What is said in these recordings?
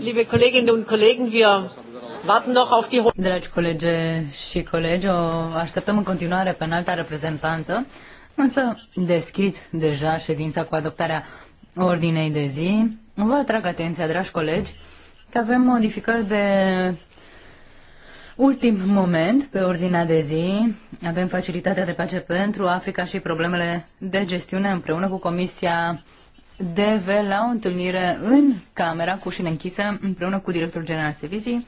Liebe Kolleginnen und Kollegen, wir warten noch auf die... Dragi colege și colegi, o așteptăm în continuare pe înalta reprezentantă, însă deschid deja ședința cu adoptarea ordinei de zi. Vă atrag atenția, dragi colegi, că avem modificări de ultim moment pe ordinea de zi. Avem facilitatea de pace pentru Africa și problemele de gestiune împreună cu Comisia DV la o întâlnire în camera cu șine închise împreună cu directorul general Sevizii.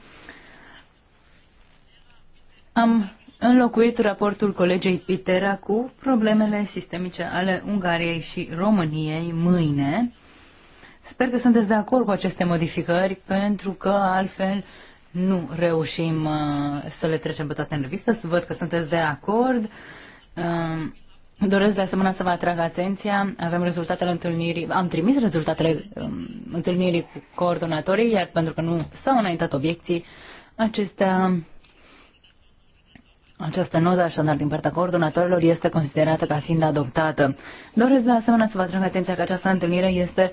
Am înlocuit raportul colegei Pitera cu problemele sistemice ale Ungariei și României mâine. Sper că sunteți de acord cu aceste modificări, pentru că altfel nu reușim uh, să le trecem pe toate în revistă. Să văd că sunteți de acord. Uh, Doresc de asemenea să vă atrag atenția. Avem rezultatele întâlnirii, am trimis rezultatele um, întâlnirii cu coordonatorii, iar pentru că nu s-au înaintat obiecții, acestea această notă, așadar, din partea coordonatorilor, este considerată ca fiind adoptată. Doresc de asemenea să vă atrag atenția că această întâlnire este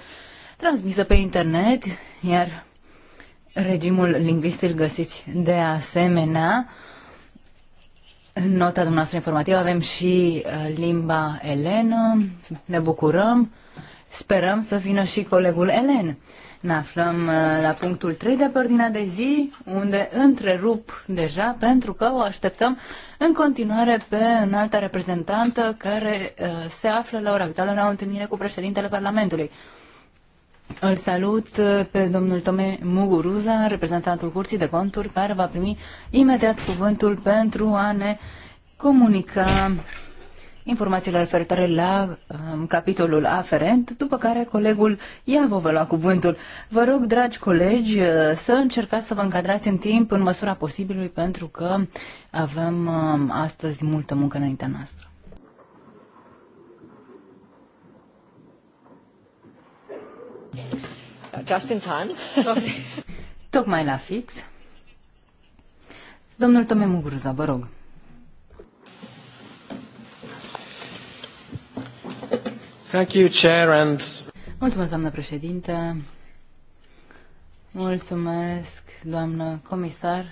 transmisă pe internet, iar regimul lingvistic găsiți de asemenea în nota dumneavoastră informativă avem și uh, limba elenă. Ne bucurăm. Sperăm să vină și colegul Elen. Ne aflăm uh, la punctul 3 de pe ordinea de zi, unde întrerup deja pentru că o așteptăm în continuare pe înalta reprezentantă care uh, se află la ora actuală la o întâlnire cu președintele Parlamentului. Îl salut uh, pe domnul Tome Muguruza, reprezentantul Curții de Conturi, care va primi imediat cuvântul pentru a ne comunica informațiile referitoare la um, capitolul aferent, după care colegul Iavo vă lua cuvântul. Vă rog, dragi colegi, uh, să încercați să vă încadrați în timp în măsura posibilului, pentru că avem um, astăzi multă muncă înaintea noastră. Just in time. Sorry. Tocmai la fix. Domnul Tome Muguruza, vă rog. Thank you, Chair, and... Mulțumesc, doamnă președinte. Mulțumesc, doamnă comisar,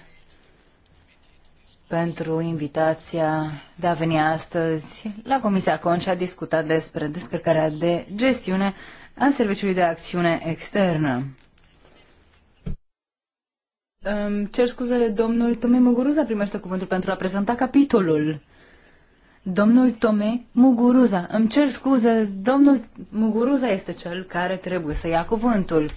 pentru invitația de a veni astăzi la Comisia Concea a discutat despre descărcarea de gestiune a Serviciului de Acțiune Externă. Îmi cer scuzele, domnul Tome Muguruza primește cuvântul pentru a prezenta capitolul. Domnul Tome Muguruza, îmi cer scuze, domnul Muguruza este cel care trebuie să ia cuvântul.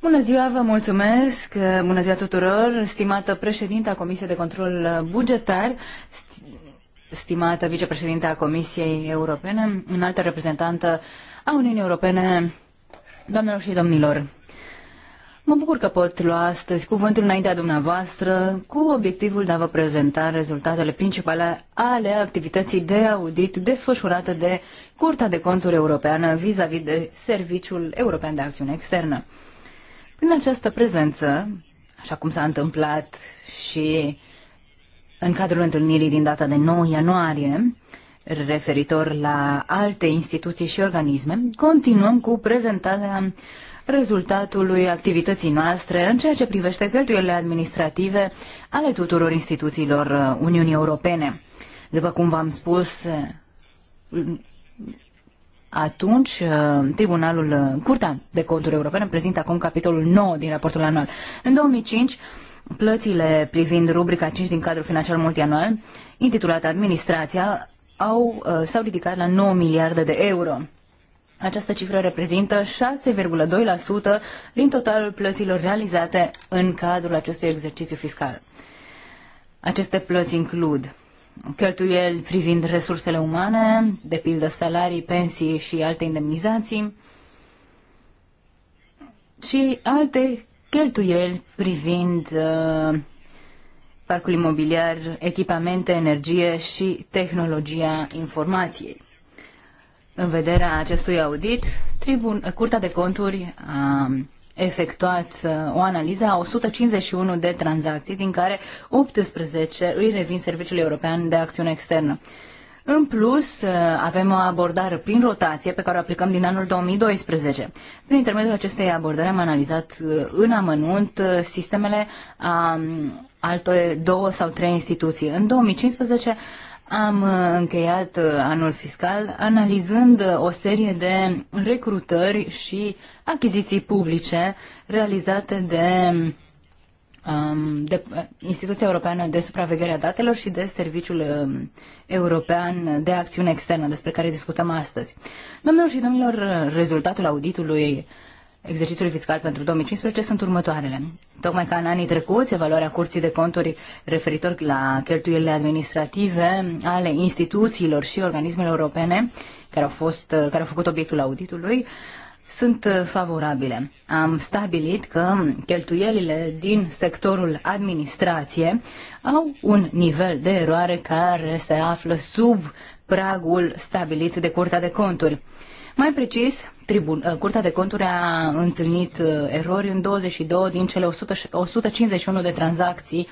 Bună ziua, vă mulțumesc, bună ziua tuturor, stimată președinta Comisiei de Control Bugetar, st stimată vicepreședinta Comisiei Europene, înaltă reprezentantă uh, a Uniunii Europene. Doamnelor și domnilor, mă bucur că pot lua astăzi cuvântul înaintea dumneavoastră cu obiectivul de a vă prezenta rezultatele principale ale activității de audit desfășurată de Curtea de Conturi Europeană vis-a-vis -vis de Serviciul European de Acțiune Externă. Prin această prezență, așa cum s-a întâmplat și în cadrul întâlnirii din data de 9 ianuarie, referitor la alte instituții și organisme, continuăm cu prezentarea rezultatului activității noastre în ceea ce privește cheltuielile administrative ale tuturor instituțiilor uh, Uniunii Europene. După cum v-am spus, uh, atunci uh, Tribunalul Curtea de Conturi Europene prezintă acum capitolul 9 din raportul anual. În 2005, plățile privind rubrica 5 din cadrul financiar multianual, intitulată Administrația, au, uh, s-au ridicat la 9 miliarde de euro. Această cifră reprezintă 6,2% din totalul plăților realizate în cadrul acestui exercițiu fiscal. Aceste plăți includ cheltuieli privind resursele umane, de pildă salarii, pensii și alte indemnizații, și alte cheltuieli privind uh, parcul imobiliar, echipamente, energie și tehnologia informației. În vederea acestui audit, tribun, Curtea de Conturi a efectuat uh, o analiză a 151 de tranzacții, din care 18 îi revin Serviciului European de Acțiune Externă. În plus, uh, avem o abordare prin rotație pe care o aplicăm din anul 2012. Prin intermediul acestei abordări am analizat uh, în amănunt uh, sistemele a um, alte două sau trei instituții. În 2015 am încheiat anul fiscal analizând o serie de recrutări și achiziții publice realizate de Um, de Instituția Europeană de Supraveghere a Datelor și de Serviciul um, European de Acțiune Externă, despre care discutăm astăzi. Domnilor și domnilor, rezultatul auditului exercițiului fiscal pentru 2015 sunt următoarele. Tocmai ca în anii trecuți, evaluarea Curții de Conturi referitor la cheltuielile administrative ale instituțiilor și organismelor europene care au, fost, care au făcut obiectul auditului sunt uh, favorabile. Am stabilit că cheltuielile din sectorul administrație au un nivel de eroare care se află sub pragul stabilit de Curtea de Conturi. Mai precis, tribun, uh, Curtea de Conturi a întâlnit uh, erori în 22 din cele 100, 151 de tranzacții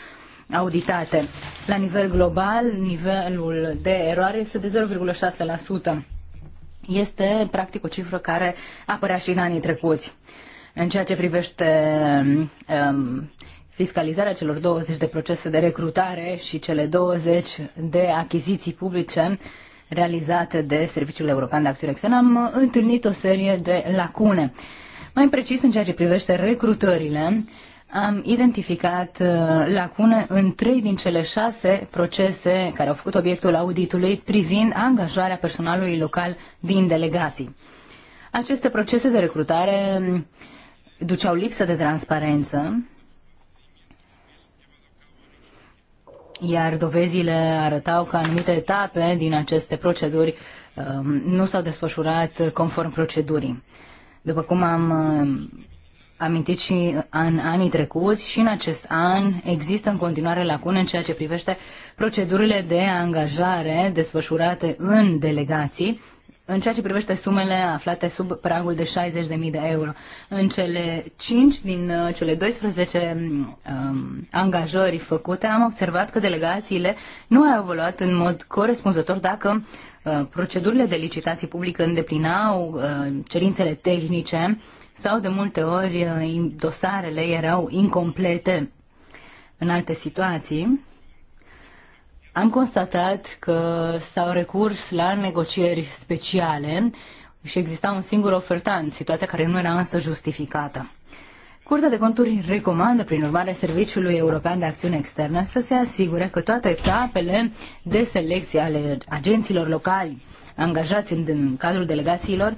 auditate. La nivel global, nivelul de eroare este de 0,6% este practic o cifră care apărea și în anii trecuți. În ceea ce privește um, fiscalizarea celor 20 de procese de recrutare și cele 20 de achiziții publice realizate de Serviciul European de Acțiune Externă, am întâlnit o serie de lacune. Mai precis, în ceea ce privește recrutările, am identificat uh, lacune în trei din cele șase procese care au făcut obiectul auditului privind angajarea personalului local din delegații. Aceste procese de recrutare um, duceau lipsă de transparență, iar dovezile arătau că anumite etape din aceste proceduri um, nu s-au desfășurat conform procedurii. După cum am um, amintit și în anii trecuți și în acest an există în continuare lacune în ceea ce privește procedurile de angajare desfășurate în delegații, în ceea ce privește sumele aflate sub pragul de 60.000 de euro. În cele 5 din uh, cele 12 um, angajări făcute am observat că delegațiile nu au evoluat în mod corespunzător dacă uh, procedurile de licitații publică îndeplinau uh, cerințele tehnice uh, sau de multe ori uh, dosarele erau incomplete în alte situații. Am constatat că s-au recurs la negocieri speciale și exista un singur ofertant, situația care nu era însă justificată. Curtea de Conturi recomandă, prin urmare, Serviciului European de Acțiune Externă să se asigure că toate etapele de selecție ale agenților locali angajați în, în cadrul delegațiilor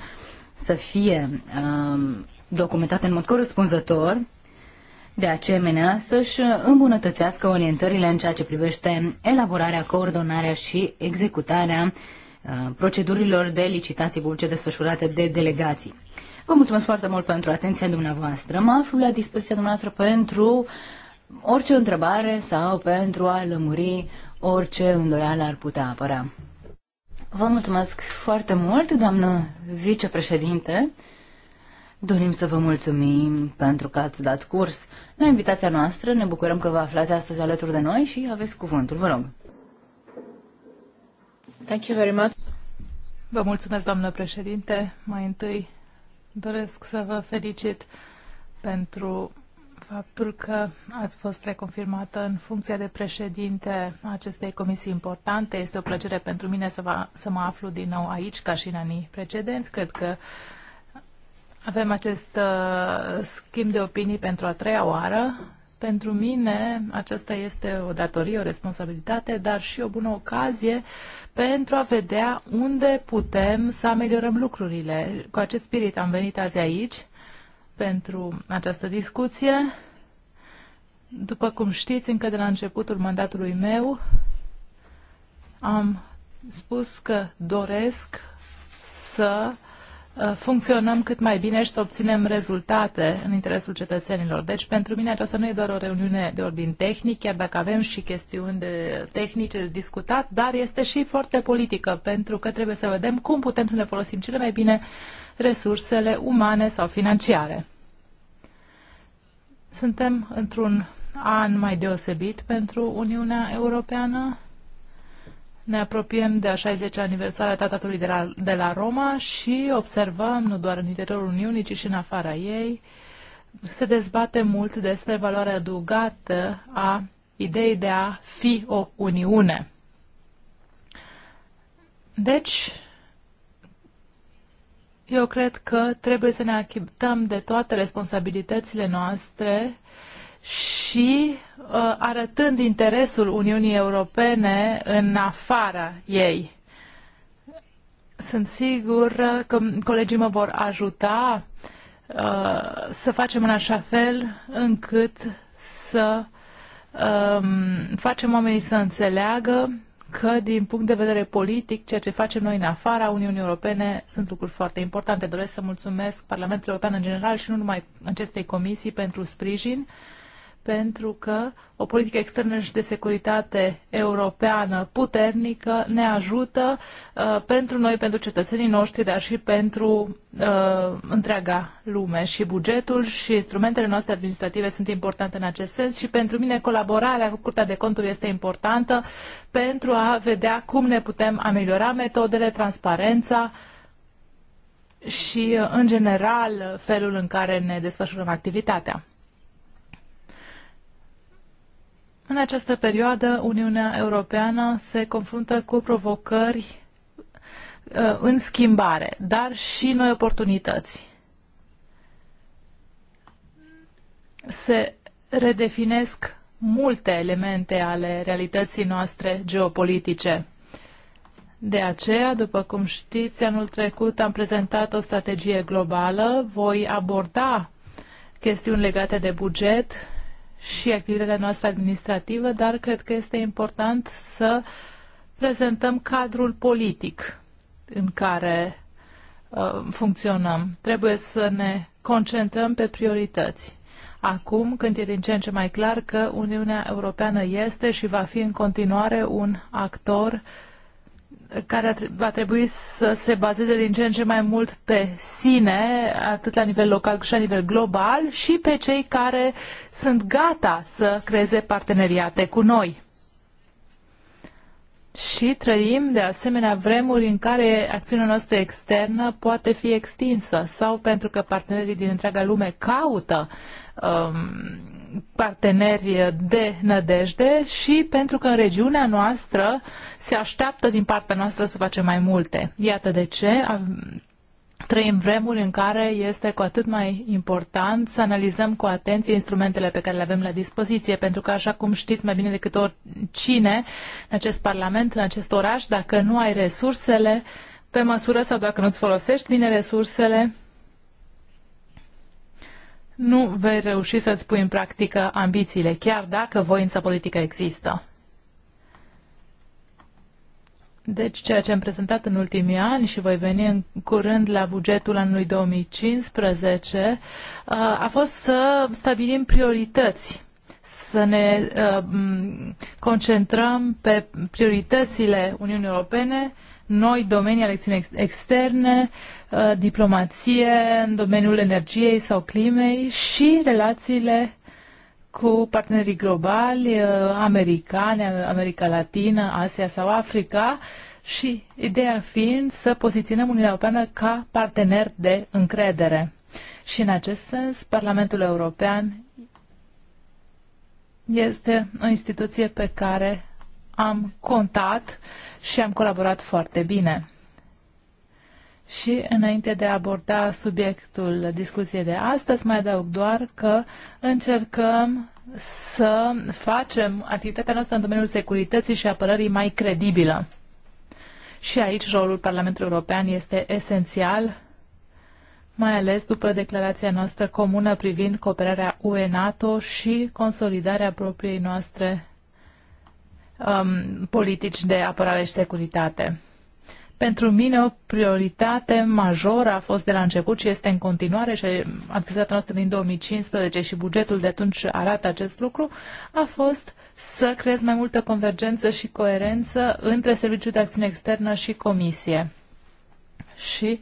să fie um, documentate în mod corespunzător, de asemenea să-și îmbunătățească orientările în ceea ce privește elaborarea, coordonarea și executarea uh, procedurilor de licitații publice desfășurate de delegații. Vă mulțumesc foarte mult pentru atenția dumneavoastră. Mă aflu la dispoziția dumneavoastră pentru orice întrebare sau pentru a lămuri orice îndoială ar putea apărea. Vă mulțumesc foarte mult, doamnă vicepreședinte. Dorim să vă mulțumim pentru că ați dat curs la invitația noastră. Ne bucurăm că vă aflați astăzi alături de noi și aveți cuvântul. Vă rog. Thank you very much. Vă mulțumesc, doamnă președinte. Mai întâi doresc să vă felicit pentru faptul că ați fost reconfirmată în funcția de președinte a acestei comisii importante. Este o plăcere pentru mine să, va, să mă aflu din nou aici, ca și în anii precedenți. Cred că avem acest uh, schimb de opinii pentru a treia oară. Pentru mine aceasta este o datorie, o responsabilitate, dar și o bună ocazie pentru a vedea unde putem să ameliorăm lucrurile. Cu acest spirit am venit azi aici pentru această discuție. După cum știți, încă de la începutul mandatului meu am spus că doresc să Uh, funcționăm cât mai bine și să obținem rezultate în interesul cetățenilor. Deci, pentru mine aceasta nu e doar o reuniune de ordin tehnic, chiar dacă avem și chestiuni de tehnice de discutat, dar este și foarte politică, pentru că trebuie să vedem cum putem să ne folosim cele mai bine resursele umane sau financiare. Suntem într-un an mai deosebit pentru Uniunea Europeană ne apropiem de a 60-a aniversare a tratatului de la, de la Roma și observăm, nu doar în interiorul Uniunii, ci și în afara ei, se dezbate mult despre valoarea adăugată a ideii de a fi o Uniune. Deci, eu cred că trebuie să ne achităm de toate responsabilitățile noastre și Uh, arătând interesul Uniunii Europene în afara ei. Sunt sigur că colegii mă vor ajuta uh, să facem în așa fel încât să um, facem oamenii să înțeleagă că, din punct de vedere politic, ceea ce facem noi în afara Uniunii Europene sunt lucruri foarte importante. Doresc să mulțumesc Parlamentului European în general și nu numai acestei comisii pentru sprijin pentru că o politică externă și de securitate europeană puternică ne ajută uh, pentru noi, pentru cetățenii noștri, dar și pentru uh, întreaga lume. Și bugetul și instrumentele noastre administrative sunt importante în acest sens și pentru mine colaborarea cu Curtea de Conturi este importantă pentru a vedea cum ne putem ameliora metodele, transparența și, uh, în general, felul în care ne desfășurăm activitatea. În această perioadă, Uniunea Europeană se confruntă cu provocări uh, în schimbare, dar și noi oportunități. Se redefinesc multe elemente ale realității noastre geopolitice. De aceea, după cum știți, anul trecut am prezentat o strategie globală. Voi aborda chestiuni legate de buget și activitatea noastră administrativă, dar cred că este important să prezentăm cadrul politic în care uh, funcționăm. Trebuie să ne concentrăm pe priorități. Acum, când e din ce în ce mai clar că Uniunea Europeană este și va fi în continuare un actor care va trebui să se bazeze din ce în ce mai mult pe sine, atât la nivel local cât și la nivel global, și pe cei care sunt gata să creeze parteneriate cu noi. Și trăim de asemenea vremuri în care acțiunea noastră externă poate fi extinsă sau pentru că partenerii din întreaga lume caută um, parteneri de nădejde și pentru că în regiunea noastră se așteaptă din partea noastră să facem mai multe. Iată de ce trăim vremuri în care este cu atât mai important să analizăm cu atenție instrumentele pe care le avem la dispoziție, pentru că, așa cum știți mai bine decât oricine, în acest parlament, în acest oraș, dacă nu ai resursele pe măsură sau dacă nu-ți folosești bine resursele, nu vei reuși să-ți pui în practică ambițiile, chiar dacă voința politică există. Deci ceea ce am prezentat în ultimii ani și voi veni în curând la bugetul anului 2015 uh, a fost să stabilim priorități, să ne uh, concentrăm pe prioritățile Uniunii Europene, noi domenii ale externe, Uh, diplomație în domeniul energiei sau climei și relațiile cu partenerii globali, uh, americani, America Latină, Asia sau Africa și ideea fiind să poziționăm Uniunea Europeană ca partener de încredere. Și în acest sens, Parlamentul European este o instituție pe care am contat și am colaborat foarte bine. Și înainte de a aborda subiectul discuției de astăzi, mai adaug doar că încercăm să facem activitatea noastră în domeniul securității și apărării mai credibilă. Și aici rolul Parlamentului European este esențial, mai ales după declarația noastră comună privind cooperarea UE-NATO și consolidarea propriei noastre um, politici de apărare și securitate. Pentru mine o prioritate majoră a fost de la început și este în continuare și activitatea noastră din 2015 și bugetul de atunci arată acest lucru, a fost să creez mai multă convergență și coerență între Serviciul de Acțiune Externă și Comisie și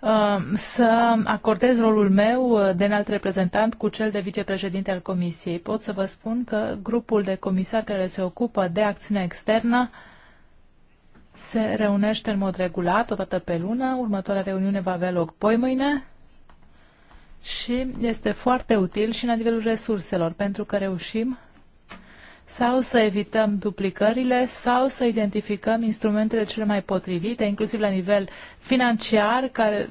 uh, să acordez rolul meu de înalt reprezentant cu cel de vicepreședinte al Comisiei. Pot să vă spun că grupul de comisari care se ocupă de acțiunea externă uh, se reunește în mod regulat, o dată pe lună. Următoarea reuniune va avea loc poi mâine și este foarte util și la nivelul resurselor, pentru că reușim sau să evităm duplicările sau să identificăm instrumentele cele mai potrivite, inclusiv la nivel financiar, care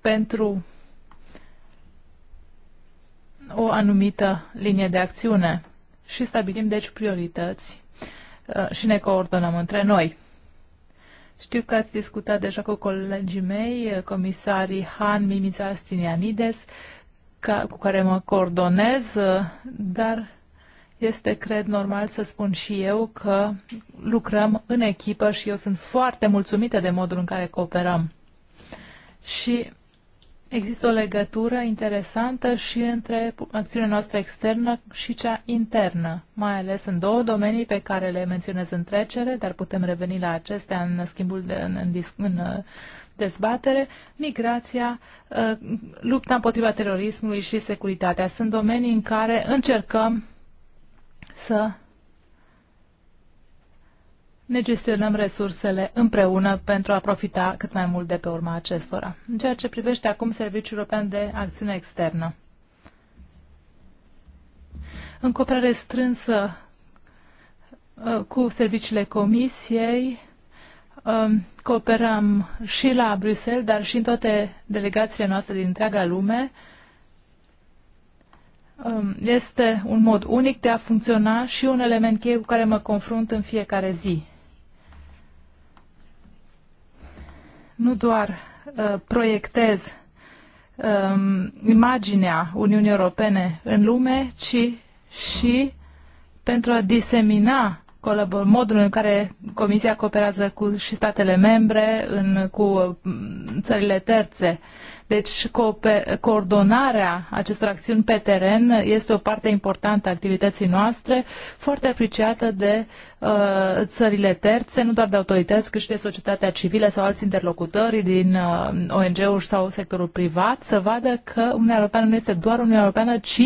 pentru o anumită linie de acțiune și stabilim deci priorități uh, și ne coordonăm între noi. Știu că ați discutat deja cu colegii mei, comisarii Han, Mimița, Stinianides, ca, cu care mă coordonez, dar este, cred, normal să spun și eu că lucrăm în echipă și eu sunt foarte mulțumită de modul în care cooperăm. Și există o legătură interesantă și între acțiunea noastră externă și cea internă, mai ales în două domenii pe care le menționez în trecere, dar putem reveni la acestea în schimbul de, în, în, în uh, dezbatere, migrația, uh, lupta împotriva terorismului și securitatea. Sunt domenii în care încercăm să ne gestionăm resursele împreună pentru a profita cât mai mult de pe urma acestora. În ceea ce privește acum Serviciul European de Acțiune Externă. În cooperare strânsă ă, cu serviciile Comisiei, ă, cooperăm și la Bruxelles, dar și în toate delegațiile noastre din întreaga lume. Ă, este un mod unic de a funcționa și un element cheie cu care mă confrunt în fiecare zi. nu doar uh, proiectez um, imaginea Uniunii Europene în lume, ci și pentru a disemina modul în care Comisia cooperează cu și statele membre, în, cu um, țările terțe. Deci coordonarea acestor acțiuni pe teren este o parte importantă a activității noastre, foarte apreciată de uh, țările terțe, nu doar de autorități, cât și de societatea civilă sau alți interlocutori din uh, ONG-uri sau sectorul privat, să vadă că Uniunea Europeană nu este doar Uniunea Europeană, ci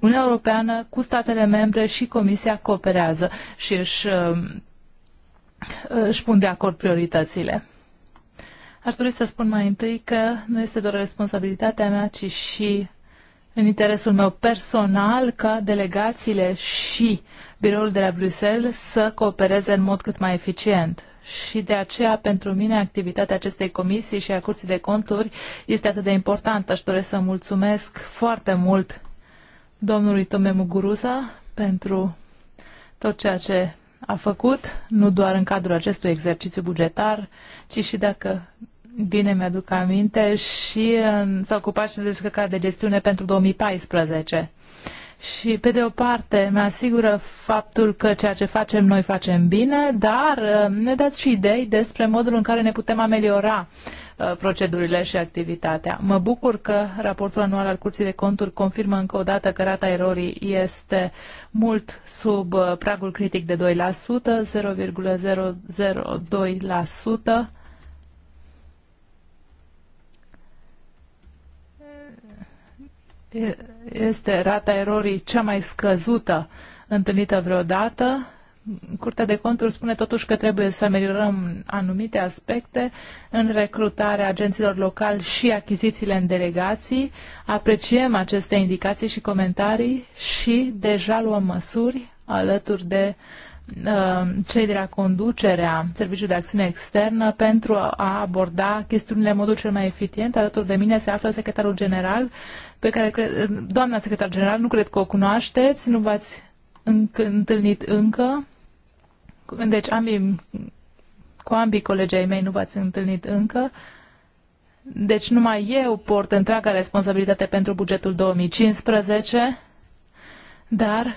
Uniunea Europeană cu statele membre și Comisia cooperează și își, uh, își pun de acord prioritățile. Aș dori să spun mai întâi că nu este doar responsabilitatea mea, ci și în interesul meu personal ca delegațiile și biroul de la Bruxelles să coopereze în mod cât mai eficient. Și de aceea, pentru mine, activitatea acestei comisii și a Curții de Conturi este atât de importantă. Aș doresc să mulțumesc foarte mult domnului Tome Muguruza pentru tot ceea ce a făcut, nu doar în cadrul acestui exercițiu bugetar, ci și dacă Bine mi-aduc aminte și s-a ocupat și de descărcarea de gestiune pentru 2014. Și, pe de o parte, mă asigură faptul că ceea ce facem noi facem bine, dar uh, ne dați și idei despre modul în care ne putem ameliora uh, procedurile și activitatea. Mă bucur că raportul anual al Curții de Conturi confirmă încă o dată că rata erorii este mult sub uh, pragul critic de 2%, 0,002% este rata erorii cea mai scăzută întâlnită vreodată. Curtea de conturi spune totuși că trebuie să ameliorăm anumite aspecte în recrutarea agenților locali și achizițiile în delegații. Apreciem aceste indicații și comentarii și deja luăm măsuri alături de uh, Uh, cei de la conducerea Serviciului de Acțiune Externă pentru a aborda chestiunile în modul cel mai eficient. Alături de mine se află secretarul general, pe care cred, uh, doamna secretar general, nu cred că o cunoașteți, nu v-ați întâlnit încă. Deci ambii, cu ambii colegii ai mei nu v-ați întâlnit încă. Deci numai eu port întreaga responsabilitate pentru bugetul 2015, dar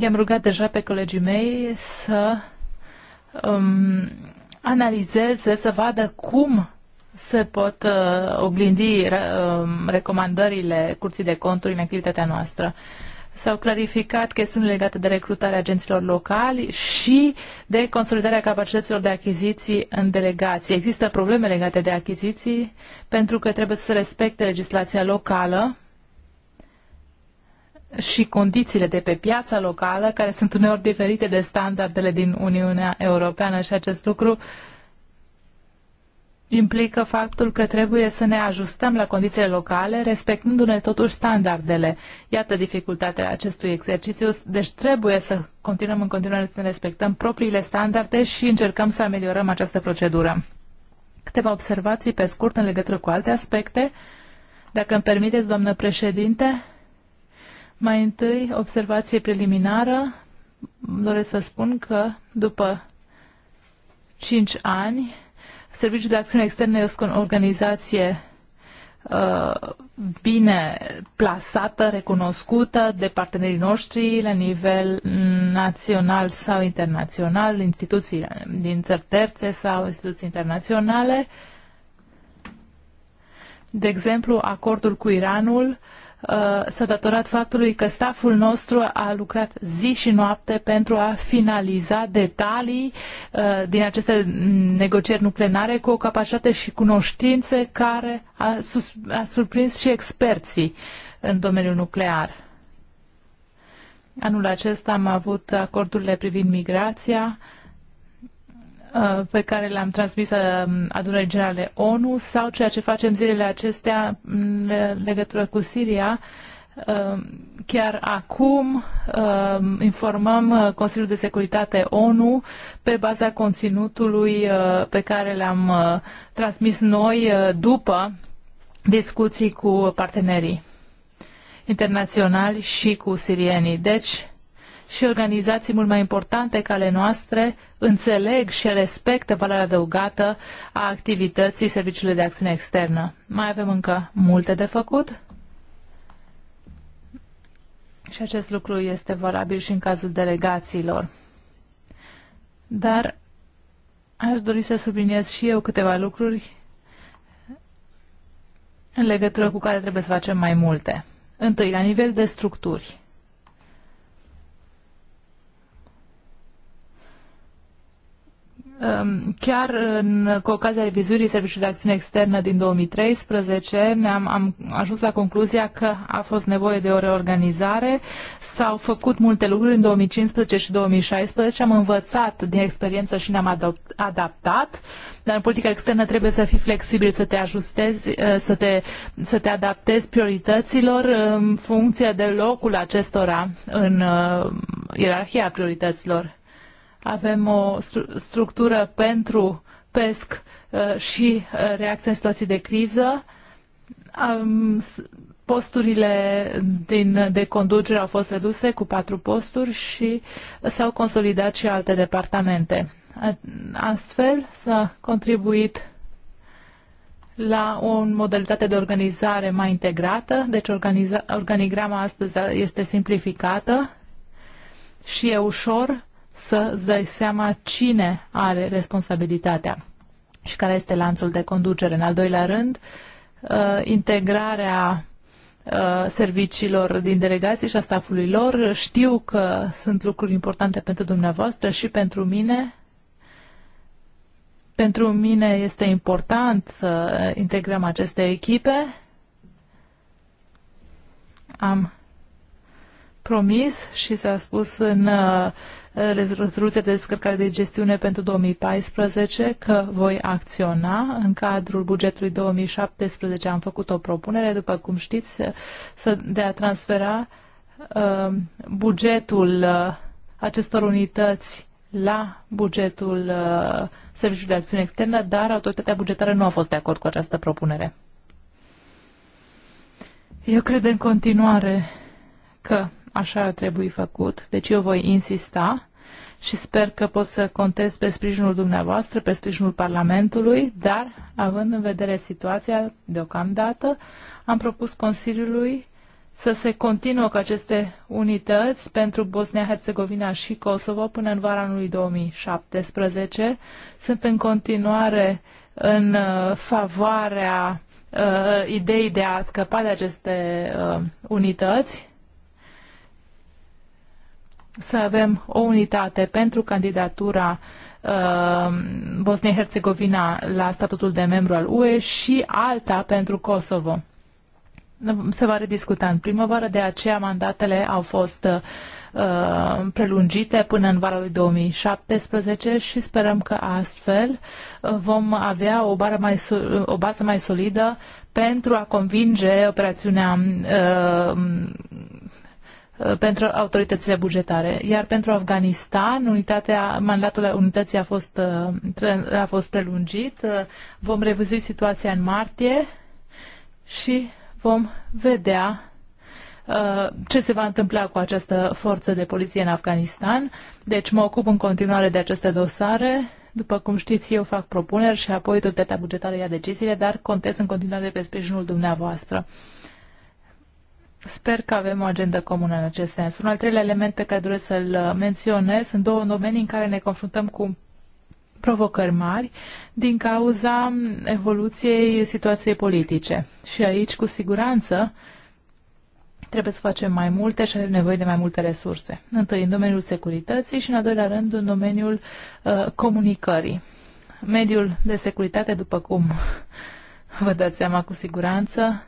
i-am rugat deja pe colegii mei să um, analizeze, să vadă cum se pot uh, oglindi uh, recomandările Curții de Conturi în activitatea noastră. S-au clarificat chestiuni legate de recrutarea agenților locali și de consolidarea capacităților de achiziții în delegații. Există probleme legate de achiziții pentru că trebuie să se respecte legislația locală și condițiile de pe piața locală, care sunt uneori diferite de standardele din Uniunea Europeană și acest lucru implică faptul că trebuie să ne ajustăm la condițiile locale, respectându-ne totuși standardele. Iată dificultatea acestui exercițiu, deci trebuie să continuăm în continuare să ne respectăm propriile standarde și încercăm să ameliorăm această procedură. Câteva observații pe scurt în legătură cu alte aspecte. Dacă îmi permiteți, doamnă președinte, mai întâi, observație preliminară. Doresc să spun că după 5 ani, Serviciul de Acțiune Externă este o organizație uh, bine plasată, recunoscută de partenerii noștri la nivel național sau internațional, instituții din țări terțe sau instituții internaționale. De exemplu, acordul cu Iranul Uh, s-a datorat faptului că staful nostru a lucrat zi și noapte pentru a finaliza detalii uh, din aceste negocieri nucleare cu o capacitate și cunoștințe care a, sus, a surprins și experții în domeniul nuclear. Anul acesta am avut acordurile privind migrația, Uh, pe care le-am transmis uh, adunării generale ONU sau ceea ce facem zilele acestea în legătură cu Siria. Uh, chiar acum informăm Consiliul de Securitate ONU pe baza conținutului pe care l-am transmis noi după discuții cu partenerii internaționali și cu sirienii. Deci, și organizații mult mai importante ca ale noastre înțeleg și respectă valoarea adăugată a activității Serviciului de Acțiune Externă. Mai avem încă multe de făcut și acest lucru este valabil și în cazul delegațiilor. Dar aș dori să subliniez și eu câteva lucruri în legătură cu care trebuie să facem mai multe. Întâi, la nivel de structuri. Um, chiar în, cu ocazia revizuirii Serviciului de Acțiune Externă din 2013 ne-am am ajuns la concluzia că a fost nevoie de o reorganizare. S-au făcut multe lucruri în 2015 și 2016, am învățat din experiență și ne-am adaptat, dar în politica externă trebuie să fii flexibil, să te ajustezi, uh, să te, să te adaptezi priorităților în funcție de locul acestora în uh, ierarhia priorităților avem o stru structură pentru PESC uh, și uh, reacție în situații de criză. Posturile din, de conducere au fost reduse cu patru posturi și s-au consolidat și alte departamente. Astfel s-a contribuit la o modalitate de organizare mai integrată, deci organiza, organigrama astăzi este simplificată și e ușor să îți dai seama cine are responsabilitatea și care este lanțul de conducere. În al doilea rând, uh, integrarea uh, serviciilor din delegații și a stafului lor. Știu că sunt lucruri importante pentru dumneavoastră și pentru mine. Pentru mine este important să integrăm aceste echipe. Am promis și s-a spus în uh, Eh, rezoluția de descărcare de gestiune pentru 2014 că voi acționa. În cadrul bugetului 2017 am făcut o propunere, după cum știți, să, de a transfera eh, bugetul eh, acestor unități la bugetul Serviciului de Acțiune Externă, dar autoritatea bugetară nu a fost de acord cu această propunere. Eu cred în continuare că așa ar trebui făcut, deci eu voi insista și sper că pot să contez pe sprijinul dumneavoastră, pe sprijinul Parlamentului, dar, având în vedere situația deocamdată, am propus Consiliului să se continuă cu aceste unități pentru Bosnia-Herzegovina și Kosovo până în vara anului 2017. Sunt în continuare în uh, favoarea uh, ideii de a scăpa de aceste uh, unități să avem o unitate pentru candidatura uh, Bosnia-Herzegovina la statutul de membru al UE și alta pentru Kosovo. Se va rediscuta în primăvară, de aceea mandatele au fost uh, prelungite până în vara lui 2017 și sperăm că astfel uh, vom avea o, bară mai, o bază mai solidă pentru a convinge operațiunea uh, Uh, pentru autoritățile bugetare. Iar pentru Afganistan, unitatea, mandatul unității a fost, uh, a fost prelungit. Uh, vom revizui situația în martie și vom vedea ce se va întâmpla cu această forță de poliție în Afganistan. Deci mă ocup în continuare de aceste dosare. După cum știți, eu fac propuneri și apoi autoritatea bugetară ia deciziile, dar contez în continuare pe sprijinul dumneavoastră. Sper că avem o agendă comună în acest sens. Un al treilea element pe care doresc să-l uh, menționez sunt două domenii în care ne confruntăm cu provocări mari din cauza evoluției situației politice. Și aici, cu siguranță, trebuie să facem mai multe și avem nevoie de mai multe resurse. Întâi, în domeniul securității și, în al doilea rând, în domeniul uh, comunicării. Mediul de securitate, după cum vă dați seama cu siguranță,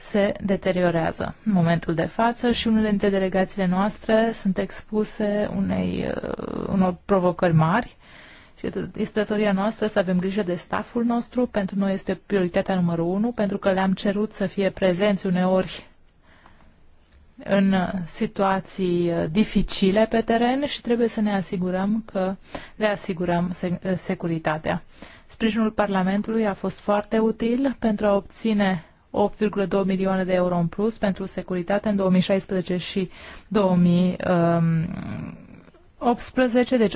se deteriorează în momentul de față și unele dintre delegațiile noastre sunt expuse unei, uh, unor provocări mari și este datoria noastră să avem grijă de staful nostru. Pentru noi este prioritatea numărul unu, pentru că le-am cerut să fie prezenți uneori în situații uh, dificile pe teren și trebuie să ne asigurăm că le asigurăm uh, securitatea. Sprijinul Parlamentului a fost foarte util pentru a obține 8,2 milioane de euro în plus pentru securitate în 2016 și 2018, um, deci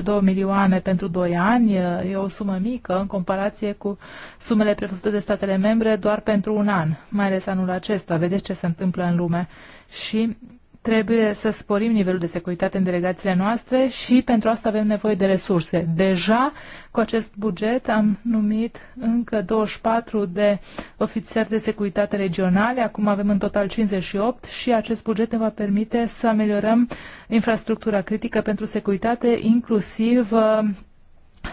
8,2 milioane pentru 2 ani e o sumă mică în comparație cu sumele prevăzute de statele membre doar pentru un an, mai ales anul acesta. Vedeți ce se întâmplă în lume. Și Trebuie să sporim nivelul de securitate în delegațiile noastre și pentru asta avem nevoie de resurse. Deja cu acest buget am numit încă 24 de ofițeri de securitate regionale, acum avem în total 58 și acest buget ne va permite să ameliorăm infrastructura critică pentru securitate, inclusiv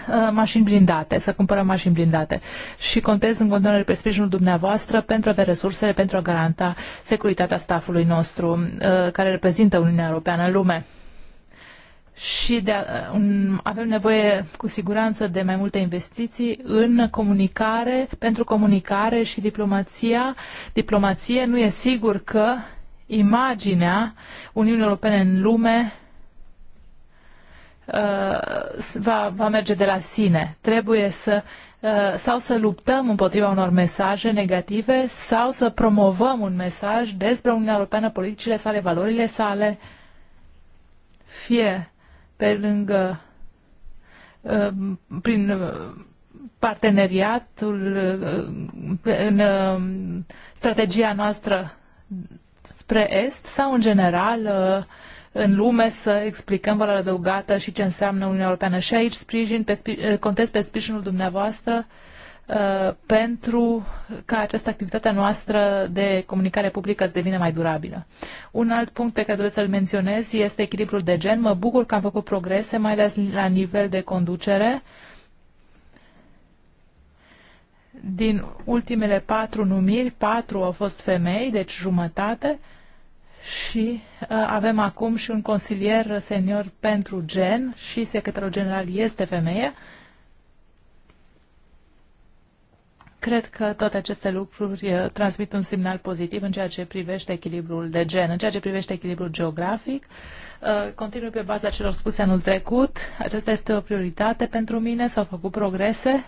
Uh, mașini blindate, să cumpărăm mașini blindate. Și contez în continuare pe sprijinul dumneavoastră pentru a avea resursele pentru a garanta securitatea stafului nostru uh, care reprezintă Uniunea Europeană în lume. Și de, uh, avem nevoie cu siguranță de mai multe investiții în comunicare, pentru comunicare și diplomația. Diplomație nu e sigur că imaginea Uniunii Europene în lume Uh, va, va merge de la sine. Trebuie să uh, sau să luptăm împotriva unor mesaje negative sau să promovăm un mesaj despre Uniunea Europeană, politicile sale, valorile sale, fie pe lângă uh, prin parteneriatul în strategia noastră spre Est sau în general în lume să explicăm valoarea adăugată și ce înseamnă Uniunea Europeană. Și aici sprijin pe, eh, contez pe sprijinul dumneavoastră eh, pentru ca această activitate noastră de comunicare publică să devină mai durabilă. Un alt punct pe care doresc să-l menționez este echilibrul de gen. Mă bucur că am făcut progrese, mai ales la nivel de conducere. Din ultimele patru numiri, patru au fost femei, deci jumătate. Uh, și uh, avem acum și un consilier senior pentru gen și secretarul general este femeie. Cred că toate aceste lucruri uh, transmit un semnal pozitiv în ceea ce privește echilibrul de gen, în ceea ce privește echilibrul geografic. Uh, continui pe baza celor spuse anul trecut. Aceasta este o prioritate pentru mine. S-au făcut progrese.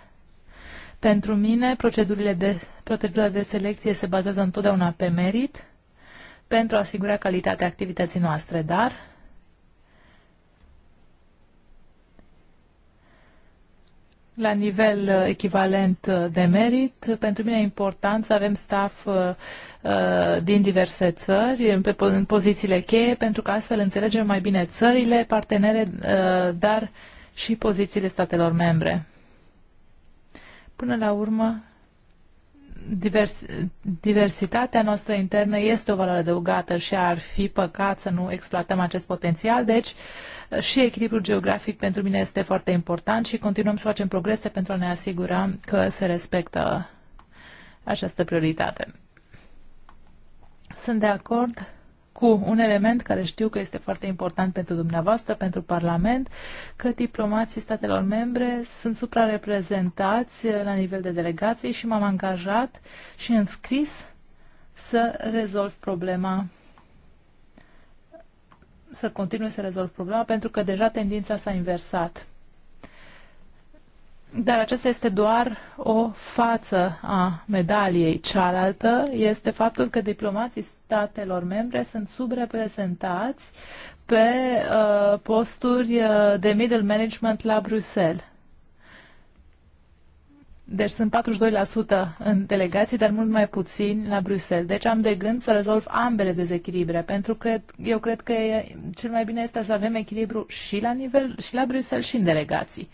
Pentru mine, procedurile de, procedurile de selecție se bazează întotdeauna pe merit pentru a asigura calitatea activității noastre, dar la nivel uh, echivalent uh, de merit. Pentru mine e important să avem staff uh, din diverse țări în pozițiile cheie, pentru că astfel înțelegem mai bine țările, partenere, dar și pozițiile statelor membre. Până la urmă, divers, diversitatea noastră internă este o valoare adăugată și ar fi păcat să nu exploatăm acest potențial, deci și echilibrul geografic pentru mine este foarte important și continuăm să facem progrese pentru a ne asigura că se respectă această prioritate. Sunt de acord cu un element care știu că este foarte important pentru dumneavoastră, pentru Parlament, că diplomații statelor membre sunt suprareprezentați la nivel de delegații și m-am angajat și înscris să rezolv problema să continui să rezolv problema pentru că deja tendința s-a inversat. Dar aceasta este doar o față a medaliei. Cealaltă este faptul că diplomații statelor membre sunt subreprezentați pe uh, posturi uh, de middle management la Bruxelles. Deci sunt 42% în delegații, dar mult mai puțin la Bruxelles. Deci am de gând să rezolv ambele dezechilibre, pentru că eu cred că e, cel mai bine este să avem echilibru și la nivel și la Bruxelles și în delegații.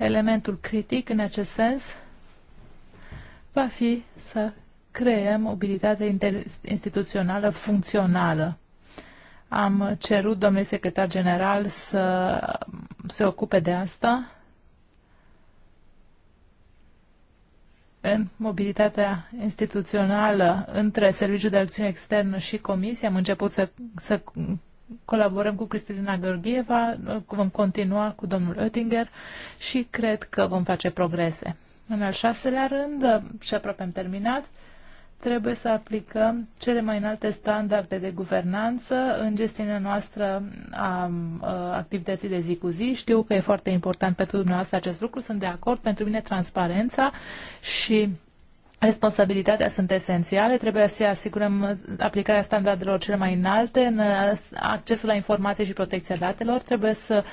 Elementul critic în acest sens va fi să creăm mobilitate instituțională funcțională. Am cerut domnului secretar general să se ocupe de asta în mobilitatea instituțională între Serviciul de Acțiune Externă și Comisie. Am început să, să colaborăm cu Cristina Gheorgheva, vom continua cu domnul Oettinger și cred că vom face progrese. În al șaselea rând, și aproape am terminat, trebuie să aplicăm cele mai înalte standarde de guvernanță în gestiunea noastră a, activității de zi cu zi. Știu că e foarte important pentru dumneavoastră acest lucru, sunt de acord. Pentru mine transparența și responsabilitatea sunt esențiale, trebuie să asigurăm aplicarea standardelor cele mai înalte în uh, accesul la informații și protecția datelor, trebuie să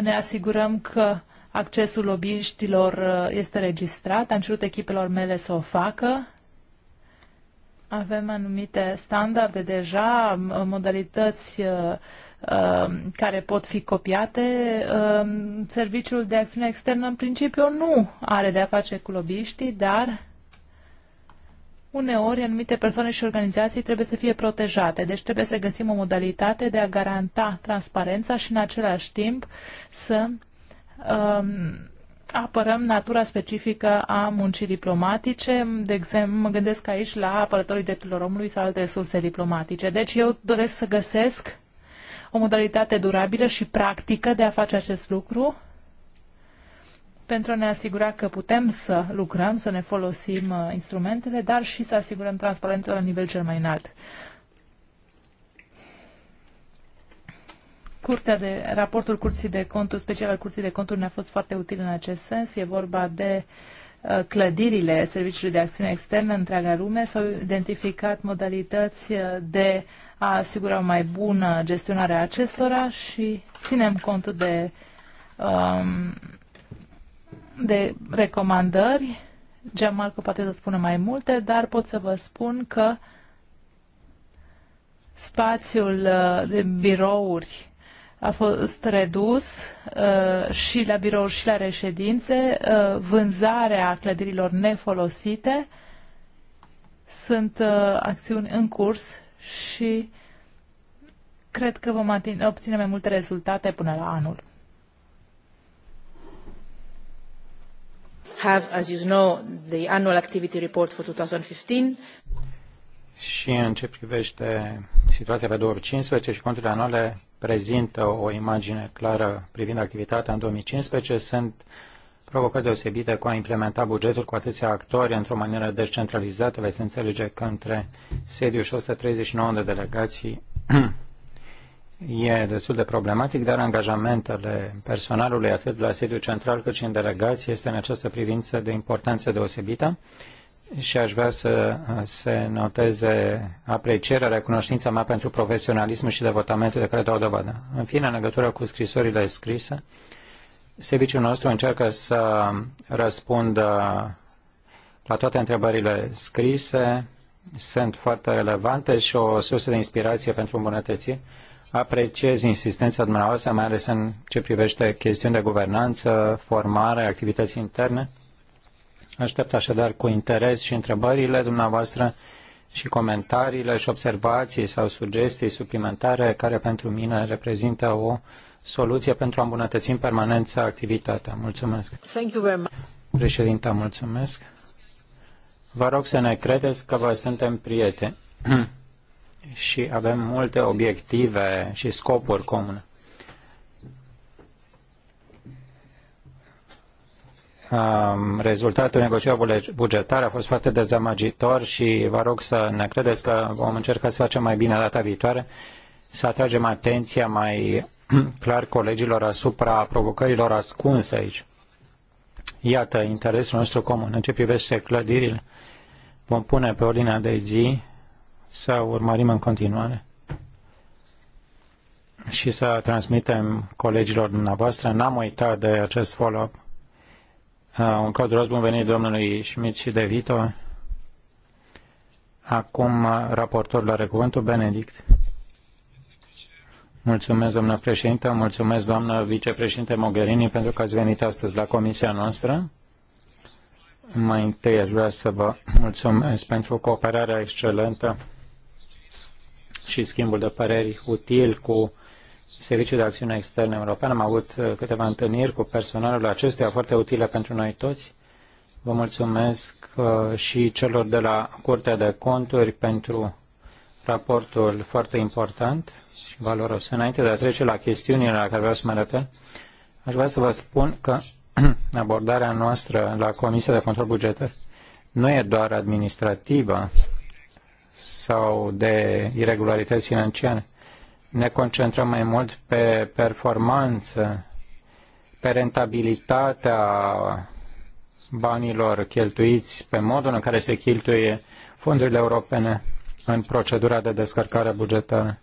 ne asigurăm că accesul lobiștilor uh, este registrat, am cerut echipelor mele să o facă, avem anumite standarde deja, modalități uh, care pot fi copiate. Serviciul de acțiune externă, în principiu, nu are de a face cu lobiștii, dar uneori anumite persoane și organizații trebuie să fie protejate, deci trebuie să găsim o modalitate de a garanta transparența și în același timp să um, apărăm natura specifică a muncii diplomatice. De exemplu, mă gândesc aici la apărătorii drepturilor omului sau alte surse diplomatice. Deci eu doresc să găsesc o modalitate durabilă și practică de a face acest lucru pentru a ne asigura că putem să lucrăm, să ne folosim uh, instrumentele, dar și să asigurăm transparența la nivel cel mai înalt. Curtea de, raportul Curții de Conturi, special al Curții de Conturi, ne-a fost foarte util în acest sens. E vorba de uh, clădirile Serviciului de Acțiune Externă în întreaga lume. S-au identificat modalități uh, de a asigura o mai bună gestionare a acestora și ținem cont de um, de recomandări. Gianmarco poate să spună mai multe, dar pot să vă spun că spațiul uh, de birouri a fost redus uh, și la birouri și la reședințe. Uh, vânzarea clădirilor nefolosite sunt acțiuni în curs și cred că vom obține mai multe rezultate până la anul. have, as you know, the annual activity report for 2015. Și în ce privește situația pe 2015 și conturile anuale prezintă o imagine clară privind activitatea în 2015. Sunt provocări deosebite cu a implementa bugetul cu atâția actori într-o manieră descentralizată. Veți înțelege că între sediu și 139 de delegații e destul de problematic, dar angajamentele personalului atât la sediul central cât și în delegație este în această privință de importanță deosebită și aș vrea să uh, se noteze aprecierea, recunoștința mea pentru profesionalismul și devotamentul de care dau dovadă. În fine, în legătură cu scrisorile scrise, serviciul nostru încearcă să răspundă la toate întrebările scrise, sunt foarte relevante și o sursă de inspirație pentru îmbunătățiri Apreciez insistența dumneavoastră, mai ales în ce privește chestiuni de guvernanță, formare, activități interne. Aștept așadar cu interes și întrebările dumneavoastră și comentariile și observații sau sugestii suplimentare care pentru mine reprezintă o soluție pentru a îmbunătăți în permanență activitatea. Mulțumesc. Thank you very much. Președinta, mulțumesc. Vă rog să ne credeți că vă suntem prieteni. și avem multe obiective și scopuri comune. rezultatul negocierilor bugetare a fost foarte dezamăgitor și vă rog să ne credeți că vom încerca să facem mai bine data viitoare, să atragem atenția mai clar colegilor asupra provocărilor ascunse aici. Iată interesul nostru comun. În ce privește clădirile, vom pune pe ordinea de zi să urmărim în continuare și să transmitem colegilor dumneavoastră. N-am uitat de acest follow-up. Uh, un codros bun venit domnului Schmidt și de Vito. Acum uh, raportorul la recuvântul Benedict. Mulțumesc, doamnă președinte, mulțumesc, doamnă vicepreședinte Mogherini, pentru că ați venit astăzi la comisia noastră. Mai întâi aș vrea să vă mulțumesc pentru cooperarea excelentă și schimbul de păreri util cu Serviciul de Acțiune Externă Europeană. Am avut uh, câteva întâlniri cu personalul acestuia foarte utile pentru noi toți. Vă mulțumesc uh, și celor de la Curtea de Conturi pentru raportul foarte important și valoros. Înainte de a trece la chestiunile la care vreau să mă refer, aș vrea să vă spun că abordarea noastră la Comisia de Control Bugetar nu e doar administrativă, sau de irregularități financiare. Ne concentrăm mai mult pe performanță, pe rentabilitatea banilor cheltuiți, pe modul în care se cheltuie fondurile europene în procedura de descărcare bugetară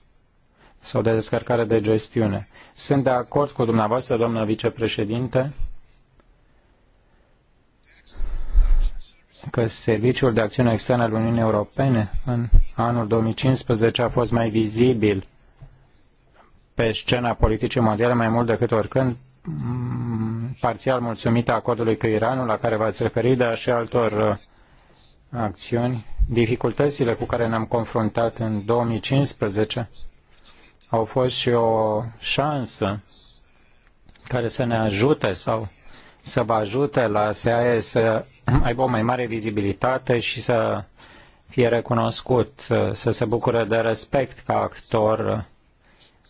sau de descărcare de gestiune. Sunt de acord cu dumneavoastră, doamnă vicepreședinte, că Serviciul de Acțiune Externă al Uniunii Europene în anul 2015 a fost mai vizibil pe scena politicii mondiale mai mult decât oricând, mm, parțial mulțumită acordului cu Iranul la care v-ați referit, dar și altor uh, acțiuni. Dificultățile cu care ne-am confruntat în 2015 au fost și o șansă care să ne ajute sau să vă ajute la SAE să aibă o mai mare vizibilitate și să fie recunoscut, să se bucure de respect ca actor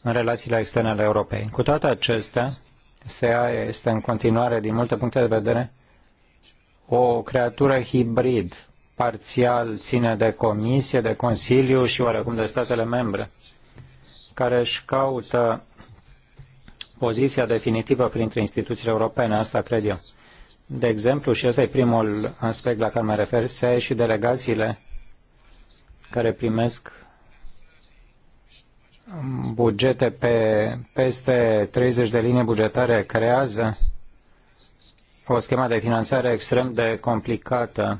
în relațiile externe ale Europei. Cu toate acestea, SEAE este în continuare, din multe puncte de vedere, o creatură hibrid, parțial ține de comisie, de consiliu și oarecum de statele membre, care își caută poziția definitivă printre instituțiile europene, asta cred eu. De exemplu, și ăsta e primul aspect la care mă refer, SE și delegațiile care primesc bugete pe peste 30 de linii bugetare creează o schemă de finanțare extrem de complicată,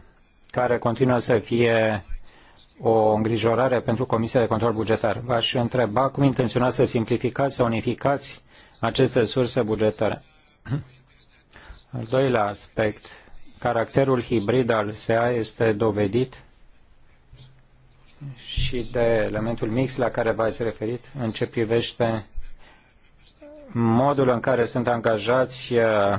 care continuă să fie o îngrijorare pentru Comisia de Control Bugetar. V-aș întreba cum intenționați să simplificați, să unificați aceste surse bugetare. Al doilea aspect, caracterul hibrid al SEA este dovedit și de elementul mix la care v-ați referit în ce privește modul în care sunt angajați uh,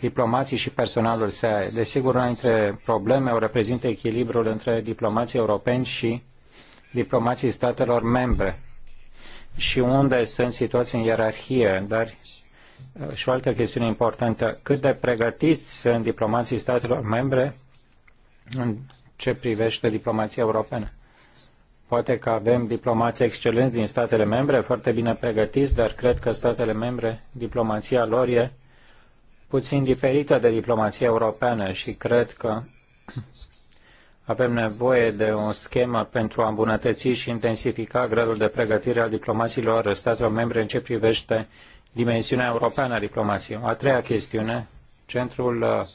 diplomații și personalul SEA. Desigur, una dintre probleme o reprezintă echilibrul între diplomații europeni și diplomații statelor membre și unde sunt situați în ierarhie, dar uh, și o altă chestiune importantă, cât de pregătiți sunt diplomații statelor membre în ce privește diplomația europeană. Poate că avem diplomații excelenți din statele membre, foarte bine pregătiți, dar cred că statele membre, diplomația lor e puțin diferită de diplomația europeană și cred că avem nevoie de o schemă pentru a îmbunătăți și intensifica gradul de pregătire al diplomaților statelor membre în ce privește dimensiunea europeană a diplomației. A treia chestiune, Centrul uh,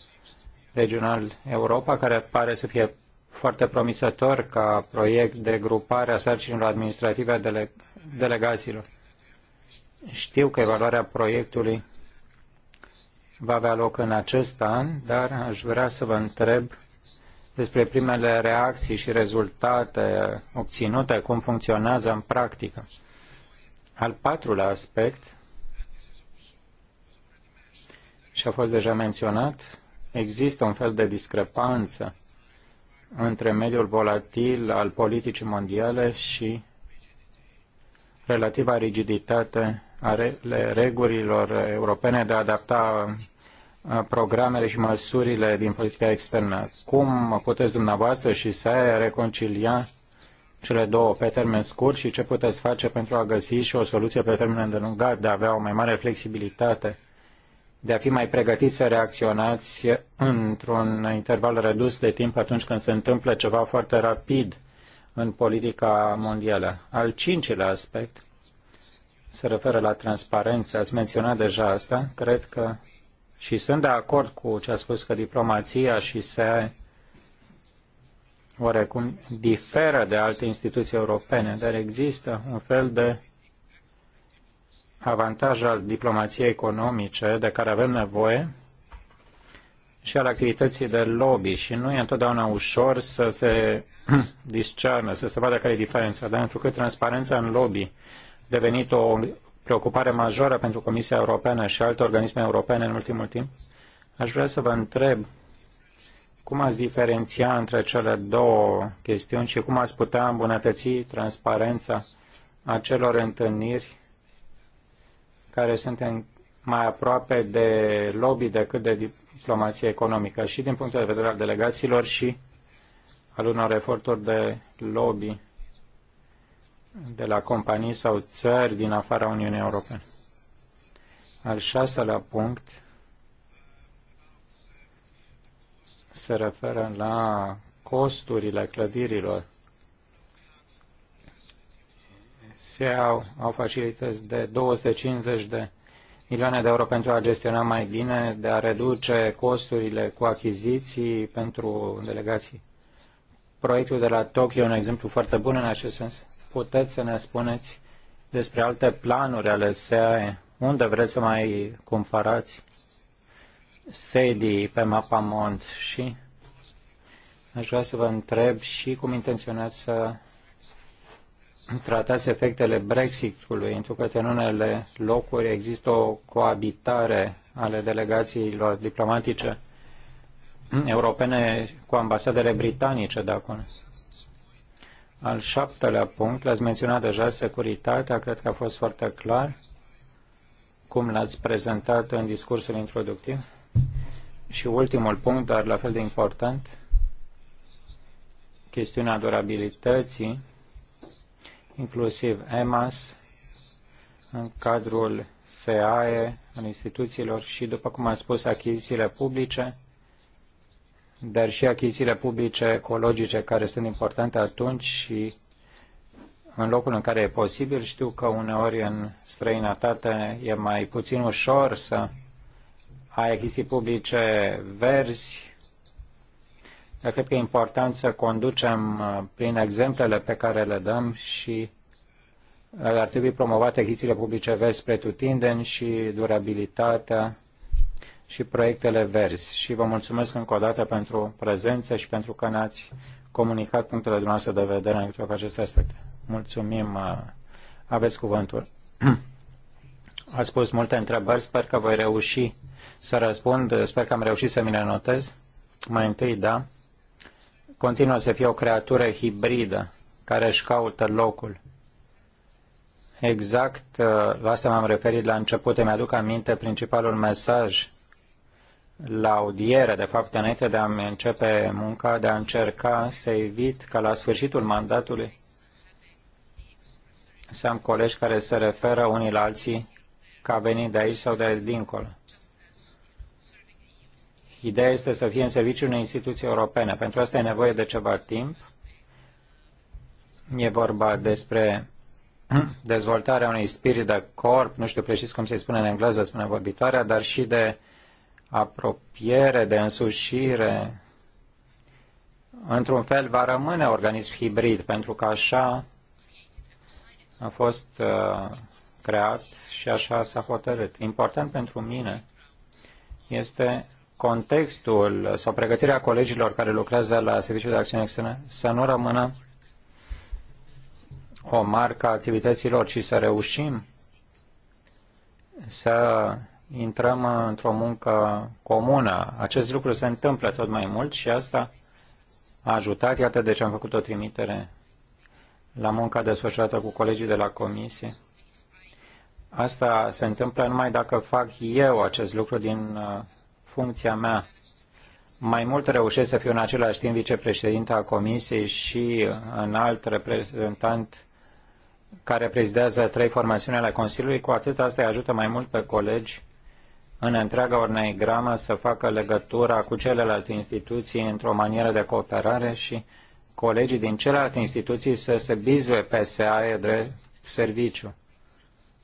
Regional Europa, care pare să fie foarte promisător ca proiect de grupare a sarcinilor administrative a dele- delegațiilor. Știu că evaluarea proiectului va avea loc în acest an, dar aș vrea să vă întreb despre primele reacții și rezultate obținute, cum funcționează în practică. Al patrulea aspect, și a fost deja menționat, există un fel de discrepanță între mediul volatil al politicii mondiale și relativa rigiditate ale regulilor europene de a adapta programele și măsurile din politica externă. Cum puteți dumneavoastră și să reconcilia cele două pe termen scurt și ce puteți face pentru a găsi și o soluție pe termen îndelungat, de a avea o mai mare flexibilitate, de a fi mai pregătiți să reacționați într-un interval redus de timp atunci când se întâmplă ceva foarte rapid în politica mondială. Al cincilea aspect se referă la transparență. Ați menționat deja asta. Cred că și sunt de acord cu ce a spus că diplomația și se oarecum diferă de alte instituții europene, dar există un fel de avantaj al diplomației economice de care avem nevoie și al activității de lobby și nu e întotdeauna ușor să se discernă, să se vadă care e diferența, dar pentru că transparența în lobby devenit o preocupare majoră pentru Comisia Europeană și alte organisme europene în ultimul timp, aș vrea să vă întreb cum ați diferenția între cele două chestiuni și cum ați putea îmbunătăți transparența acelor întâlniri care sunt mai aproape de lobby decât de diplomație economică și din punctul de vedere al delegațiilor și al unor eforturi de lobby de la companii sau țări din afara Uniunii Europene. Al șaselea punct se referă la costurile clădirilor. Se au, au facilități de 250 de milioane de euro pentru a gestiona mai bine, de a reduce costurile cu achiziții pentru delegații. Proiectul de la Tokyo e un exemplu foarte bun în acest sens puteți să ne spuneți despre alte planuri ale SEAE? Unde vreți să mai cumpărați sedii pe mond Și aș vrea să vă întreb și cum intenționați să tratați efectele Brexitului, pentru că în unele locuri există o coabitare ale delegațiilor diplomatice europene cu ambasadele britanice, dacă al șaptelea punct, l-ați menționat deja, securitatea, cred că a fost foarte clar cum l-ați prezentat în discursul introductiv. Și ultimul punct, dar la fel de important, chestiunea durabilității, inclusiv EMAS, în cadrul SEAE, în instituțiilor și, după cum am spus, achizițiile publice, dar și achizițiile publice ecologice care sunt importante atunci și în locul în care e posibil. Știu că uneori în străinătate e mai puțin ușor să ai achiziții publice verzi, dar cred că e important să conducem uh, prin exemplele pe care le dăm și uh, ar trebui promovate achizițiile publice verzi spre tutindeni și durabilitatea și proiectele verzi. Și vă mulțumesc încă o dată pentru prezență și pentru că ne-ați comunicat punctele dumneavoastră de vedere în legătură cu aceste aspecte. Mulțumim, uh, aveți cuvântul. Ați spus multe întrebări, sper că voi reuși să răspund, sper că am reușit să mi le notez. Mai întâi, da, continuă să fie o creatură hibridă care își caută locul. Exact uh, la asta m-am referit la început. Îmi aduc aminte principalul mesaj la audiere, de fapt, înainte de a-mi începe munca, de a încerca să evit ca la sfârșitul mandatului să am colegi care se referă unii la alții ca venind de aici sau de dincolo. Ideea este să fie în serviciul unei instituții europene. Pentru asta e nevoie de ceva timp. E vorba despre dezvoltarea unui spirit de corp, nu știu precis cum se spune în engleză, spune vorbitoarea, dar și de uh, apropiere, de însușire, într-un fel va rămâne organism hibrid, pentru că așa a fost uh, creat și așa s-a hotărât. Important pentru mine este contextul sau pregătirea colegilor care lucrează la Serviciul de Acțiune Externă să nu rămână o marcă a activităților, ci să reușim să intrăm într-o muncă comună. Acest lucru se întâmplă tot mai mult și asta a ajutat. Iată de ce am făcut o trimitere la munca desfășurată cu colegii de la comisie. Asta se întâmplă numai dacă fac eu acest lucru din uh, funcția mea. Mai mult reușesc să fiu în același timp vicepreședinte a comisiei și în alt reprezentant care prezidează trei formațiuni ale Consiliului, cu atât asta îi ajută mai mult pe colegi în întreaga organigramă să facă legătura cu celelalte instituții într-o manieră de cooperare și colegii din celelalte instituții să se bizuie pe de serviciu.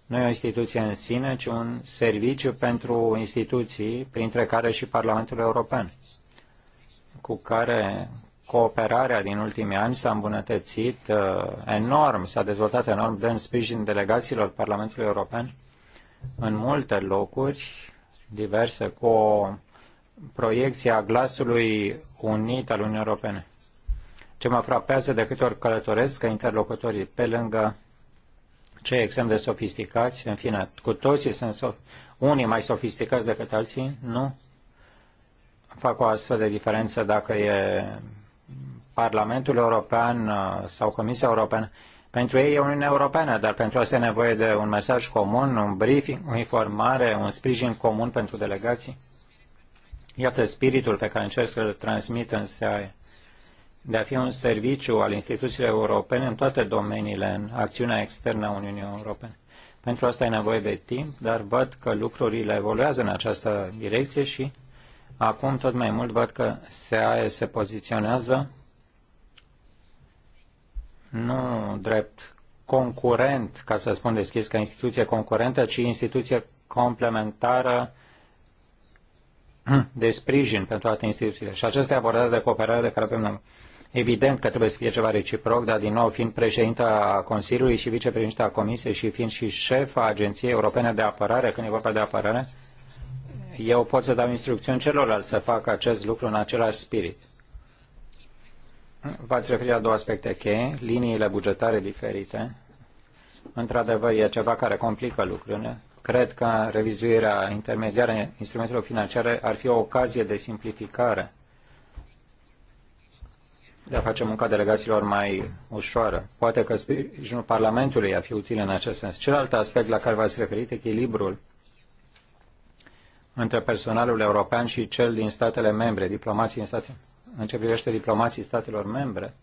Nu e o instituție în sine, ci un serviciu pentru instituții, printre care și Parlamentul European, cu care cooperarea din ultimii ani s-a îmbunătățit uh, enorm, s-a dezvoltat enorm, dând sprijin delegațiilor Parlamentului European în multe locuri diverse cu o proiecție a glasului unit al Uniunii Europene. Ce mă frapează de câte ori călătoresc ca interlocutorii, pe lângă cei extrem de sofisticați, în fine, cu toții sunt sof- unii mai sofisticați decât alții, nu fac o astfel de diferență dacă e Parlamentul European uh, sau Comisia Europeană, pentru ei e Uniunea Europeană, dar pentru asta e nevoie de un mesaj comun, un briefing, o informare, un sprijin comun pentru delegații. Iată spiritul pe care încerc să-l transmit în SEAE de a fi un serviciu al instituțiilor europene în toate domeniile, în acțiunea externă a Uniunii Europene. Pentru asta e nevoie de timp, dar văd că lucrurile evoluează în această direcție și acum tot mai mult văd că SEAE se poziționează nu drept concurent, ca să spun deschis, ca instituție concurentă, ci instituție complementară de sprijin pentru toate instituțiile. Și aceste abordează de cooperare de care avem Evident că trebuie să fie ceva reciproc, dar din nou fiind președinta Consiliului și vicepreședinta Comisiei și fiind și șefa Agenției Europene de Apărare, când e vorba de apărare, eu pot să dau instrucțiuni celorlalți să facă acest lucru în același spirit. V-ați referit la două aspecte cheie, liniile bugetare diferite. Într-adevăr, e ceva care complică lucrurile. Cred că revizuirea intermediară instrumentelor financiare ar fi o ocazie de simplificare, de a face munca delegațiilor mai ușoară. Poate că sprijinul Parlamentului ar fi util în acest sens. Celălalt aspect la care v-ați referit, echilibrul între personalul european și cel din statele membre, diplomații din statele în ce privește diplomații statelor membre,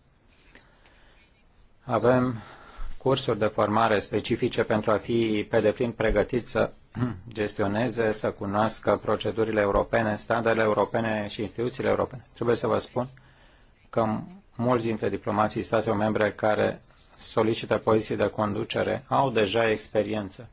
avem cursuri de formare specifice pentru a fi pe deplin pregătiți să gestioneze, să cunoască procedurile europene, standardele europene și instituțiile europene. Trebuie să vă spun că mulți dintre diplomații statelor membre care solicită poziții de conducere au deja experiență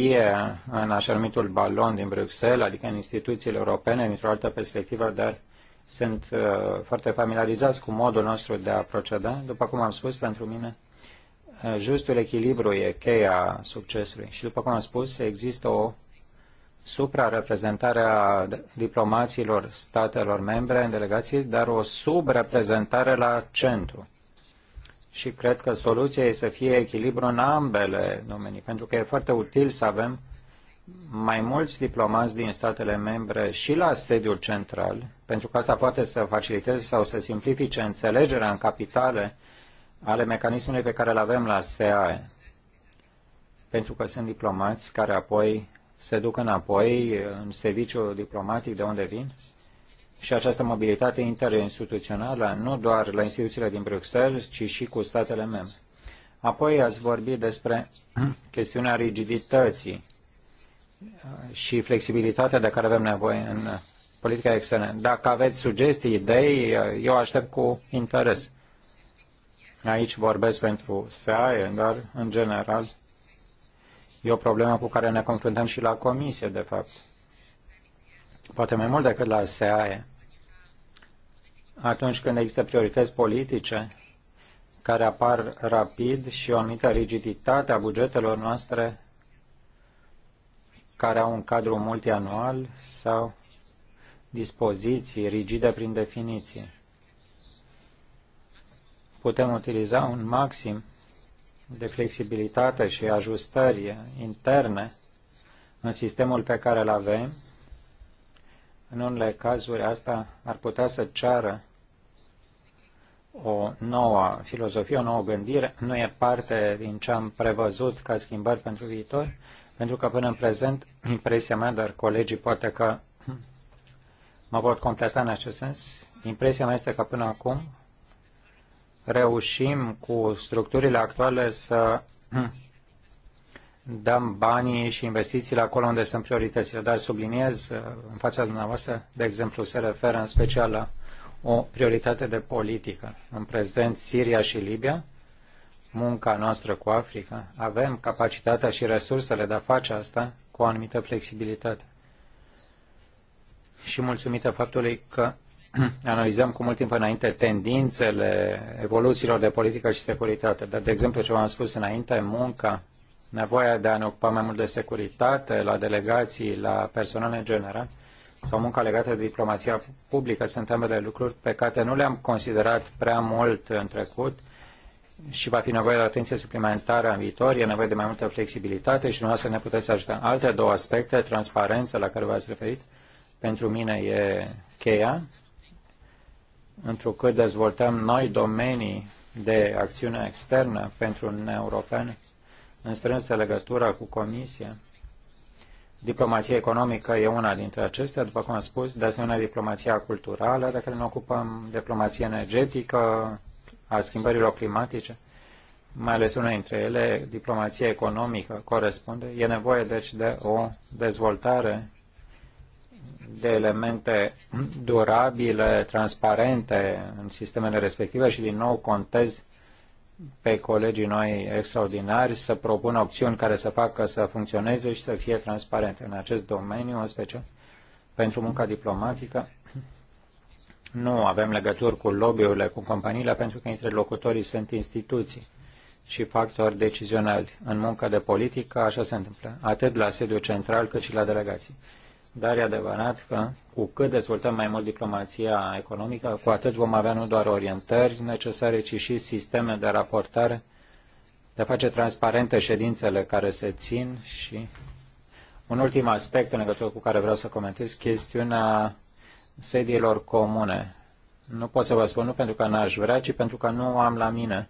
fie în așa numitul balon din Bruxelles, adică în instituțiile europene, dintr-o altă perspectivă, dar sunt uh, foarte familiarizați cu modul nostru de a proceda. După cum am spus, pentru mine, uh, justul echilibru e cheia succesului. Și după cum am spus, există o suprareprezentare a diplomaților statelor membre în delegații, dar o subreprezentare la centru și cred că soluția e să fie echilibru în ambele domenii, pentru că e foarte util să avem mai mulți diplomați din statele membre și la sediul central, pentru că asta poate să faciliteze sau să simplifice înțelegerea în capitale ale mecanismului pe care îl avem la SEAE. Pentru că sunt diplomați care apoi se duc înapoi în serviciu diplomatic de unde vin și această mobilitate interinstituțională, nu doar la instituțiile din Bruxelles, ci și cu statele membre. Apoi ați vorbit despre chestiunea rigidității uh, și flexibilitatea de care avem nevoie în politica externă. Dacă aveți sugestii, idei, uh, eu aștept cu interes. Aici vorbesc pentru SAE, dar în general e o problemă cu care ne confruntăm și la comisie, de fapt. Poate mai mult decât la SAE atunci când există priorități politice care apar rapid și o anumită rigiditate a bugetelor noastre care au un cadru multianual sau dispoziții rigide prin definiție. Putem utiliza un maxim de flexibilitate și ajustări interne în sistemul pe care îl avem în unele cazuri asta ar putea să ceară o nouă filozofie, o nouă gândire, nu e parte din ce am prevăzut ca schimbări pentru viitor, pentru că până în prezent, impresia mea, dar colegii poate că mă pot completa în acest sens, impresia mea este că până acum reușim cu structurile actuale să dăm banii și investițiile acolo unde sunt prioritățile. Dar subliniez uh, în fața dumneavoastră, de exemplu, se referă în special la o prioritate de politică. În prezent, Siria și Libia, munca noastră cu Africa, avem capacitatea și resursele de a face asta cu o anumită flexibilitate. Și mulțumită faptului că analizăm cu mult timp înainte tendințele evoluțiilor de politică și securitate. Dar, de exemplu, ce v-am spus înainte, munca nevoia de a ne ocupa mai mult de securitate, la delegații, la personal în general, sau munca legată de diplomația publică, sunt ambele lucruri pe care nu le-am considerat prea mult în trecut și va fi nevoie de atenție suplimentară în viitor, e nevoie de mai multă flexibilitate și dumneavoastră ne puteți ajuta. Alte două aspecte, transparența la care v-ați referit, pentru mine e cheia, întrucât dezvoltăm noi domenii de acțiune externă pentru Uniunea Europeană în strânsă legătură cu Comisia. Diplomația economică e una dintre acestea, după cum am spus, de asemenea diplomația culturală, dacă care ne ocupăm, diplomația energetică, a schimbărilor climatice, mai ales una dintre ele, diplomația economică corespunde. E nevoie, deci, de o dezvoltare de elemente durabile, transparente în sistemele respective și, din nou, contez pe colegii noi extraordinari să propună opțiuni care să facă să funcționeze și să fie transparente în acest domeniu, în special pentru munca diplomatică. Nu avem legături cu lobby-urile, cu companiile, pentru că interlocutorii sunt instituții și factori decizionali. În munca de politică așa se întâmplă, atât la sediul central cât și la delegații. Dar e adevărat că cu cât dezvoltăm mai mult diplomația economică, cu atât vom avea nu doar orientări necesare, ci și sisteme de raportare, de a face transparente ședințele care se țin și un ultim aspect în legătură cu care vreau să comentez, chestiunea sediilor comune. Nu pot să vă spun nu pentru că n-aș vrea, ci pentru că nu am la mine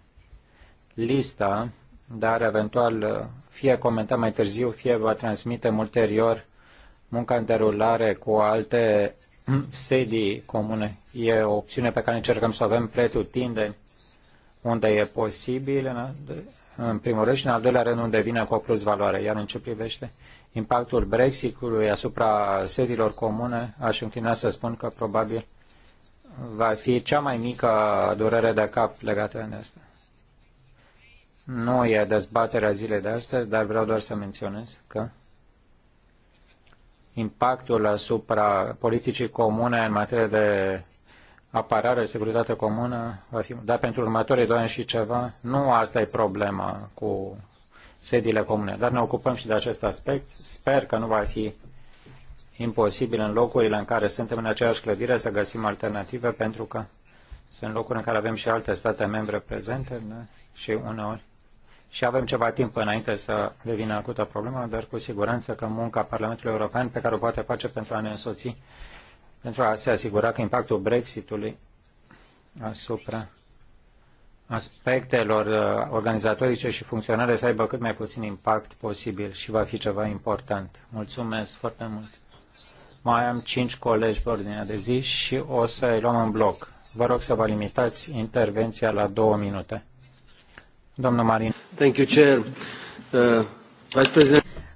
lista, dar eventual fie comentăm mai târziu, fie vă transmitem ulterior munca în derulare cu alte sedii comune. E o opțiune pe care încercăm să o avem pretutindeni unde e posibil, în primul rând, și în al doilea rând unde vine cu o plus valoare. Iar în ce privește impactul Brexit-ului asupra sediilor comune, aș înclina să spun că probabil va fi cea mai mică durere de cap legată de asta. Nu e dezbaterea zilei de astăzi, dar vreau doar să menționez că impactul asupra politicii comune în materie de apărare, securitate comună, va fi, da, pentru următorii doi ani și ceva, nu asta e problema cu sediile comune, dar ne ocupăm și de acest aspect. Sper că nu va fi imposibil în locurile în care suntem în aceeași clădire să găsim alternative, pentru că sunt locuri în care avem și alte state membre prezente ne? Da, și uneori și avem ceva timp înainte să devină acută problema, dar cu siguranță că munca Parlamentului European pe care o poate face pentru a ne însoți, pentru a se asigura că impactul Brexitului asupra aspectelor uh, organizatorice și funcționale să aibă cât mai puțin impact posibil și va fi ceva important. Mulțumesc foarte mult. Mai am cinci colegi pe ordinea de zi și o să îi luăm în bloc. Vă rog să vă limitați intervenția la două minute. Domnul Thank you, Chair. Uh,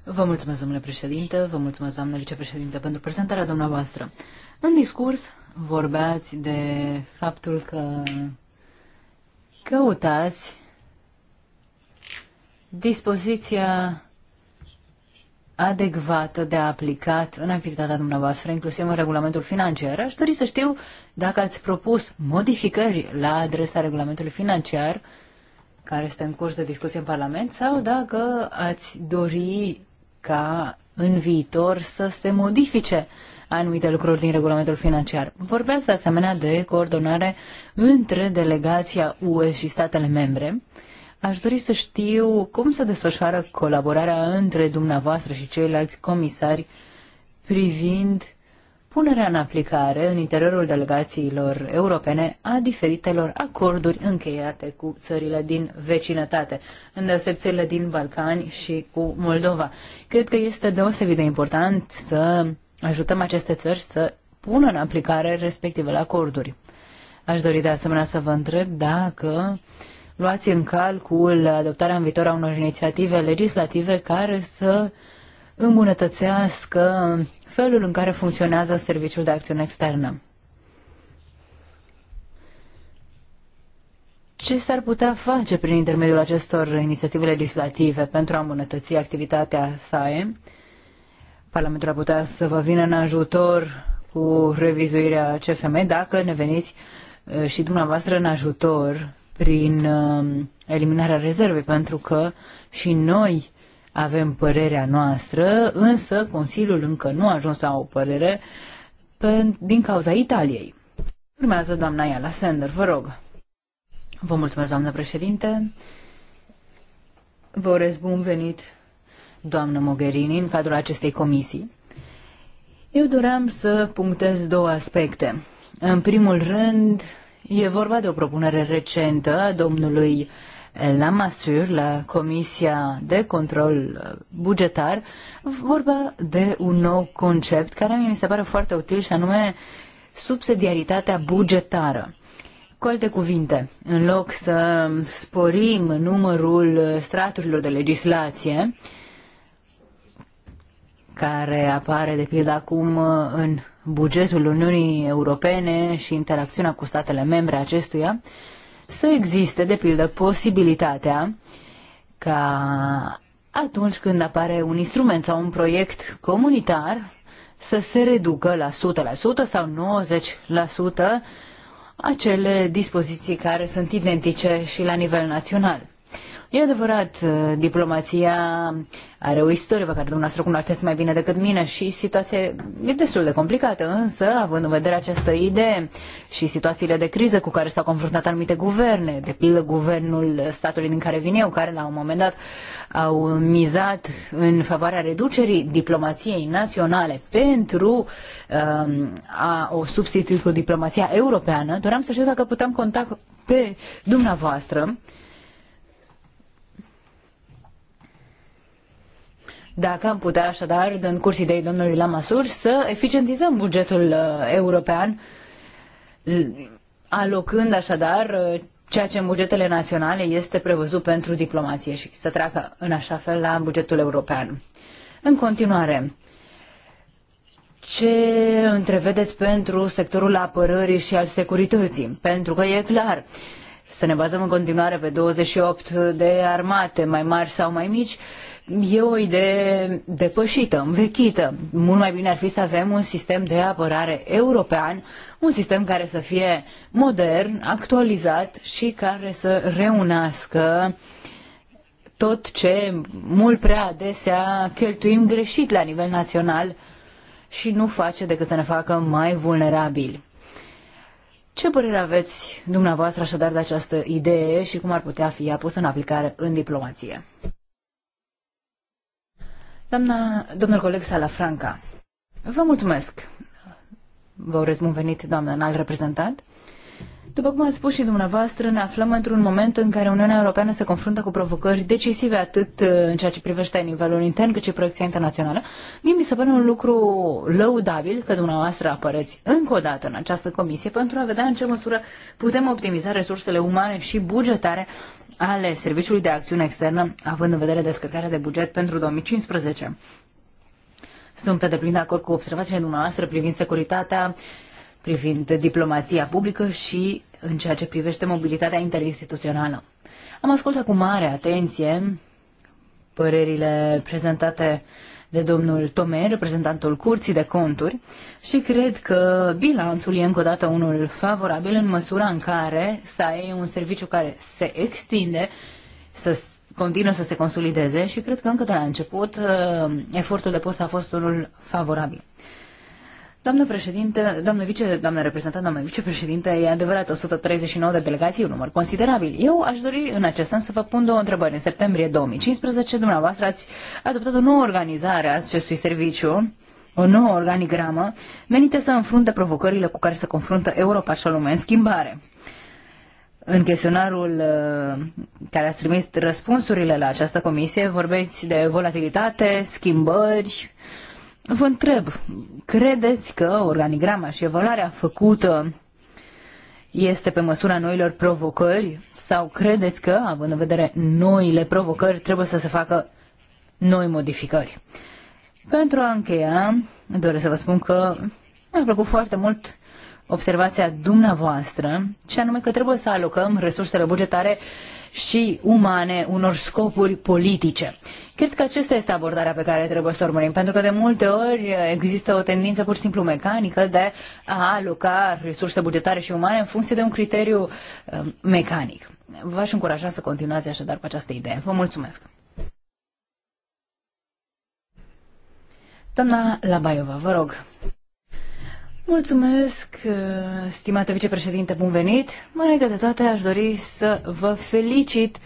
vă mulțumesc, domnule președinte, vă mulțumesc, doamnă vicepreședinte, pentru prezentarea dumneavoastră. În discurs vorbeați de faptul că căutați dispoziția adecvată de aplicat în activitatea dumneavoastră, inclusiv în regulamentul financiar. Aș dori să știu dacă ați propus modificări la adresa regulamentului financiar care este în curs de discuție în Parlament sau dacă ați dori ca în viitor să se modifice anumite lucruri din regulamentul financiar. Vorbeați de asemenea de coordonare între delegația UE și statele membre. Aș dori să știu cum se desfășoară colaborarea între dumneavoastră și ceilalți comisari privind punerea în aplicare în interiorul delegațiilor europene a diferitelor acorduri încheiate cu țările din vecinătate, în deosebțele din Balcani și cu Moldova. Cred că este deosebit de important să ajutăm aceste țări să pună în aplicare respectivele acorduri. Aș dori de asemenea să vă întreb dacă luați în calcul adoptarea în viitor a unor inițiative legislative care să uh, îmbunătățească felul în care funcționează Serviciul de Acțiune Externă. Ce s-ar putea face prin intermediul acestor inițiative legislative pentru a îmbunătăți activitatea SAE? Parlamentul ar putea să vă vină în ajutor cu revizuirea CFM dacă ne veniți și dumneavoastră în ajutor prin eliminarea rezervei, pentru că și noi avem părerea noastră, însă Consiliul încă nu a ajuns la o părere pe, din cauza Italiei. Urmează doamna Iala Sender, vă rog. Vă mulțumesc, doamnă președinte. Vă urez bun venit, doamnă Mogherini, în cadrul acestei comisii. Eu doream să punctez două aspecte. În primul rând, e vorba de o propunere recentă a domnului uh, la Masur, la Comisia de Control uh, Bugetar, vorba de un nou concept care mi se pare foarte util și anume subsidiaritatea bugetară. Cu alte cuvinte, în loc să sporim numărul straturilor de legislație, care apare de pildă acum uh, în bugetul Uniunii Europene și interacțiunea cu statele membre acestuia, să existe, de pildă, posibilitatea ca atunci când apare un instrument sau un proiect comunitar să se reducă la 100% sau 90% acele dispoziții care sunt identice și la nivel național. E adevărat, uh, diplomația are o istorie pe care dumneavoastră cunoașteți mai bine decât mine și situația e destul de complicată, însă, având în vedere această idee și situațiile de criză cu care s-au confruntat anumite guverne, de pildă guvernul statului din care vin eu, care la un moment dat au mizat în favoarea reducerii diplomației naționale pentru um, a o substitui cu diplomația europeană, doream să știu dacă putem conta pe dumneavoastră uh, Dacă am putea așadar, în curs idei domnului Lamasur, să eficientizăm bugetul uh, european, alocând așadar uh, ceea ce în bugetele naționale este prevăzut pentru diplomație și să treacă în așa fel la bugetul european. În continuare, ce întrevedeți pentru sectorul apărării și al securității? Pentru că e clar, să ne bazăm în continuare pe 28 de armate, mai mari sau mai mici, e o idee depășită, învechită. Mult mai bine ar fi să avem un sistem de apărare european, un sistem care să fie modern, actualizat și care să reunească tot ce mult prea adesea cheltuim greșit la nivel național și nu face decât să ne facă mai vulnerabili. Ce părere aveți dumneavoastră așadar de această idee și cum ar putea fi ea pusă în aplicare în diplomație? Doamna, domnul coleg Salafranca, vă mulțumesc. Vă urez bun venit, doamnă înalt reprezentant. După cum ați spus și dumneavoastră, ne aflăm într-un moment în care Uniunea Europeană se confruntă cu provocări decisive atât uh, în ceea ce privește nivelul intern cât și proiecția internațională. Mie mi se pare un lucru lăudabil că dumneavoastră apăreți încă o dată în această comisie pentru a vedea în ce măsură putem optimiza resursele umane și bugetare ale Serviciului de Acțiune Externă, având în vedere descărcarea de buget pentru 2015. Sunt de plin de acord cu observațiile dumneavoastră privind securitatea, privind diplomația publică și în ceea ce privește mobilitatea interinstituțională. Am ascultat cu mare atenție părerile prezentate uh, de domnul Tome, reprezentantul Curții de Conturi, și cred că bilanțul e încă o dată unul favorabil în măsura în care să ai un serviciu care se extinde, să continuă să se consolideze și cred că încă de la început uh, efortul depus a fost unul favorabil. Doamnă președinte, doamnă vice, doamnă reprezentant, doamnă vicepreședinte, e adevărat, 139 de delegații, un număr considerabil. Eu aș dori în acest sens să vă pun două întrebări. În septembrie 2015, dumneavoastră ați adoptat o nouă organizare a acestui serviciu, o nouă organigramă, menită să înfrunte provocările cu care se confruntă Europa și o lume în schimbare. În chestionarul uh, care a trimis răspunsurile la această comisie, vorbeți de volatilitate, schimbări, Vă întreb, credeți că organigrama și evaluarea făcută este pe măsura noilor provocări sau credeți că, având în vedere noile provocări, trebuie să se facă noi modificări? Pentru a încheia, doresc să vă spun că mi-a plăcut foarte mult observația dumneavoastră, și anume că trebuie să alocăm resursele bugetare și umane unor scopuri politice. Cred că acesta este abordarea pe care trebuie să o urmărim, pentru că de multe ori există o tendință pur și simplu mecanică de a aloca resurse bugetare și umane în funcție de un criteriu um, mecanic. V-aș încuraja să continuați așadar cu această idee. Vă mulțumesc! Doamna Labaiova, vă rog. Mulțumesc, uh, stimată vicepreședinte, bun venit. Mai înainte de toate, aș dori să vă felicit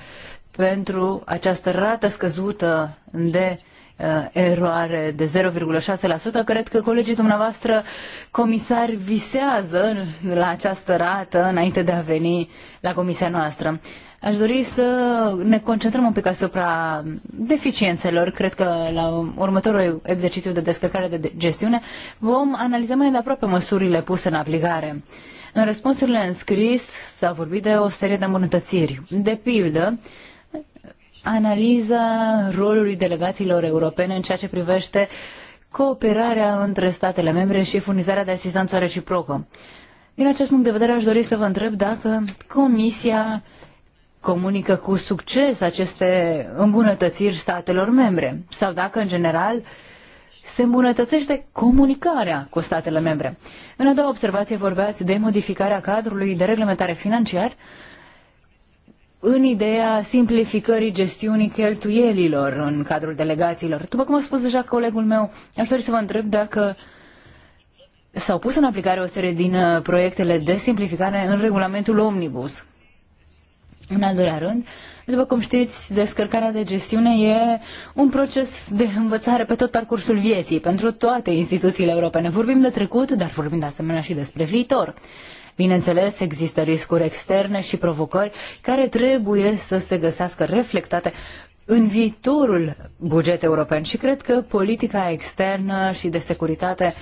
pentru această rată scăzută de uh, eroare de 0,6%. Cred că colegii dumneavoastră comisari visează la această rată înainte de a veni la comisia noastră. Aș dori să ne concentrăm un pic asupra deficiențelor. Cred că la următorul exercițiu de descărcare de gestiune vom analiza mai de aproape măsurile puse în aplicare. În răspunsurile în scris s-a vorbit de o serie de îmbunătățiri. De pildă, analiza rolului delegațiilor europene în ceea ce privește cooperarea între statele membre și furnizarea de asistență reciprocă. Din acest punct de vedere, aș dori să vă întreb dacă Comisia comunică cu succes aceste îmbunătățiri statelor membre sau dacă, în general, se îmbunătățește comunicarea cu statele membre. În a doua observație vorbeați de modificarea cadrului de reglementare financiar în ideea simplificării gestiunii cheltuielilor în cadrul delegațiilor. După cum a spus deja colegul meu, aș dori să vă întreb dacă s-au pus în aplicare o serie din uh, proiectele de simplificare în regulamentul Omnibus. În al doilea rând, după cum știți, descărcarea de gestiune e un proces de învățare pe tot parcursul vieții, pentru toate instituțiile europene. Vorbim de trecut, dar vorbim de asemenea și despre viitor. Bineînțeles, există riscuri externe și provocări care trebuie să se găsească reflectate în viitorul buget european și cred că politica externă și de securitate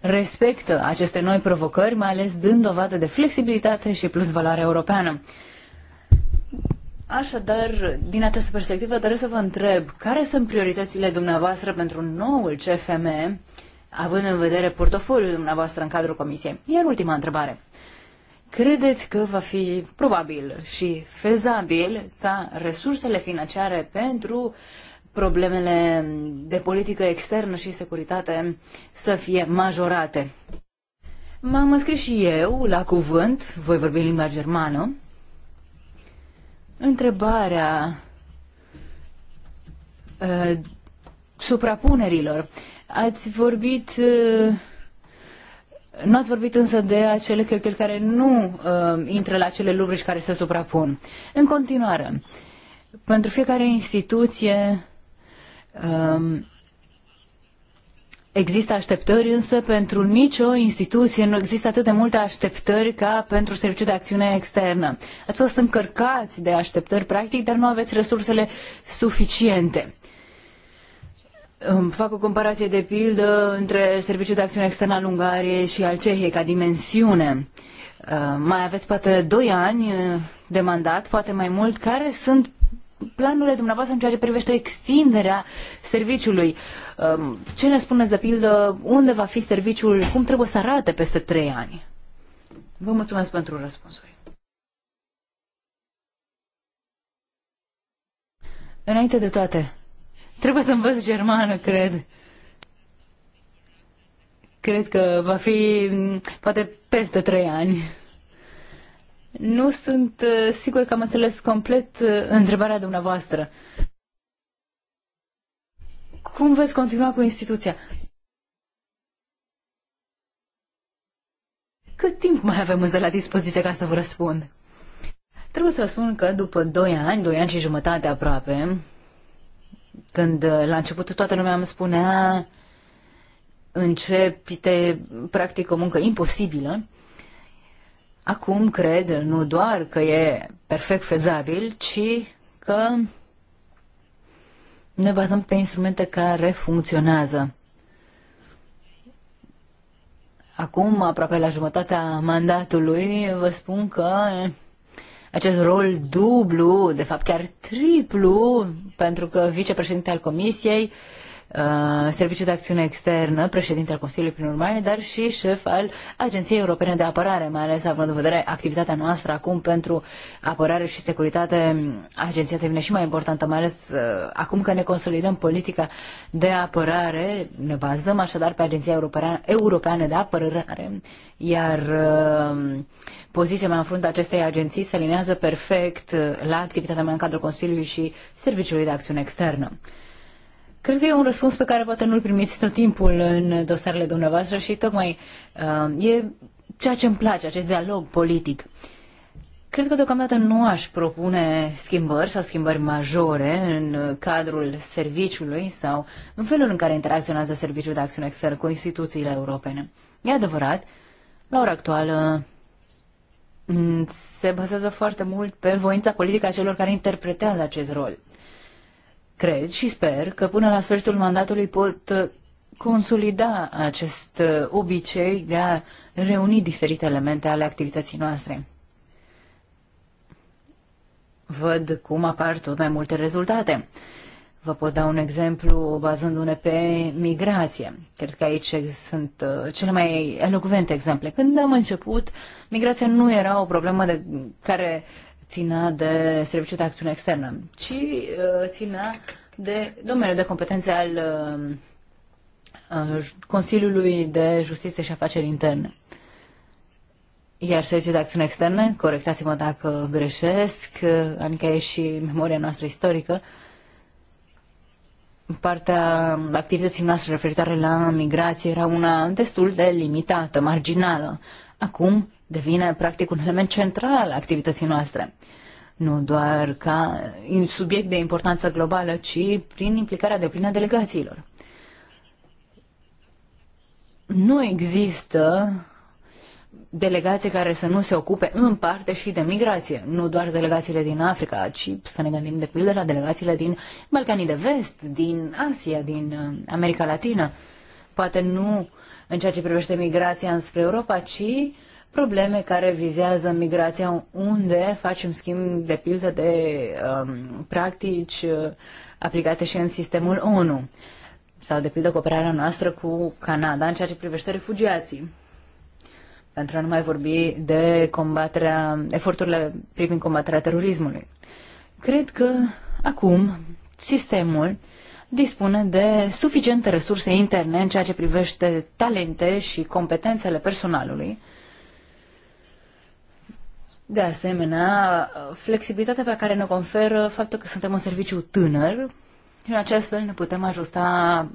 respectă aceste noi provocări, mai ales dând dovadă de flexibilitate și plus valoare europeană. Așadar, din această perspectivă, doresc să vă întreb, care sunt prioritățile dumneavoastră pentru noul CFM, având în vedere portofoliul dumneavoastră în cadrul Comisiei? Iar ultima întrebare. Credeți că va fi probabil și fezabil ca resursele financiare pentru problemele de politică externă și securitate să fie majorate? M-am înscris și eu la cuvânt, voi vorbi în limba germană, întrebarea uh, suprapunerilor. Ați vorbit, uh, nu ați vorbit însă de acele cheltuieli care nu uh, intră la cele lubrici care se suprapun. În continuare, pentru fiecare instituție uh, Există așteptări, însă pentru nicio instituție nu există atât de multe așteptări ca pentru serviciul de acțiune externă. Ați fost încărcați de așteptări, practic, dar nu aveți resursele suficiente. Fac o comparație de pildă între serviciul de acțiune externă al Ungariei și al Cehiei ca dimensiune. Uh, mai aveți poate doi ani uh, de mandat, poate mai mult. Care sunt planurile dumneavoastră în ceea ce privește extinderea serviciului? Uh, Um, ce ne spuneți de pildă? Unde va fi serviciul? Cum trebuie să arate peste trei ani? Vă mulțumesc pentru răspunsuri. Înainte de toate, trebuie să învăț germană, cred. Cred că va fi mm, poate peste trei ani. Nu sunt uh, sigur că am înțeles complet uh, întrebarea dumneavoastră cum veți continua cu instituția? Cât timp mai avem însă la dispoziție ca să vă răspund? Trebuie să vă spun că după 2 ani, 2 ani și jumătate aproape, când la început toată lumea îmi spunea începite practic o muncă imposibilă, acum cred nu doar că e perfect fezabil, ci că ne bazăm pe instrumente care funcționează. Acum, aproape la jumătatea mandatului, vă spun că acest rol dublu, de fapt chiar triplu, pentru că vicepreședinte al Comisiei, uh, Uh, Serviciul de Acțiune Externă, președintele al Consiliului prin urmare, dar și șef al Agenției Europene de Apărare, mai ales având în vedere activitatea noastră acum pentru apărare și securitate. Agenția devine și mai importantă, mai ales uh, acum că ne consolidăm politica de apărare, ne bazăm așadar pe Agenția Europeană de Apărare, iar uh, poziția mea în fruntea acestei agenții se alinează perfect la activitatea mea în cadrul Consiliului și Serviciului de Acțiune Externă. Cred că e un răspuns pe care poate nu-l primiți tot timpul în dosarele dumneavoastră și tocmai uh, e ceea ce îmi place, acest dialog politic. Cred că deocamdată nu aș propune schimbări sau schimbări majore în cadrul serviciului sau în felul în care interacționează serviciul de acțiune externă cu instituțiile europene. E adevărat, la ora actuală mm, se bazează foarte mult pe voința politică a celor care interpretează acest rol cred și sper că până la sfârșitul mandatului pot uh, consolida acest uh, obicei de a reuni diferite elemente ale activității noastre. Văd cum apar tot mai multe rezultate. Vă pot da un exemplu bazându-ne pe migrație. Cred că aici sunt uh, cele mai elocvente exemple. Când am început, migrația nu era o problemă de care uh, țină de serviciul de acțiune externă, ci uh, țină de domeniul de competențe al uh, Consiliului de Justiție și Afaceri Interne. Iar serviciul de acțiune externă, corectați-mă dacă greșesc, adică e și memoria noastră istorică, partea activității noastre referitoare la migrație era una destul de limitată, marginală. Acum devine practic un element central al activității noastre. Nu doar ca subiect de importanță globală, ci prin implicarea de plină delegațiilor. Nu există delegații care să nu se ocupe în parte și de migrație. Nu doar delegațiile din Africa, ci să ne gândim de pildă la delegațiile din Balcanii de Vest, din Asia, din uh, America Latină. Poate nu în ceea ce privește migrația înspre Europa, ci probleme care vizează migrația, unde facem schimb de pildă de um, practici uh, aplicate și în sistemul ONU sau de pildă cooperarea noastră cu Canada în ceea ce privește refugiații. Pentru a nu mai vorbi de combaterea, eforturile privind combaterea terorismului. Cred că acum sistemul dispune de suficiente resurse interne în ceea ce privește talente și competențele personalului de asemenea, flexibilitatea pe care ne conferă faptul că suntem un serviciu tânăr și în acest fel ne putem ajusta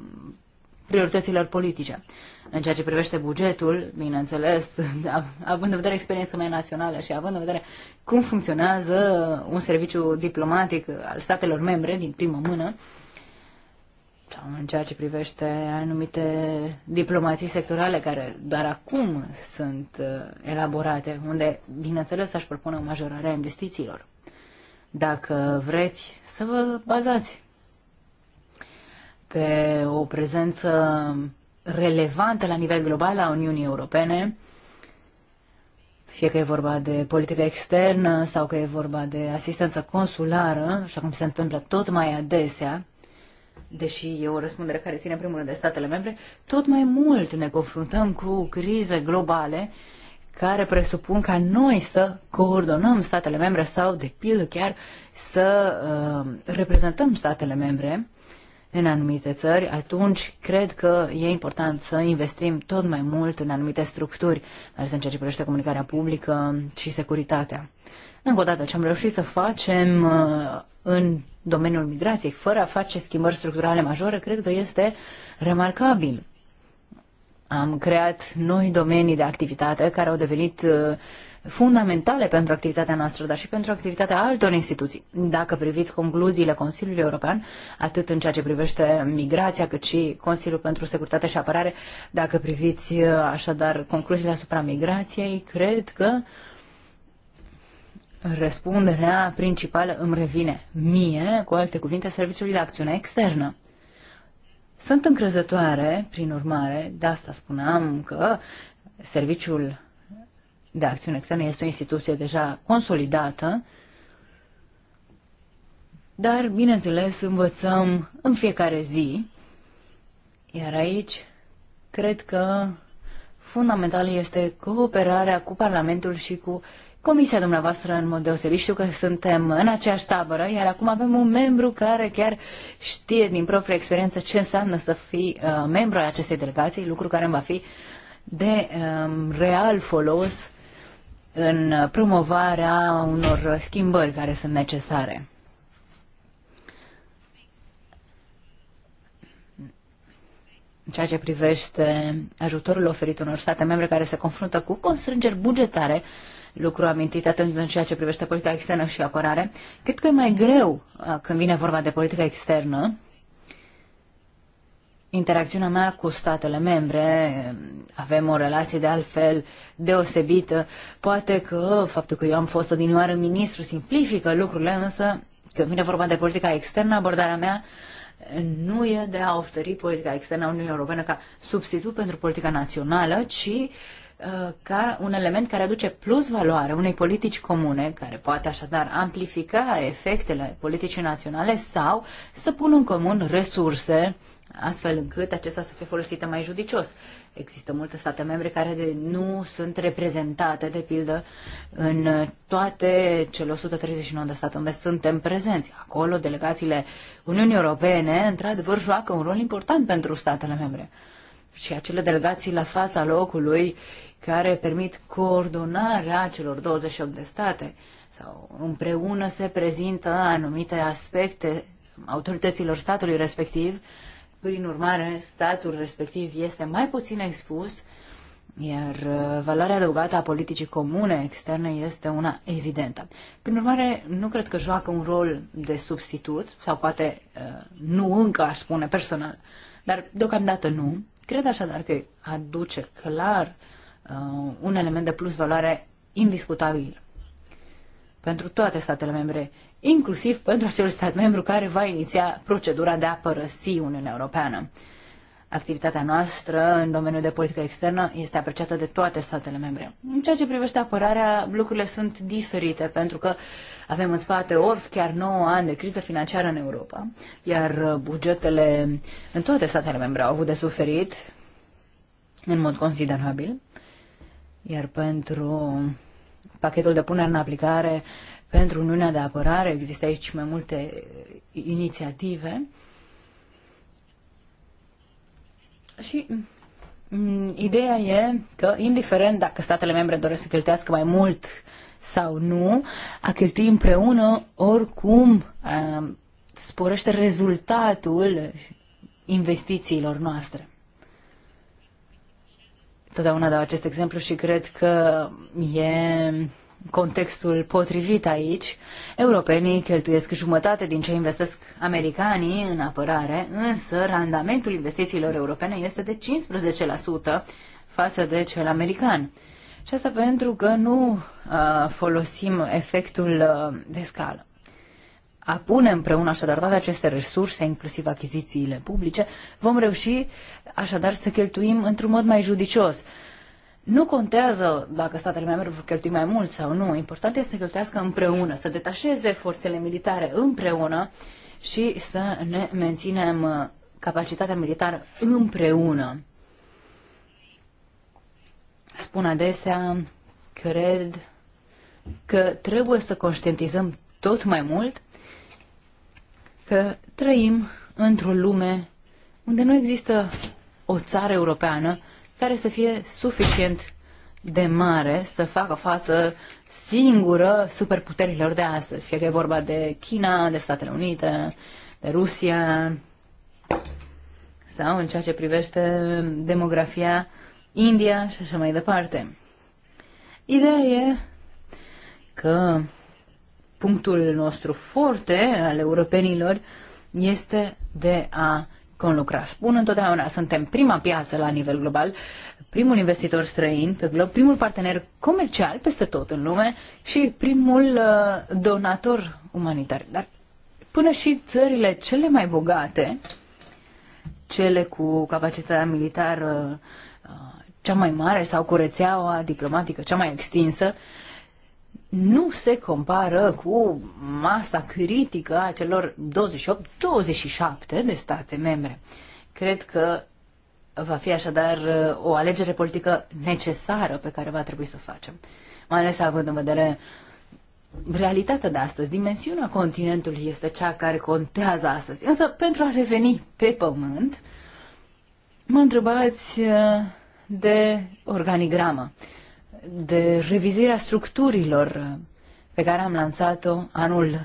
priorităților politice. În ceea ce privește bugetul, bineînțeles, având în vedere experiența mea națională și având în vedere cum funcționează un serviciu diplomatic al statelor membre din primă mână, în ceea ce privește anumite diplomații sectorale care doar acum sunt uh, elaborate, unde, bineînțeles, aș propune o majorare a investițiilor. Dacă vreți să vă bazați pe o prezență relevantă la nivel global a Uniunii Europene, fie că e vorba de politică externă sau că e vorba de asistență consulară, așa cum se întâmplă tot mai adesea, deși e o răspundere care ține primul rând de statele membre, tot mai mult ne confruntăm cu crize globale care presupun ca noi să coordonăm statele membre sau, de pildă, chiar să uh, reprezentăm statele membre în anumite țări, atunci cred că e important să investim tot mai mult în anumite structuri, mai ales în ceea ce privește comunicarea publică și securitatea. Uh, încă o dată, ce am reușit să facem uh, în domeniul migrației, fără a face schimbări structurale majore, cred că este remarcabil. Am creat noi domenii de activitate care au devenit uh, fundamentale pentru activitatea noastră, dar și pentru activitatea altor instituții. Dacă priviți concluziile Consiliului European, atât în ceea ce privește migrația, cât și Consiliul pentru Securitate și Apărare, dacă priviți uh, așadar concluziile asupra migrației, cred că uh, Răspunderea principală îmi revine mie, cu alte cuvinte, Serviciului de Acțiune Externă. Sunt încrezătoare, prin urmare, de asta spuneam că Serviciul de Acțiune Externă este o instituție deja consolidată, dar, bineînțeles, învățăm în fiecare zi, iar aici cred că fundamental este cooperarea cu Parlamentul și cu comisia dumneavoastră în mod deosebit. Știu că suntem în aceeași tabără, iar acum avem un membru care chiar știe din propria experiență ce înseamnă să fii uh, membru al acestei delegații, lucru care va fi de um, real folos în promovarea unor schimbări care sunt necesare. în ceea ce privește ajutorul oferit unor state membre care se confruntă cu constrângeri bugetare lucru amintit atât în ceea ce privește politica externă și apărare. Cred că e mai greu când vine vorba de politica externă. Interacțiunea mea cu statele membre, avem o relație de altfel deosebită. Poate că faptul că eu am fost odinioară ministru simplifică lucrurile, însă când vine vorba de politica externă, abordarea mea nu e de a oferi politica externă a Uniunii Europene ca substitut pentru politica națională, ci Uh, ca un element care aduce plus valoare unei politici comune, care poate așadar amplifica efectele politicii naționale sau să pună în comun resurse astfel încât acesta să fie folosită mai judicios. Există multe state membre care nu sunt reprezentate, de pildă, în toate cele 139 de state unde suntem prezenți. Acolo, delegațiile Uniunii Europene, într-adevăr, joacă un rol important pentru statele membre. Și acele delegații la fața locului care permit coordonarea celor 28 de state sau împreună se prezintă anumite aspecte autorităților statului respectiv, prin urmare statul respectiv este mai puțin expus, iar uh, valoarea adăugată a politicii comune externe este una evidentă. Prin urmare, nu cred că joacă un rol de substitut, sau poate uh, nu încă aș spune personal, dar deocamdată nu. Cred așadar că aduce clar uh, un element de plus valoare indiscutabil pentru toate statele membre, inclusiv pentru acel stat membru care va iniția procedura de a părăsi Uniunea Europeană. Activitatea noastră în domeniul de politică externă este apreciată de toate statele membre. În ceea ce privește apărarea, lucrurile sunt diferite, pentru că avem în spate 8, chiar 9 ani de criză financiară în Europa, iar bugetele în toate statele membre au avut de suferit în mod considerabil. Iar pentru pachetul de punere în aplicare pentru Uniunea de Apărare există aici mai multe eh, inițiative. Și mm, ideea e că, indiferent dacă statele membre doresc să cheltuiască mai mult sau nu, a cheltui împreună, oricum, eh, sporește rezultatul investițiilor noastre. Totdeauna dau acest exemplu și cred că e contextul potrivit aici. Europenii cheltuiesc jumătate din ce investesc americanii în apărare, însă randamentul investițiilor europene este de 15% față de cel american. Și asta pentru că nu uh, folosim efectul uh, de scală a pune împreună așadar toate aceste resurse, inclusiv achizițiile publice, vom reuși așadar să cheltuim într-un mod mai judicios. Nu contează dacă statele membre vor cheltui mai mult sau nu. Important este să cheltuiască împreună, să detașeze forțele militare împreună și să ne menținem uh, capacitatea militară împreună. Spun adesea, cred că trebuie să conștientizăm tot mai mult că trăim într-o lume unde nu există o țară europeană care să fie suficient de mare să facă față singură superputerilor de astăzi, fie că e vorba de China, de Statele Unite, de Rusia sau în ceea ce privește demografia India și așa mai departe. Ideea e că punctul nostru forte al europenilor este de a conlucra. Spun întotdeauna, suntem prima piață la nivel global, primul investitor străin pe glob, primul partener comercial peste tot în lume și primul uh, donator umanitar. Dar până și țările cele mai bogate, cele cu capacitatea militară uh, cea mai mare sau cu rețeaua diplomatică cea mai extinsă, nu se compară cu masa critică a celor 28-27 de state membre. Cred că va fi așadar uh, o alegere politică necesară pe care va trebui să o facem. Mai ales având în vedere realitatea de astăzi, dimensiunea continentului este cea care contează astăzi. Însă, pentru a reveni pe pământ, mă întrebați uh, de organigramă de revizuirea structurilor pe care am lansat-o anul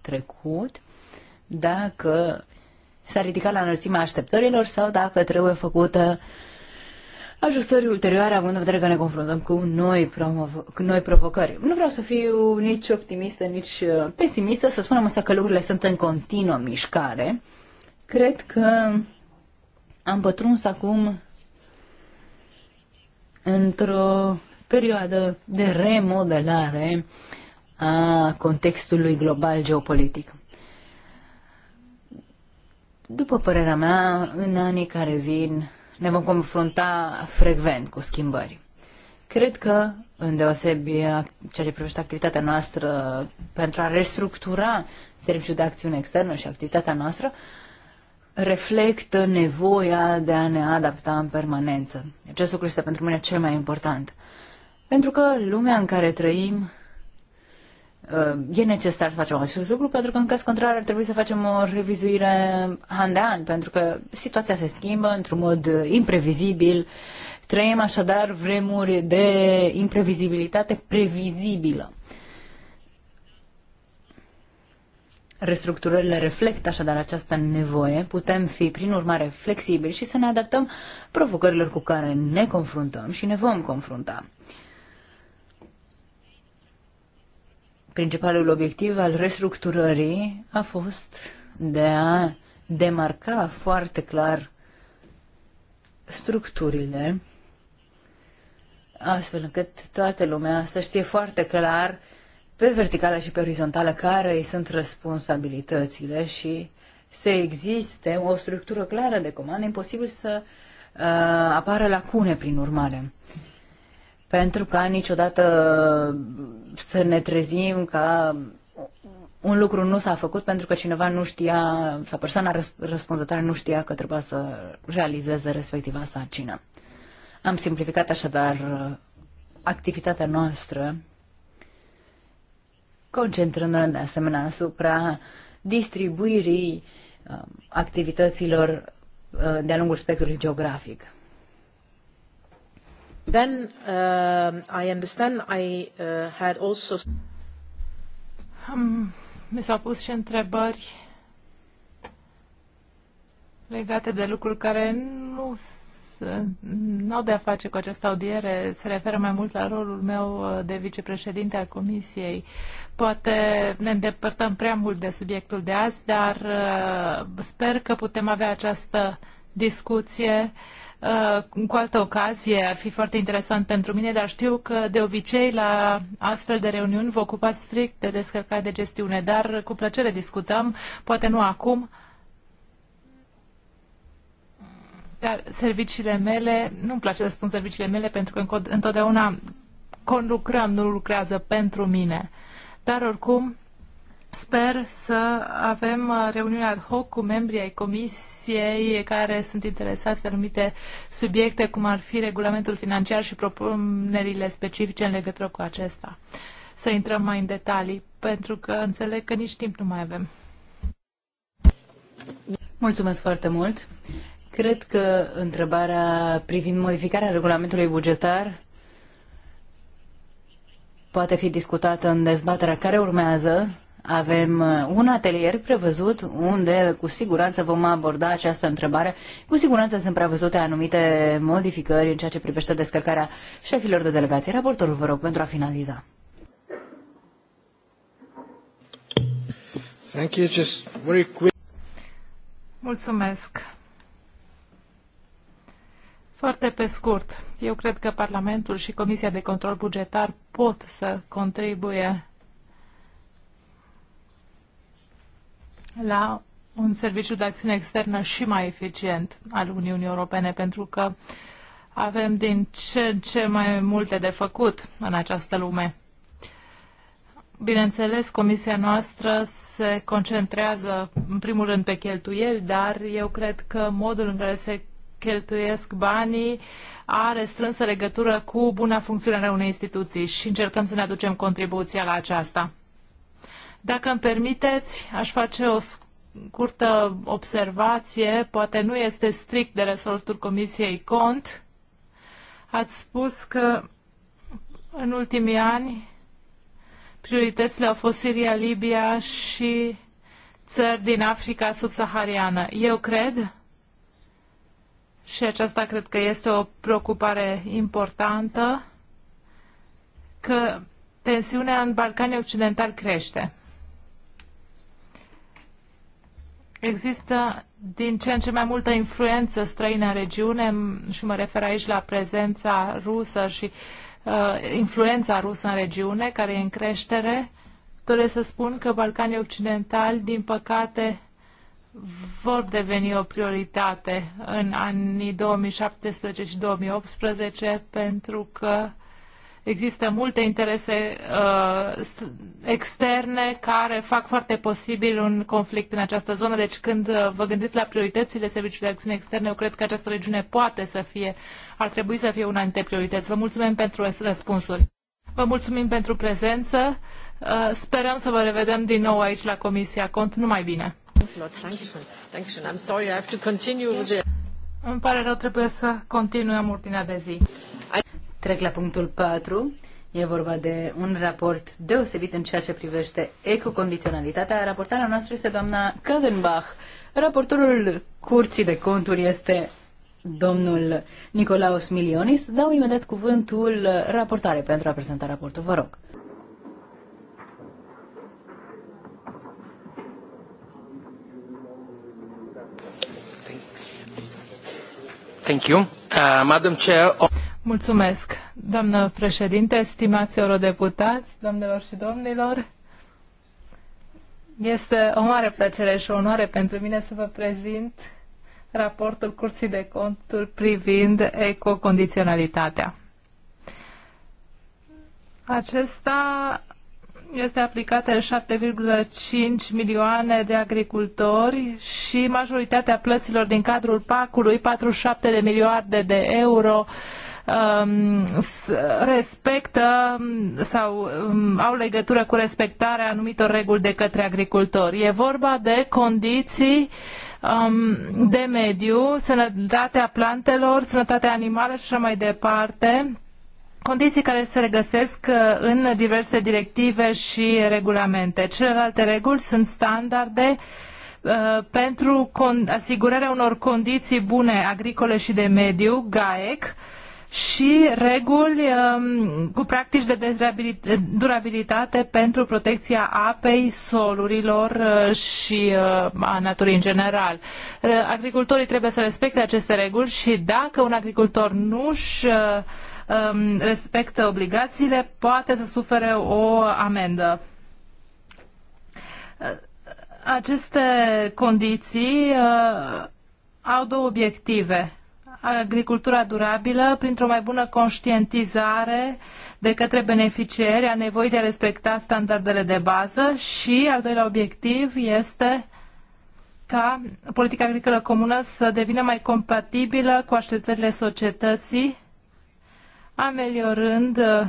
trecut, dacă s-a ridicat la înălțimea așteptărilor sau dacă trebuie făcută ajustări ulterioare, având în vedere că ne confruntăm cu noi, cu noi provocări. Nu vreau să fiu nici optimistă, nici uh, pesimistă, să spunem însă că lucrurile sunt în continuă mișcare. Cred că am pătruns acum într-o perioadă de remodelare a contextului global geopolitic. După părerea mea, în anii care vin ne vom confrunta frecvent cu schimbări. Cred că, în deosebire ceea ce privește activitatea noastră pentru a restructura serviciul de acțiune externă și activitatea noastră, reflectă nevoia de a ne adapta în permanență. Acest lucru este pentru mine cel mai important. Pentru că lumea în care trăim uh, e necesar să facem acest lucru, pentru că în caz contrar ar trebui să facem o revizuire an de an, pentru că situația se schimbă într-un mod imprevizibil. Trăim așadar vremuri de imprevizibilitate previzibilă. Restructurările reflectă așadar această nevoie, putem fi prin urmare flexibili și să ne adaptăm provocărilor cu care ne confruntăm și ne vom confrunta. Principalul obiectiv al restructurării a fost de a demarca foarte clar structurile, astfel încât toată lumea să știe foarte clar pe verticală și pe orizontală care îi sunt responsabilitățile și să existe o structură clară de comandă, imposibil să uh, apară lacune prin urmare. Uh, pentru ca niciodată să ne trezim ca un lucru nu s-a făcut pentru că cineva nu știa, sau persoana răspunzătoare nu știa că trebuia să realizeze respectiva sarcină. Am simplificat așadar activitatea noastră, concentrându-ne de asemenea asupra distribuirii um, activităților uh, de-a lungul spectrului geografic. Then uh, I understand I uh, had also. Um, mi s-au pus și întrebări legate de lucruri care nu au de a face cu această audiere, se referă mai mult la rolul meu uh, de vicepreședinte al Comisiei. Poate ne îndepărtăm prea mult de subiectul de azi, dar sper că putem avea această discuție uh, Uh, cu altă ocazie, ar fi foarte interesant pentru mine, dar știu că de obicei la astfel de reuniuni vă ocupați strict de descărcare de gestiune, dar cu plăcere discutăm, poate nu acum, dar serviciile mele, nu-mi place să spun serviciile mele pentru că întotdeauna conlucrăm, nu lucrează pentru mine. Dar oricum, Sper să avem uh, reuniuni ad hoc cu membrii ai comisiei care sunt interesați de anumite subiecte, cum ar fi regulamentul financiar și propunerile specifice în legătură cu acesta. Să intrăm mai în detalii, pentru că înțeleg că nici timp nu mai avem. Mulțumesc foarte mult. Cred că întrebarea privind modificarea regulamentului bugetar poate fi discutată în dezbaterea care urmează avem uh, un atelier prevăzut unde cu siguranță vom aborda această întrebare. Cu siguranță sunt prevăzute anumite modificări în ceea ce privește descărcarea șefilor de delegație. Raportorul, vă rog, pentru a finaliza. Thank you. Just very quick. Mulțumesc. Foarte pe scurt, eu cred că Parlamentul și Comisia de Control Bugetar pot să contribuie la un serviciu de acțiune externă și mai eficient al Uniunii Europene, pentru că avem din ce în ce mai multe de făcut în această lume. Bineînțeles, comisia noastră se concentrează în primul rând pe cheltuieli, dar eu cred că modul în care se cheltuiesc banii are strânsă legătură cu buna funcționare a unei instituții și încercăm să ne aducem contribuția la aceasta. Dacă îmi permiteți, aș face o scurtă observație, poate nu este strict de resortul Comisiei Cont. Ați spus că în ultimii ani prioritățile au fost Siria, Libia și țări din Africa subsahariană. Eu cred, și aceasta cred că este o preocupare importantă, că tensiunea în Balcanii Occidentali crește. Există din ce în ce mai multă influență străină în regiune și mă refer aici la prezența rusă și uh, influența rusă în regiune, care e în creștere. Doresc să spun că Balcanii Occidentali, din păcate, vor deveni o prioritate în anii 2017 și 2018 pentru că uh, Există multe interese uh, externe care fac foarte posibil un conflict în această zonă. Deci când uh, vă gândiți la prioritățile Serviciului de Acțiune Externe, eu cred că această regiune poate să fie, ar trebui să fie una dintre priorități. Vă mulțumim pentru răspunsuri. Vă mulțumim pentru prezență. Uh, sperăm să vă revedem din nou aici la Comisia Cont. Numai bine! Îmi pare rău, trebuie să continuăm ordinea de zi. Trec la punctul 4. E vorba de un raport deosebit în ceea ce privește ecocondiționalitatea. Raportarea noastră este doamna Kadenbach. Raportorul Curții de Conturi este domnul Nicolaus Milionis. Dau imediat cuvântul raportare pentru a prezenta raportul. Vă rog. Thank you. Uh, Madam Chair, Mulțumesc, doamnă președinte, stimați eurodeputați, doamnelor și domnilor. Este o mare plăcere și o onoare pentru mine să vă prezint raportul Curții de Conturi privind ecocondiționalitatea. Acesta este aplicată în 7,5 milioane de agricultori și majoritatea plăților din cadrul PAC-ului, 47 de miliarde de euro, Um, respectă sau um, au legătură cu respectarea anumitor reguli de către agricultori. E vorba de condiții um, de mediu, sănătatea plantelor, sănătatea animalelor și așa mai departe, condiții care se regăsesc uh, în diverse directive și regulamente. Celelalte reguli sunt standarde uh, pentru asigurarea unor condiții bune agricole și de mediu, GAEC, și reguli um, cu practici de durabilitate pentru protecția apei, solurilor uh, și uh, a naturii în general. Uh, agricultorii trebuie să respecte aceste reguli și dacă un agricultor nu își uh, um, respectă obligațiile, poate să sufere o amendă. Uh, aceste condiții uh, au două obiective agricultura durabilă printr-o mai bună conștientizare de către beneficiari a nevoii de a respecta standardele de bază și al doilea obiectiv este ca politica agricolă comună să devină mai compatibilă cu așteptările societății, ameliorând uh,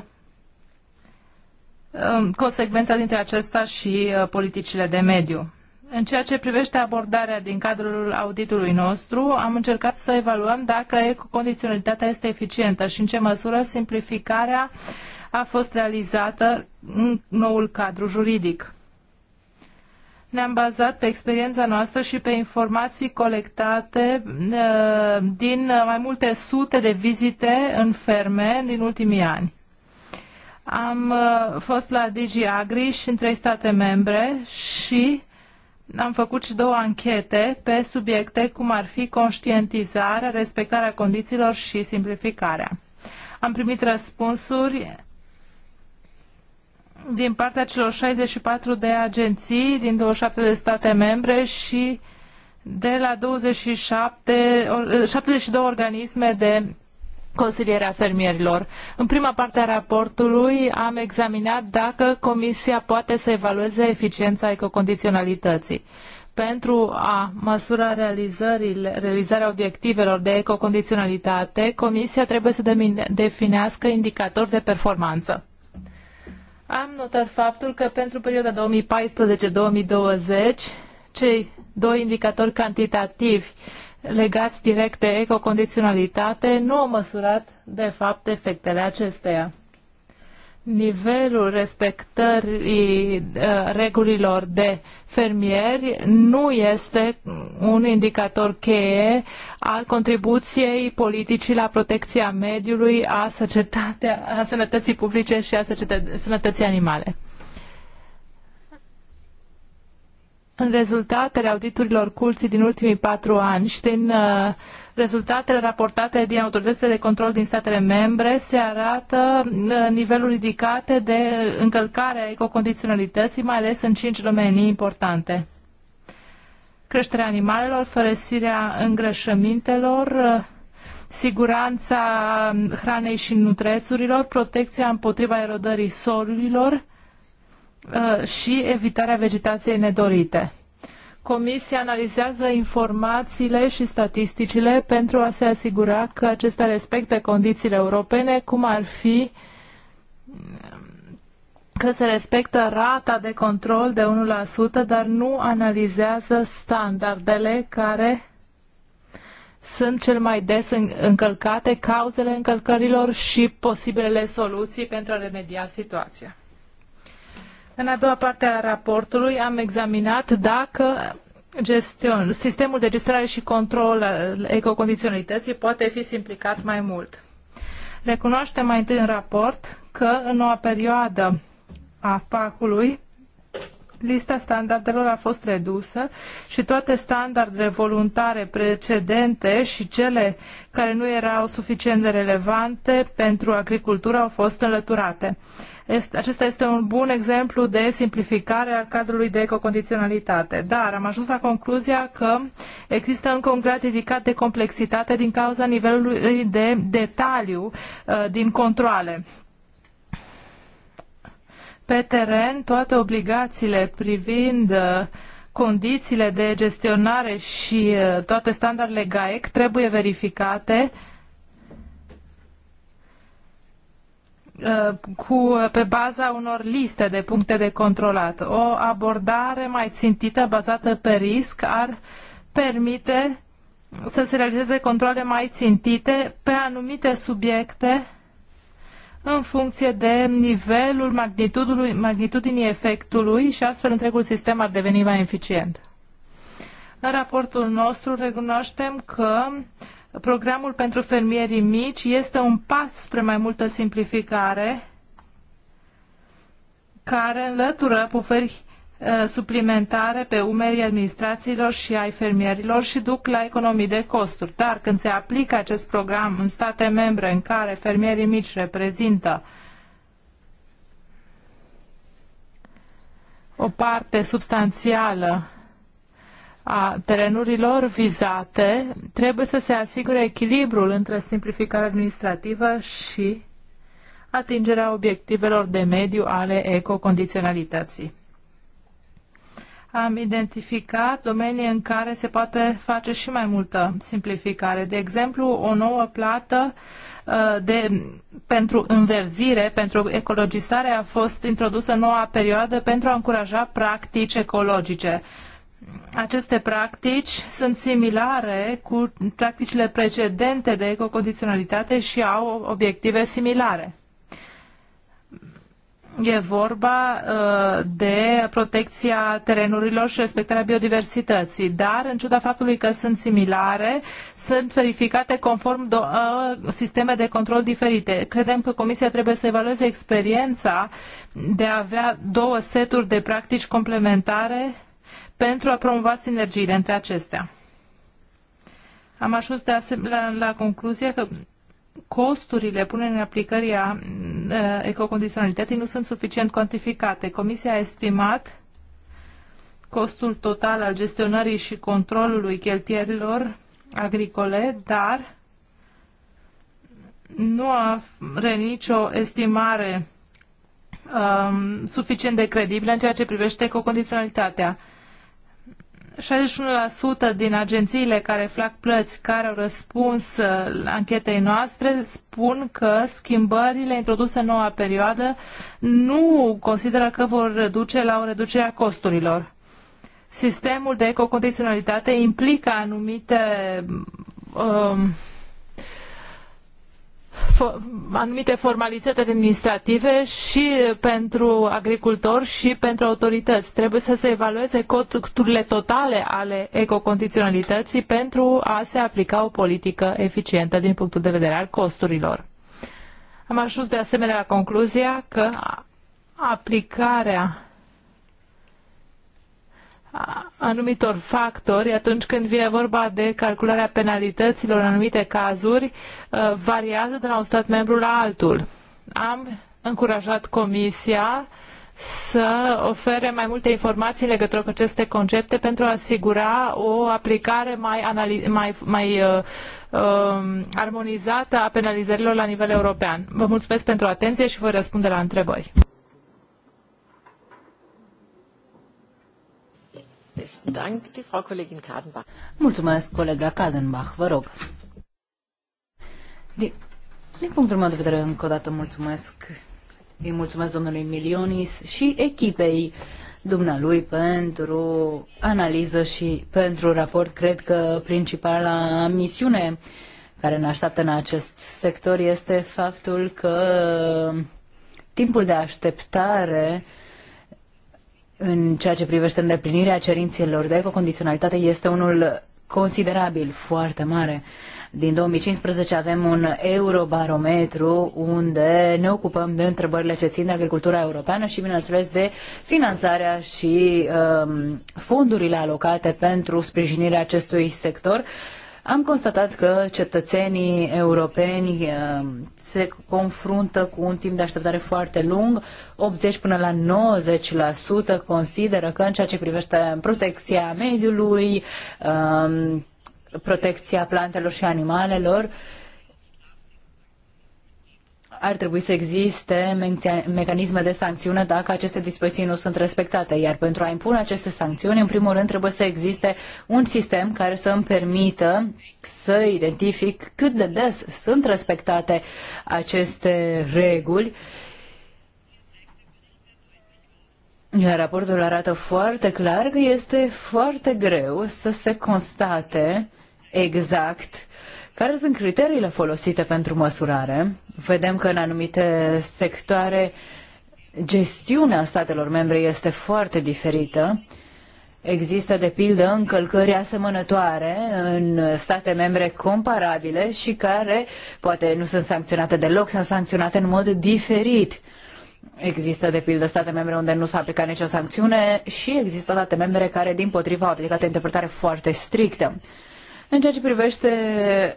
um, consecvența dintre acesta și uh, politicile de mediu. În ceea ce privește abordarea din cadrul auditului nostru, am încercat să evaluăm dacă ecocondiționalitatea este eficientă și în ce măsură simplificarea a fost realizată în noul cadru juridic. Ne-am bazat pe experiența noastră și pe informații colectate uh, din mai multe sute de vizite în ferme din ultimii ani. Am uh, fost la DG Agri și în trei state membre și am făcut și două anchete pe subiecte cum ar fi conștientizarea, respectarea condițiilor și simplificarea. Am primit răspunsuri din partea celor 64 de agenții din 27 de state membre și de la 27, 72 organisme de consilierea fermierilor. În prima parte a raportului am examinat dacă Comisia poate să evalueze eficiența ecocondiționalității. Pentru a măsura realizarea obiectivelor de ecocondiționalitate, Comisia trebuie să definească indicatori de performanță. Am notat faptul că pentru perioada 2014-2020, cei doi indicatori cantitativi legați direct de ecocondiționalitate nu au măsurat, de fapt, efectele acesteia. Nivelul respectării uh, regulilor de fermieri nu este un indicator cheie al contribuției politicii la protecția mediului, a, a sănătății publice și a sănătății animale. în rezultatele auditurilor curții din ultimii patru ani și din uh, rezultatele raportate din autoritățile de control din statele membre se arată uh, niveluri ridicate de încălcare a ecocondiționalității, mai ales în cinci domenii importante. Creșterea animalelor, feresirea îngrășămintelor, uh, siguranța hranei și nutrețurilor, protecția împotriva erodării solurilor, Uh, și evitarea vegetației nedorite. Comisia analizează informațiile și statisticile pentru a se asigura că acestea respectă condițiile europene, cum ar fi că se respectă rata de control de 1%, dar nu analizează standardele care sunt cel mai des încălcate, cauzele încălcărilor și posibilele soluții pentru a remedia situația. În a doua parte a raportului am examinat dacă gestion, sistemul de gestionare și control al ecocondiționalității poate fi simplificat mai mult. Recunoaștem mai întâi în raport că în noua perioadă a PAC-ului lista standardelor a fost redusă și toate standardele voluntare precedente și cele care nu erau suficient de relevante pentru agricultură au fost înlăturate. Este, acesta este un bun exemplu de simplificare a cadrului de ecocondiționalitate, dar am ajuns la concluzia că există încă un grad ridicat de complexitate din cauza nivelului de detaliu uh, din controle pe teren toate obligațiile privind uh, condițiile de gestionare și uh, toate standardele GAEC trebuie verificate uh, cu, pe baza unor liste de puncte de controlat. O abordare mai țintită, bazată pe risc, ar permite să se realizeze controle mai țintite pe anumite subiecte în funcție de nivelul magnitudului, magnitudinii efectului și astfel întregul sistem ar deveni mai eficient. În raportul nostru recunoaștem că programul pentru fermierii mici este un pas spre mai multă simplificare care înlătură puferii Uh, suplimentare pe umerii administrațiilor și ai fermierilor și duc la economii de costuri. Dar când se aplică acest program în state membre în care fermierii mici reprezintă o parte substanțială a terenurilor vizate, trebuie să se asigure echilibrul între simplificarea administrativă și atingerea obiectivelor de mediu ale ecocondiționalității am identificat domenii în care se poate face și mai multă simplificare. De exemplu, o nouă plată uh, de, pentru înverzire, pentru ecologizare a fost introdusă noua perioadă pentru a încuraja practici ecologice. Aceste practici sunt similare cu practicile precedente de ecocondiționalitate și au obiective similare. E vorba uh, de protecția terenurilor și respectarea biodiversității, dar în ciuda faptului că sunt similare, sunt verificate conform uh, sisteme de control diferite. Credem că Comisia trebuie să evalueze experiența de a avea două seturi de practici complementare pentru a promova sinergiile între acestea. Am ajuns de la, la concluzie că costurile punerii în aplicării a ecocondiționalității nu sunt suficient cuantificate. Comisia a estimat costul total al gestionării și controlului cheltuielilor agricole, dar nu are nicio estimare um, suficient de credibilă în ceea ce privește ecocondiționalitatea. 61% din agențiile care fac plăți care au răspuns uh, anchetei noastre spun că schimbările introduse în noua perioadă nu consideră că vor duce la o reducere a costurilor. Sistemul de ecocondiționalitate implică anumite um, anumite formalități administrative și pentru agricultori și pentru autorități. Trebuie să se evalueze costurile totale ale ecocondiționalității pentru a se aplica o politică eficientă din punctul de vedere al costurilor. Am ajuns de asemenea la concluzia că aplicarea anumitor factori atunci când vine vorba de calcularea penalităților în anumite cazuri variază de la un stat membru la altul. Am încurajat Comisia să ofere mai multe informații în legătură cu aceste concepte pentru a asigura o aplicare mai, analiz- mai, mai uh, uh, armonizată a penalizărilor la nivel european. Vă mulțumesc pentru atenție și voi răspunde la întrebări. Besten Dank, die Frau Kollegin Kadenbach. Mulțumesc, colega Kadenbach, vă rog. Din, din punctul meu de vedere, încă o dată mulțumesc. Îi mulțumesc domnului Milionis și echipei dumnealui pentru analiză și pentru raport. Cred că principala misiune care ne așteaptă în acest sector este faptul că timpul de așteptare în ceea ce privește îndeplinirea cerințelor de ecocondiționalitate este unul considerabil, foarte mare. Din 2015 avem un eurobarometru unde ne ocupăm de întrebările ce țin de agricultura europeană și, bineînțeles, de finanțarea și um, fondurile alocate pentru sprijinirea acestui sector. Uh, am constatat că cetățenii europeni eh, se confruntă cu un timp de așteptare foarte lung, 80 până la 90% consideră că în ceea ce privește protecția mediului, eh, protecția plantelor și animalelor, ar trebui să existe mecanisme de sancțiune dacă aceste dispoziții nu sunt respectate. Iar pentru a impune aceste sancțiuni, în primul rând, trebuie să existe un sistem care să îmi permită să identific cât de des sunt respectate aceste reguli. Iar raportul arată foarte clar că este foarte greu să se constate exact care sunt criteriile folosite pentru măsurare? Vedem că în anumite sectoare gestiunea statelor membre este foarte diferită. Există, de pildă, încălcări asemănătoare în state membre comparabile și care poate nu sunt sancționate deloc, sunt sancționate în mod diferit. Există, de pildă, state membre unde nu s-a aplicat nicio sancțiune și există state membre care, din potrivă, au aplicat o interpretare foarte strictă. În ceea ce privește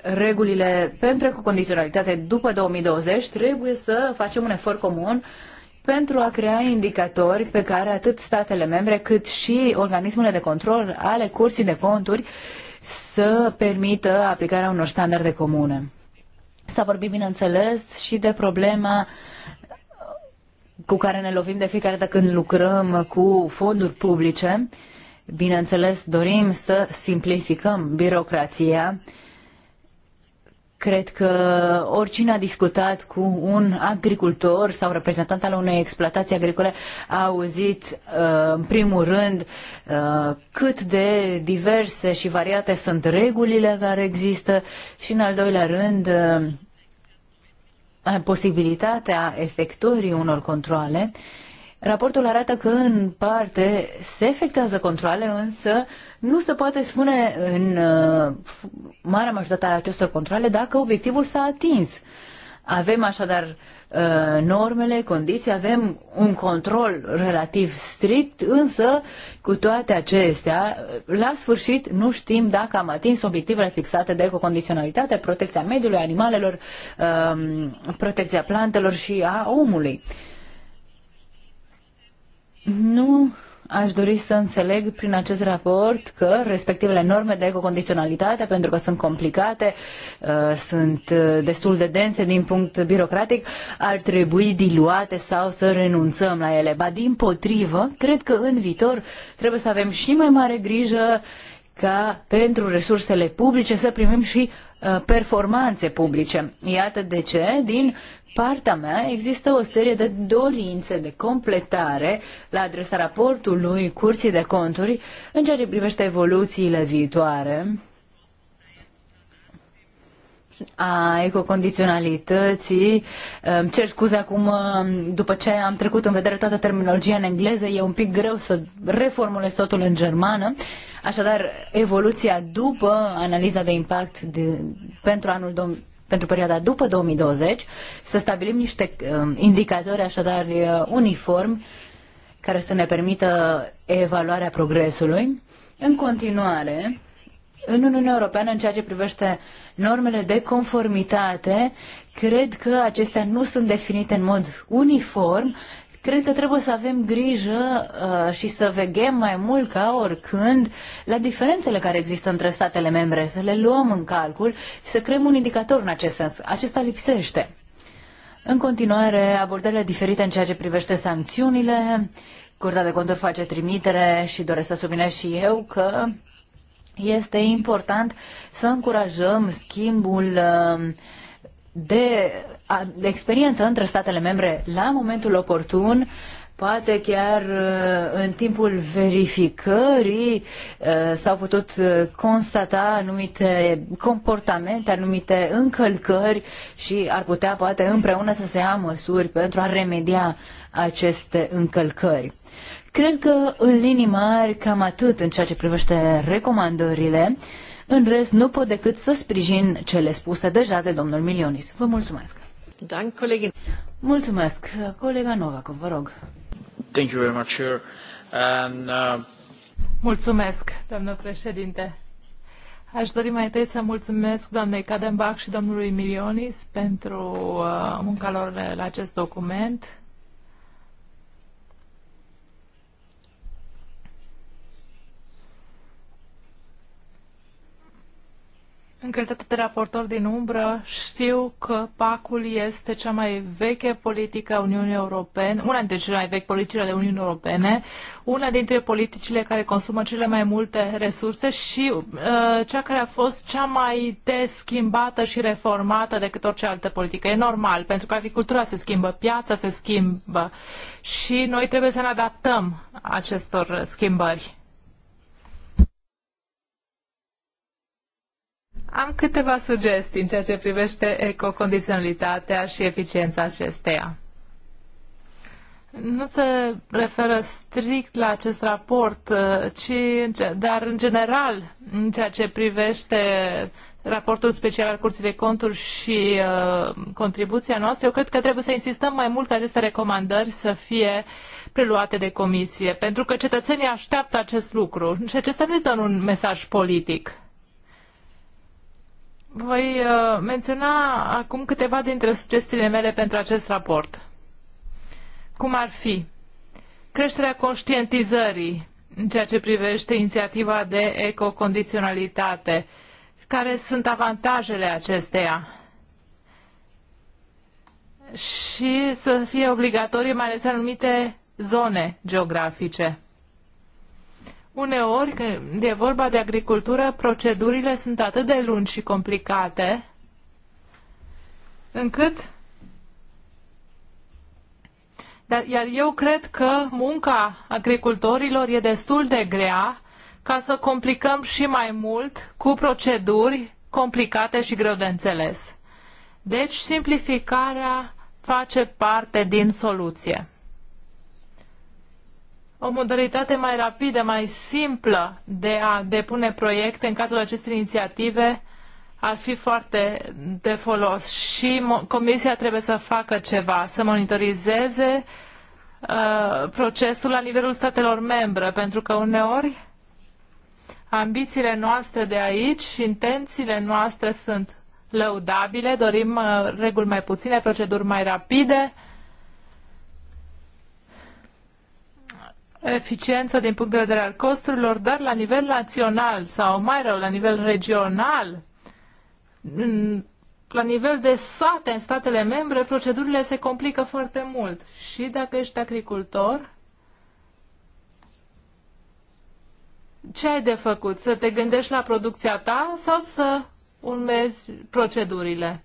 regulile pentru ecocondiționalitate după 2020, trebuie să facem un efort comun pentru a crea indicatori pe care atât statele membre cât și organismele de control ale curții de conturi să permită aplicarea unor standarde comune. S-a vorbit, bineînțeles, și de problema cu care ne lovim de fiecare dată când lucrăm cu fonduri publice, Bineînțeles, dorim să simplificăm birocrația. Cred că oricine a discutat cu un agricultor sau reprezentant al unei exploatații agricole a auzit, uh, în primul rând, uh, cât de diverse și variate sunt regulile care există și, în al doilea rând, uh, posibilitatea efectuării unor controle Raportul arată că în parte se efectuează controle, însă nu se poate spune în uh, marea majoritate a acestor controle dacă obiectivul s-a atins. Avem așadar uh, normele, condiții, avem un control relativ strict, însă cu toate acestea, la sfârșit nu știm dacă am atins obiectivele fixate de ecocondiționalitate, protecția mediului, animalelor, uh, protecția plantelor și a omului. Uh, nu aș dori să înțeleg prin acest raport că respectivele norme de ecocondiționalitate, pentru că sunt complicate, uh, sunt uh, destul de dense din punct birocratic, ar trebui diluate sau să renunțăm la ele. Ba din potrivă, cred că în viitor trebuie să avem și mai mare grijă ca pentru resursele publice să primim și uh, performanțe publice. Iată de ce, din partea mea există o serie de dorințe de completare la adresa raportului Curții de Conturi în ceea ce privește evoluțiile viitoare a ecocondiționalității. cer scuze acum, după ce am trecut în vedere toată terminologia în engleză, e un pic greu să reformulez totul în germană. Așadar, evoluția după analiza de impact de, pentru anul pentru perioada după 2020, să stabilim niște um, indicatori așadar uh, uniformi care să ne permită evaluarea progresului. În continuare, în Uniunea Europeană, în ceea ce privește normele de conformitate, cred că acestea nu sunt definite în mod uniform, Cred că trebuie să avem grijă uh, și să veghem mai mult ca oricând la diferențele care există între statele membre, să le luăm în calcul, să creăm un indicator în acest sens. Acesta lipsește. În continuare, abordările diferite în ceea ce privește sancțiunile. Curtea de conturi face trimitere și doresc să subliniez și eu că este important să încurajăm schimbul uh, de experiență între statele membre la momentul oportun, poate chiar uh, în timpul verificării uh, s-au putut uh, constata anumite comportamente, anumite încălcări și ar putea poate împreună să se ia măsuri pentru a remedia aceste încălcări. Cred că în linii mari cam atât în ceea ce privește recomandările. În rest, nu pot decât să sprijin cele spuse deja de domnul Milionis. Vă mulțumesc! Mulțumesc. Colega Novakov, vă rog. Thank you very much, sir. And, uh... Mulțumesc, doamnă președinte. Aș dori mai întâi să mulțumesc doamnei Cadenbach și domnului Milionis pentru uh, munca lor la acest document În calitate de raportor din umbră, știu că PAC-ul este cea mai veche politică a Uniunii Europene, una dintre cele mai vechi politici ale Uniunii Europene, una dintre politicile care consumă cele mai multe resurse și uh, cea care a fost cea mai des schimbată și reformată decât orice altă politică. E normal, pentru că agricultura se schimbă, piața se schimbă și noi trebuie să ne adaptăm acestor schimbări. Am câteva sugestii în ceea ce privește ecocondiționalitatea și eficiența acesteia. Nu se referă strict la acest raport, uh, ci, dar în general, în ceea ce privește raportul special al Curții de Conturi și uh, contribuția noastră, eu cred că trebuie să insistăm mai mult ca aceste recomandări să fie preluate de comisie, pentru că cetățenii așteaptă acest lucru și acesta nu este un mesaj politic voi uh, menționa acum câteva dintre sugestiile mele pentru acest raport. Cum ar fi creșterea conștientizării în ceea ce privește inițiativa de ecocondiționalitate. Care sunt avantajele acesteia? Și să fie obligatorie mai ales anumite zone geografice. Uneori, când e vorba de agricultură, procedurile sunt atât de lungi și complicate, încât... Dar, iar eu cred că munca agricultorilor e destul de grea ca să complicăm și mai mult cu proceduri complicate și greu de înțeles. Deci, simplificarea face parte din soluție o modalitate mai rapidă, mai simplă de a depune proiecte în cadrul acestei inițiative ar fi foarte de folos și Comisia trebuie să facă ceva, să monitorizeze uh, procesul la nivelul statelor membre, pentru că uneori ambițiile noastre de aici și intențiile noastre sunt lăudabile, dorim uh, reguli mai puține, proceduri mai rapide, eficiență din punct de vedere al costurilor, dar la nivel național sau mai rău, la nivel regional, la nivel de sate în statele membre, procedurile se complică foarte mult. Și dacă ești agricultor, ce ai de făcut? Să te gândești la producția ta sau să urmezi procedurile?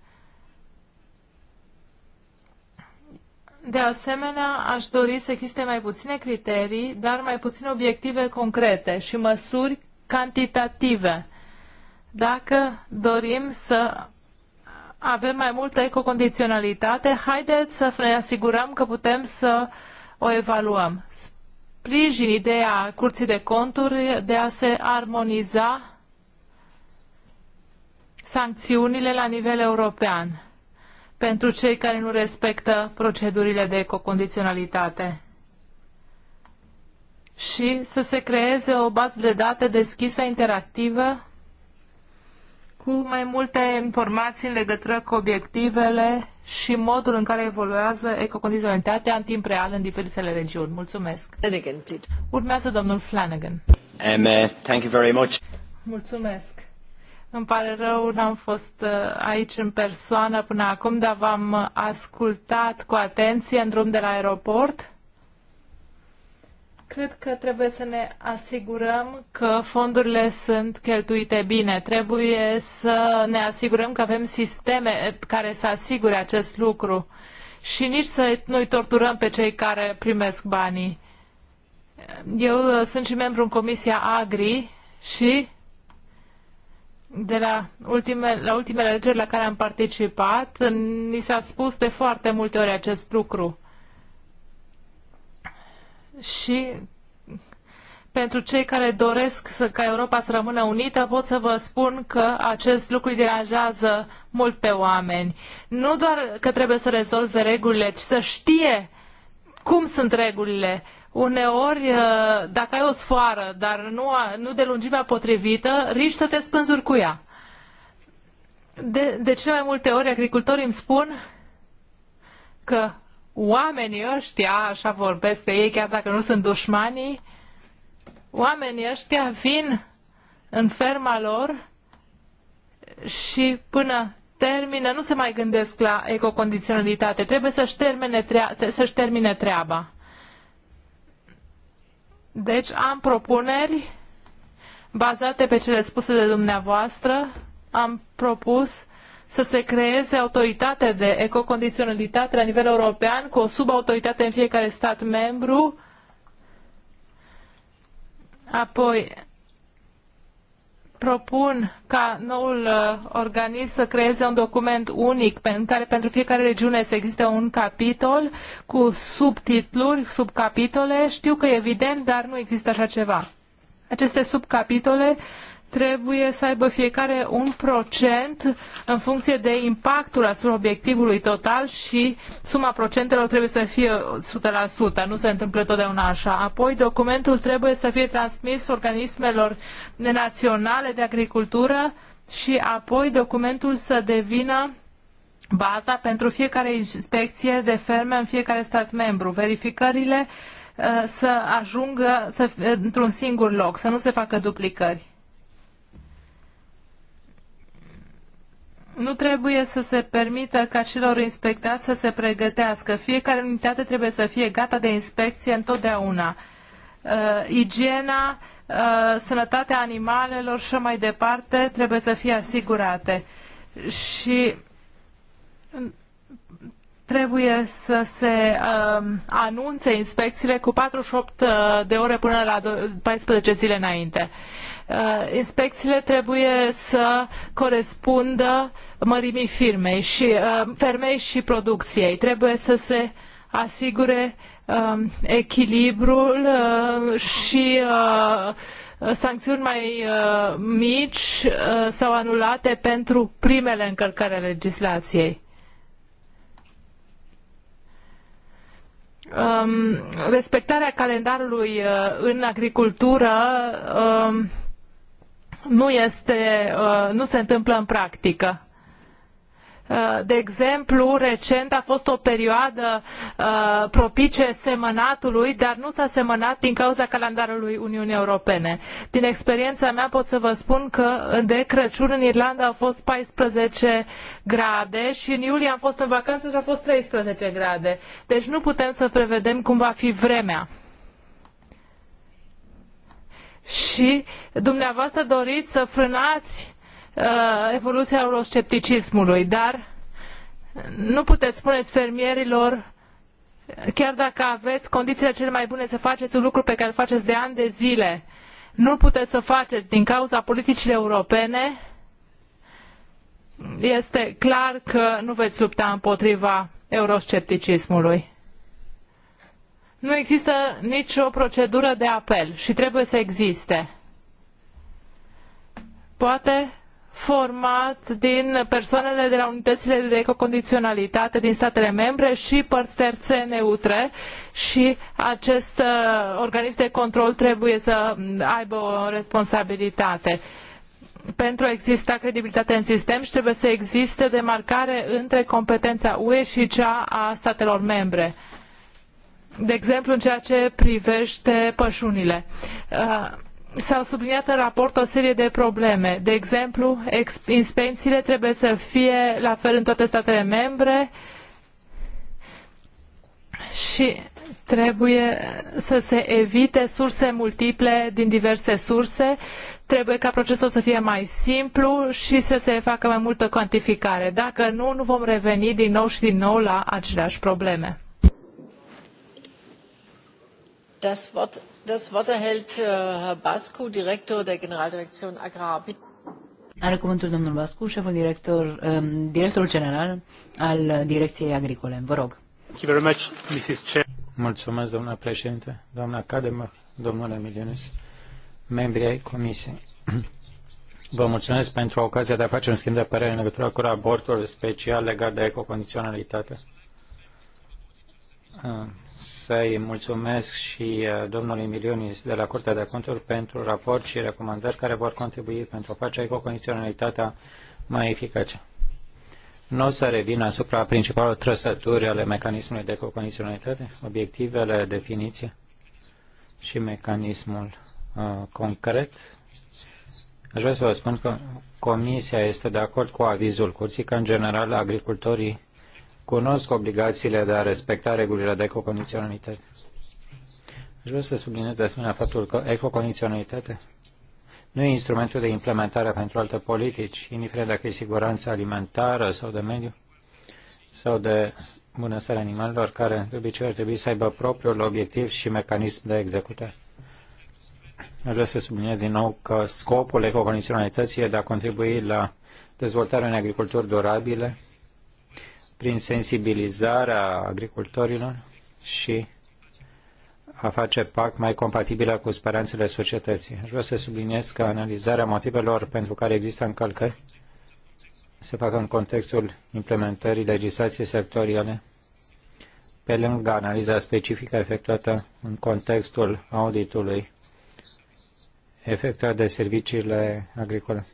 De asemenea, aș dori să existe mai puține criterii, dar mai puține obiective concrete și măsuri cantitative. Dacă dorim să avem mai multă ecocondiționalitate, haideți să ne asigurăm că putem să o evaluăm. Sprijin ideea curții de conturi de a se armoniza sancțiunile la nivel european pentru cei care nu respectă procedurile de ecocondiționalitate și să se creeze o bază de date deschisă, interactivă, cu mai multe informații în legătură cu obiectivele și modul în care evoluează ecocondiționalitatea în timp real în diferitele regiuni. Mulțumesc. Urmează domnul Flanagan. Um, uh, thank you very much. Mulțumesc. Îmi pare rău, n-am fost uh, aici în persoană până acum, dar v-am uh, ascultat cu atenție în drum de la aeroport. Cred că trebuie să ne asigurăm că fondurile sunt cheltuite bine. Trebuie să ne asigurăm că avem sisteme care să asigure acest lucru și nici să nu-i torturăm pe cei care primesc banii. Eu uh, sunt și membru în Comisia Agri și de la, ultime, la ultimele alegeri la care am participat, ni s-a spus de foarte multe ori acest lucru. Și pentru cei care doresc să, ca Europa să rămână unită, pot să vă spun că acest lucru îi deranjează mult pe oameni. Nu doar că trebuie să rezolve regulile, ci să știe cum sunt regulile, uneori, uh, dacă ai o sfoară, dar nu, nu de lungimea potrivită, riști să te spânzuri cu ea. De, de cele mai multe ori, agricultorii îmi spun că oamenii ăștia, așa vorbesc de ei, chiar dacă nu sunt dușmanii, oamenii ăștia vin în ferma lor și până termină, nu se mai gândesc la ecocondiționalitate, trebuie să-și termine, trea- să termine treaba. Deci am propuneri bazate pe cele spuse de dumneavoastră. Am propus să se creeze autoritate de ecocondiționalitate la nivel european cu o subautoritate în fiecare stat membru. Apoi propun ca noul uh, organism să creeze un document unic în care pentru fiecare regiune să existe un capitol cu subtitluri, subcapitole. Știu că e evident, dar nu există așa ceva. Aceste subcapitole trebuie să aibă fiecare un procent în funcție de impactul asupra obiectivului total și suma procentelor trebuie să fie 100%. Nu se întâmplă totdeauna așa. Apoi, documentul trebuie să fie transmis organismelor naționale de agricultură și apoi documentul să devină baza pentru fiecare inspecție de ferme în fiecare stat membru. Verificările uh, să ajungă să, într-un singur loc, să nu se facă duplicări. Nu trebuie să se permită ca celor inspectați să se pregătească. Fiecare unitate trebuie să fie gata de inspecție întotdeauna. Uh, igiena, uh, sănătatea animalelor și mai departe trebuie să fie asigurate. Și uh, trebuie să se uh, anunțe inspecțiile cu 48 uh, de ore până la 14 zile înainte. Uh, inspecțiile trebuie să corespundă mărimii firmei și uh, fermei și producției. Trebuie să se asigure um, echilibrul uh, și sancțiuni mai mici sau anulate pentru primele încălcări ale legislației. Um, respectarea calendarului în agricultură um, nu, este, uh, nu se întâmplă în practică. Uh, de exemplu, recent a fost o perioadă uh, propice semănatului, dar nu s-a semănat din cauza calendarului Uniunii Europene. Din experiența mea pot să vă spun că de Crăciun în Irlanda au fost 14 grade și în iulie am fost în vacanță și a fost 13 grade. Deci nu putem să prevedem cum va fi vremea și dumneavoastră doriți să frânați uh, evoluția euroscepticismului, dar nu puteți spuneți fermierilor chiar dacă aveți condițiile cele mai bune să faceți un lucru pe care îl faceți de ani de zile, nu puteți să faceți din cauza politicile europene, este clar că nu veți lupta împotriva euroscepticismului nu există nicio procedură de apel și trebuie să existe. Poate format din persoanele de la unitățile de ecocondiționalitate din statele membre și părți terțe neutre și acest uh, organism de control trebuie să aibă o responsabilitate pentru a exista credibilitate în sistem și trebuie să existe demarcare între competența UE și cea a statelor membre de exemplu în ceea ce privește pășunile. Uh, S-au subliniat în raport o serie de probleme. De exemplu, inspecțiile trebuie să fie la fel în toate statele membre și trebuie să se evite surse multiple din diverse surse, trebuie ca procesul să fie mai simplu și să se facă mai multă cuantificare. Dacă nu, nu vom reveni din nou și din nou la aceleași probleme. Das das Are cuvântul domnul Bascu, șeful director, um, directorul general al Direcției Agricole. Vă rog. Mulțumesc, doamna președinte, doamna Cademă, domnule Milionis, membrii ai comisiei. Vă mulțumesc pentru ocazia de a face un schimb de părere în legătură cu raportul special legat de ecocondiționalitate să-i mulțumesc și uh, domnului Milionis de la Curtea de Conturi pentru raport și recomandări care vor contribui pentru a face ecocondiționalitatea mai eficace. Nu o să revin asupra principalelor trăsături ale mecanismului de ecocondiționalitate, obiectivele, definiție și mecanismul uh, concret. Aș vrea să vă spun că Comisia este de acord cu avizul curții că, în general, agricultorii cunosc obligațiile de a respecta regulile de ecocondiționalitate. Aș vrea să subliniez de asemenea faptul că ecocondiționalitatea nu e instrumentul de implementare pentru alte politici, indiferent dacă e siguranța alimentară sau de mediu sau de bunăstare animalelor, care de obicei ar trebui să aibă propriul obiectiv și mecanism de executare. Aș vrea să subliniez din nou că scopul ecocondiționalității e de a contribui la dezvoltarea unei agriculturi durabile, prin sensibilizarea agricultorilor și a face PAC mai compatibilă cu speranțele societății. Aș vrea să subliniez că analizarea motivelor pentru care există încălcări se facă în contextul implementării legislației sectoriale, pe lângă analiza specifică efectuată în contextul auditului efectuat de serviciile agricole.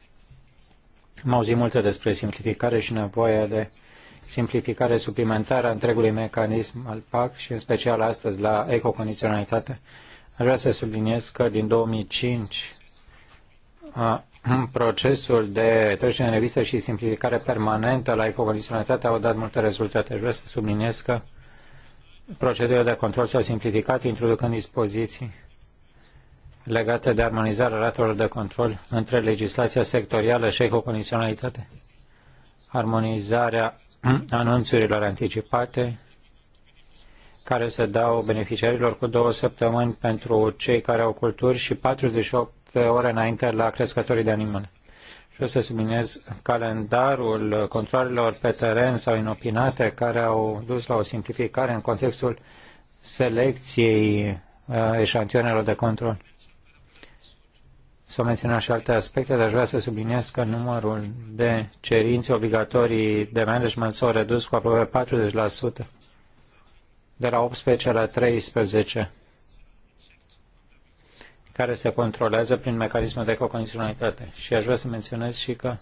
Am auzit multe despre simplificare și nevoia de simplificare suplimentară a întregului mecanism al PAC și în special astăzi la ecocondiționalitate. vrea să subliniez că din 2005 a, procesul de trecere în revistă și simplificare permanentă la ecocondiționalitate au dat multe rezultate. vrea să subliniez că procedurile de control s-au simplificat introducând dispoziții legate de armonizarea ratelor de control între legislația sectorială și ecocondiționalitate, armonizarea anunțurilor anticipate care se dau beneficiarilor cu două săptămâni pentru cei care au culturi și 48 ore înainte la crescătorii de animale. Și o să subliniez calendarul controlelor pe teren sau inopinate care au dus la o simplificare în contextul selecției uh, eșantionelor de control. S-au menționat și alte aspecte, dar aș vrea să subliniez că numărul de cerințe obligatorii de management s-au redus cu aproape 40%, de la 18 la 13, care se controlează prin mecanisme de cocondiționalitate. Și aș vrea să menționez și că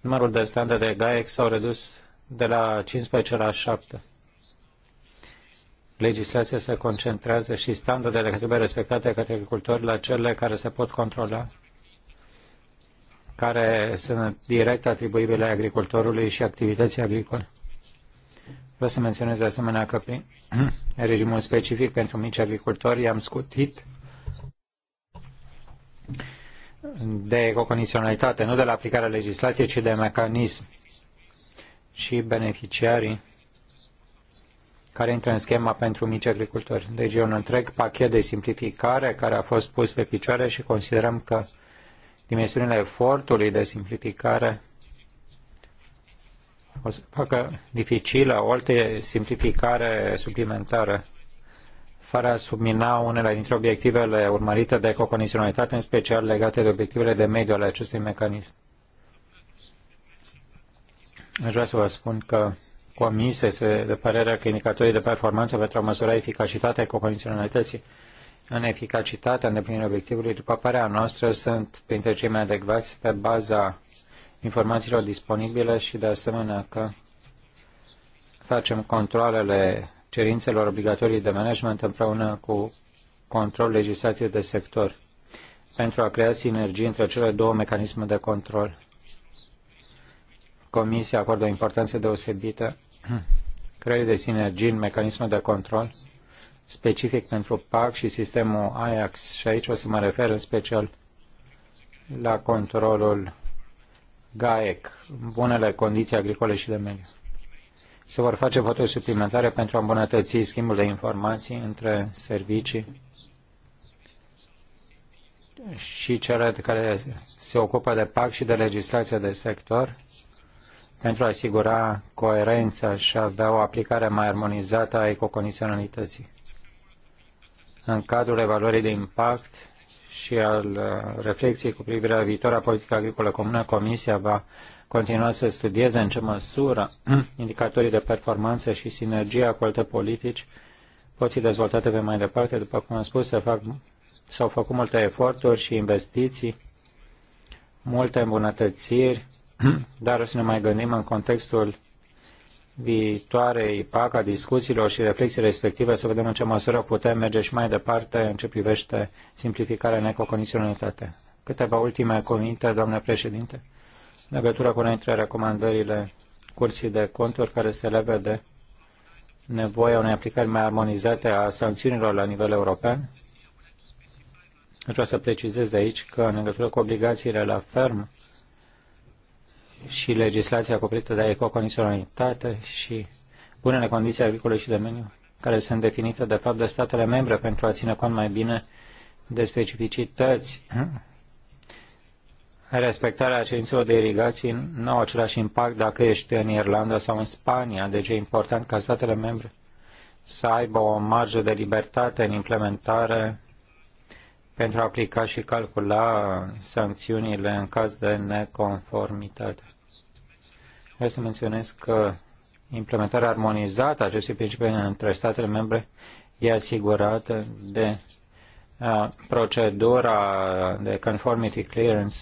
numărul de standarde de GAEX s-au redus de la 15 la 7 legislația se concentrează și standardele care trebuie respectate către agricultori la cele care se pot controla, care sunt direct atribuibile agricultorului și activității agricole. Vreau să menționez de asemenea că prin regimul specific pentru mici agricultori i-am scutit de ecocondiționalitate, nu de la aplicarea legislației, ci de mecanism. Și beneficiarii care intră în schema pentru mici agricultori. Deci e un întreg pachet de simplificare care a fost pus pe picioare și considerăm că dimensiunile efortului de simplificare o să facă dificilă o altă simplificare suplimentară fără a submina unele dintre obiectivele urmărite de ecocondiționalitate, în special legate de obiectivele de mediu ale acestui mecanism. Aș vrea să vă spun că comis este de părere că indicatorii de performanță pentru a măsura eficacitatea condiționalității în eficacitatea îndeplinirii obiectivului, după părerea noastră, sunt printre cei mai adecvați pe baza informațiilor disponibile și de asemenea că facem controlele cerințelor obligatorii de management împreună cu control legislației de sector pentru a crea sinergii între cele două mecanisme de control. Comisia acordă o importanță deosebită creării de sinergii în mecanismul de control specific pentru PAC și sistemul Ajax și aici o să mă refer în special la controlul GAEC, bunele condiții agricole și de mediu. Se vor face voturi suplimentare pentru a îmbunătăți schimbul de informații între servicii și cele care se ocupă de PAC și de legislația de sector pentru a asigura coerența și a avea o aplicare mai armonizată a ecocondiționalității. În cadrul evaluării de impact și al uh, reflexiei cu privire la viitoarea politică agricolă comună, Comisia va continua să studieze în ce măsură indicatorii de performanță și sinergia cu alte politici pot fi dezvoltate pe mai departe. După cum am spus, se fac, s-au făcut multe eforturi și investiții, multe îmbunătățiri dar să ne mai gândim în contextul viitoarei PAC a discuțiilor și reflexii respective să vedem în ce măsură putem merge și mai departe în ce privește simplificarea în ecocondiționalitate. Câteva ultime cuvinte, doamne președinte, în legătură cu înainte recomandările Curții de Conturi care se leagă de nevoia unei aplicări mai armonizate a sancțiunilor la nivel european. Vreau să precizez aici că în legătură cu obligațiile la fermă, și legislația acoperită de ecocondiționalitate și bunele condiții agricole și de mediu, care sunt definite de fapt de statele membre pentru a ține cont mai bine de specificități. Respectarea cerințelor de irigații nu au același impact dacă ești în Irlanda sau în Spania, deci e important ca statele membre să aibă o marjă de libertate în implementare pentru a aplica și calcula sancțiunile în caz de neconformitate. Vreau să menționez că implementarea armonizată a acestui principiu între statele membre e asigurată de a, procedura de conformity clearance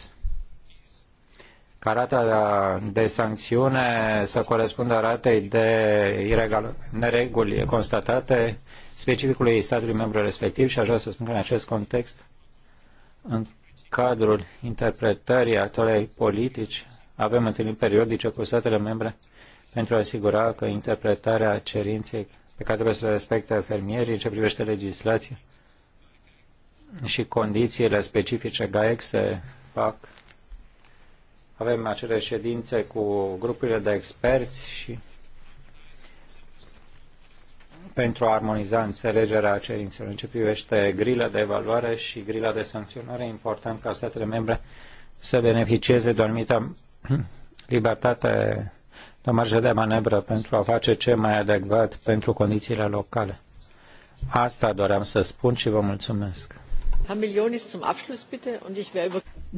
Arata de sancțiune să corespundă ratei de nereguli constatate specificului statului membru respectiv și aș vrea să spun că în acest context, în cadrul interpretării actualei politici, avem întâlniri periodice cu statele membre pentru a asigura că interpretarea cerinței pe care trebuie să le respecte fermierii în ce privește legislația și condițiile specifice GAEC se fac. Avem acele ședințe cu grupurile de experți și pentru a armoniza înțelegerea cerințelor. În ce privește grila de evaluare și grila de sancționare, e important ca statele membre să beneficieze de o anumită libertate de marjă de manevră pentru a face ce mai adecvat pentru condițiile locale. Asta doream să spun și vă mulțumesc.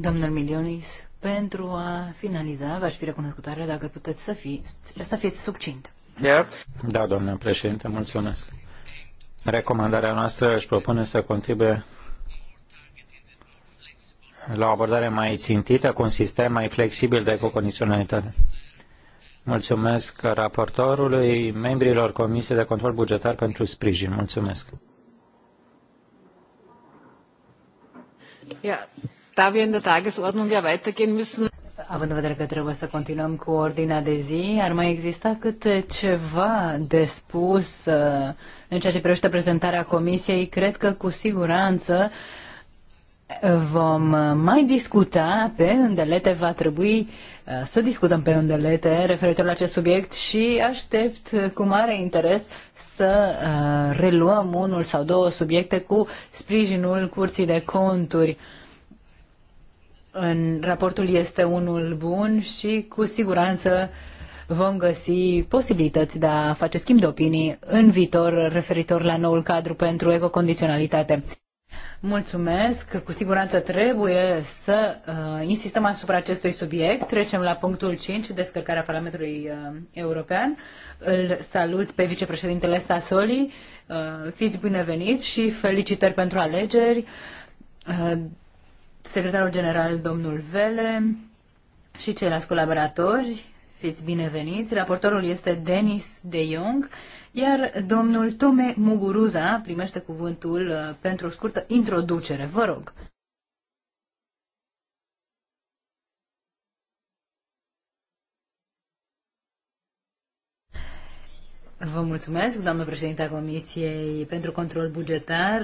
Domnul Milionis, pentru a finaliza, v-aș fi recunoscutoare dacă puteți să, fi, să fiți subcinte. Da, domnule președinte, mulțumesc. Recomandarea noastră își propune să contribuie la o abordare mai țintită, cu un sistem mai flexibil de ecocondiționalitate. Mulțumesc raportorului, membrilor Comisiei de Control Bugetar pentru sprijin. Mulțumesc. Ja, da wir in der Tagesordnung ja weitergehen müssen având în vedere că trebuie să continuăm cu ordinea de zi, ar mai exista câte ceva de spus uh, în ceea ce privește prezentarea comisiei. Cred că cu siguranță vom uh, mai discuta pe îndelete, va trebui uh, să discutăm pe îndelete referitor la acest subiect și aștept cu mare interes să reluăm unul sau două subiecte cu sprijinul curții de conturi în, raportul este unul bun și cu siguranță vom găsi posibilități de a face schimb de opinii în viitor referitor la noul cadru pentru ecocondiționalitate. Mulțumesc, cu siguranță trebuie să uh, insistăm asupra acestui subiect. Trecem la punctul 5, descărcarea Parlamentului uh, European. Îl salut pe vicepreședintele Sassoli, uh, fiți binevenit și felicitări pentru alegeri. Uh, secretarul general, domnul Vele, și ceilalți colaboratori, fiți bineveniți. Raportorul este Denis de Jong, iar domnul Tome Muguruza primește cuvântul uh, pentru o scurtă introducere. Vă rog. Vă mulțumesc, doamnă președinte a Comisiei pentru Control Bugetar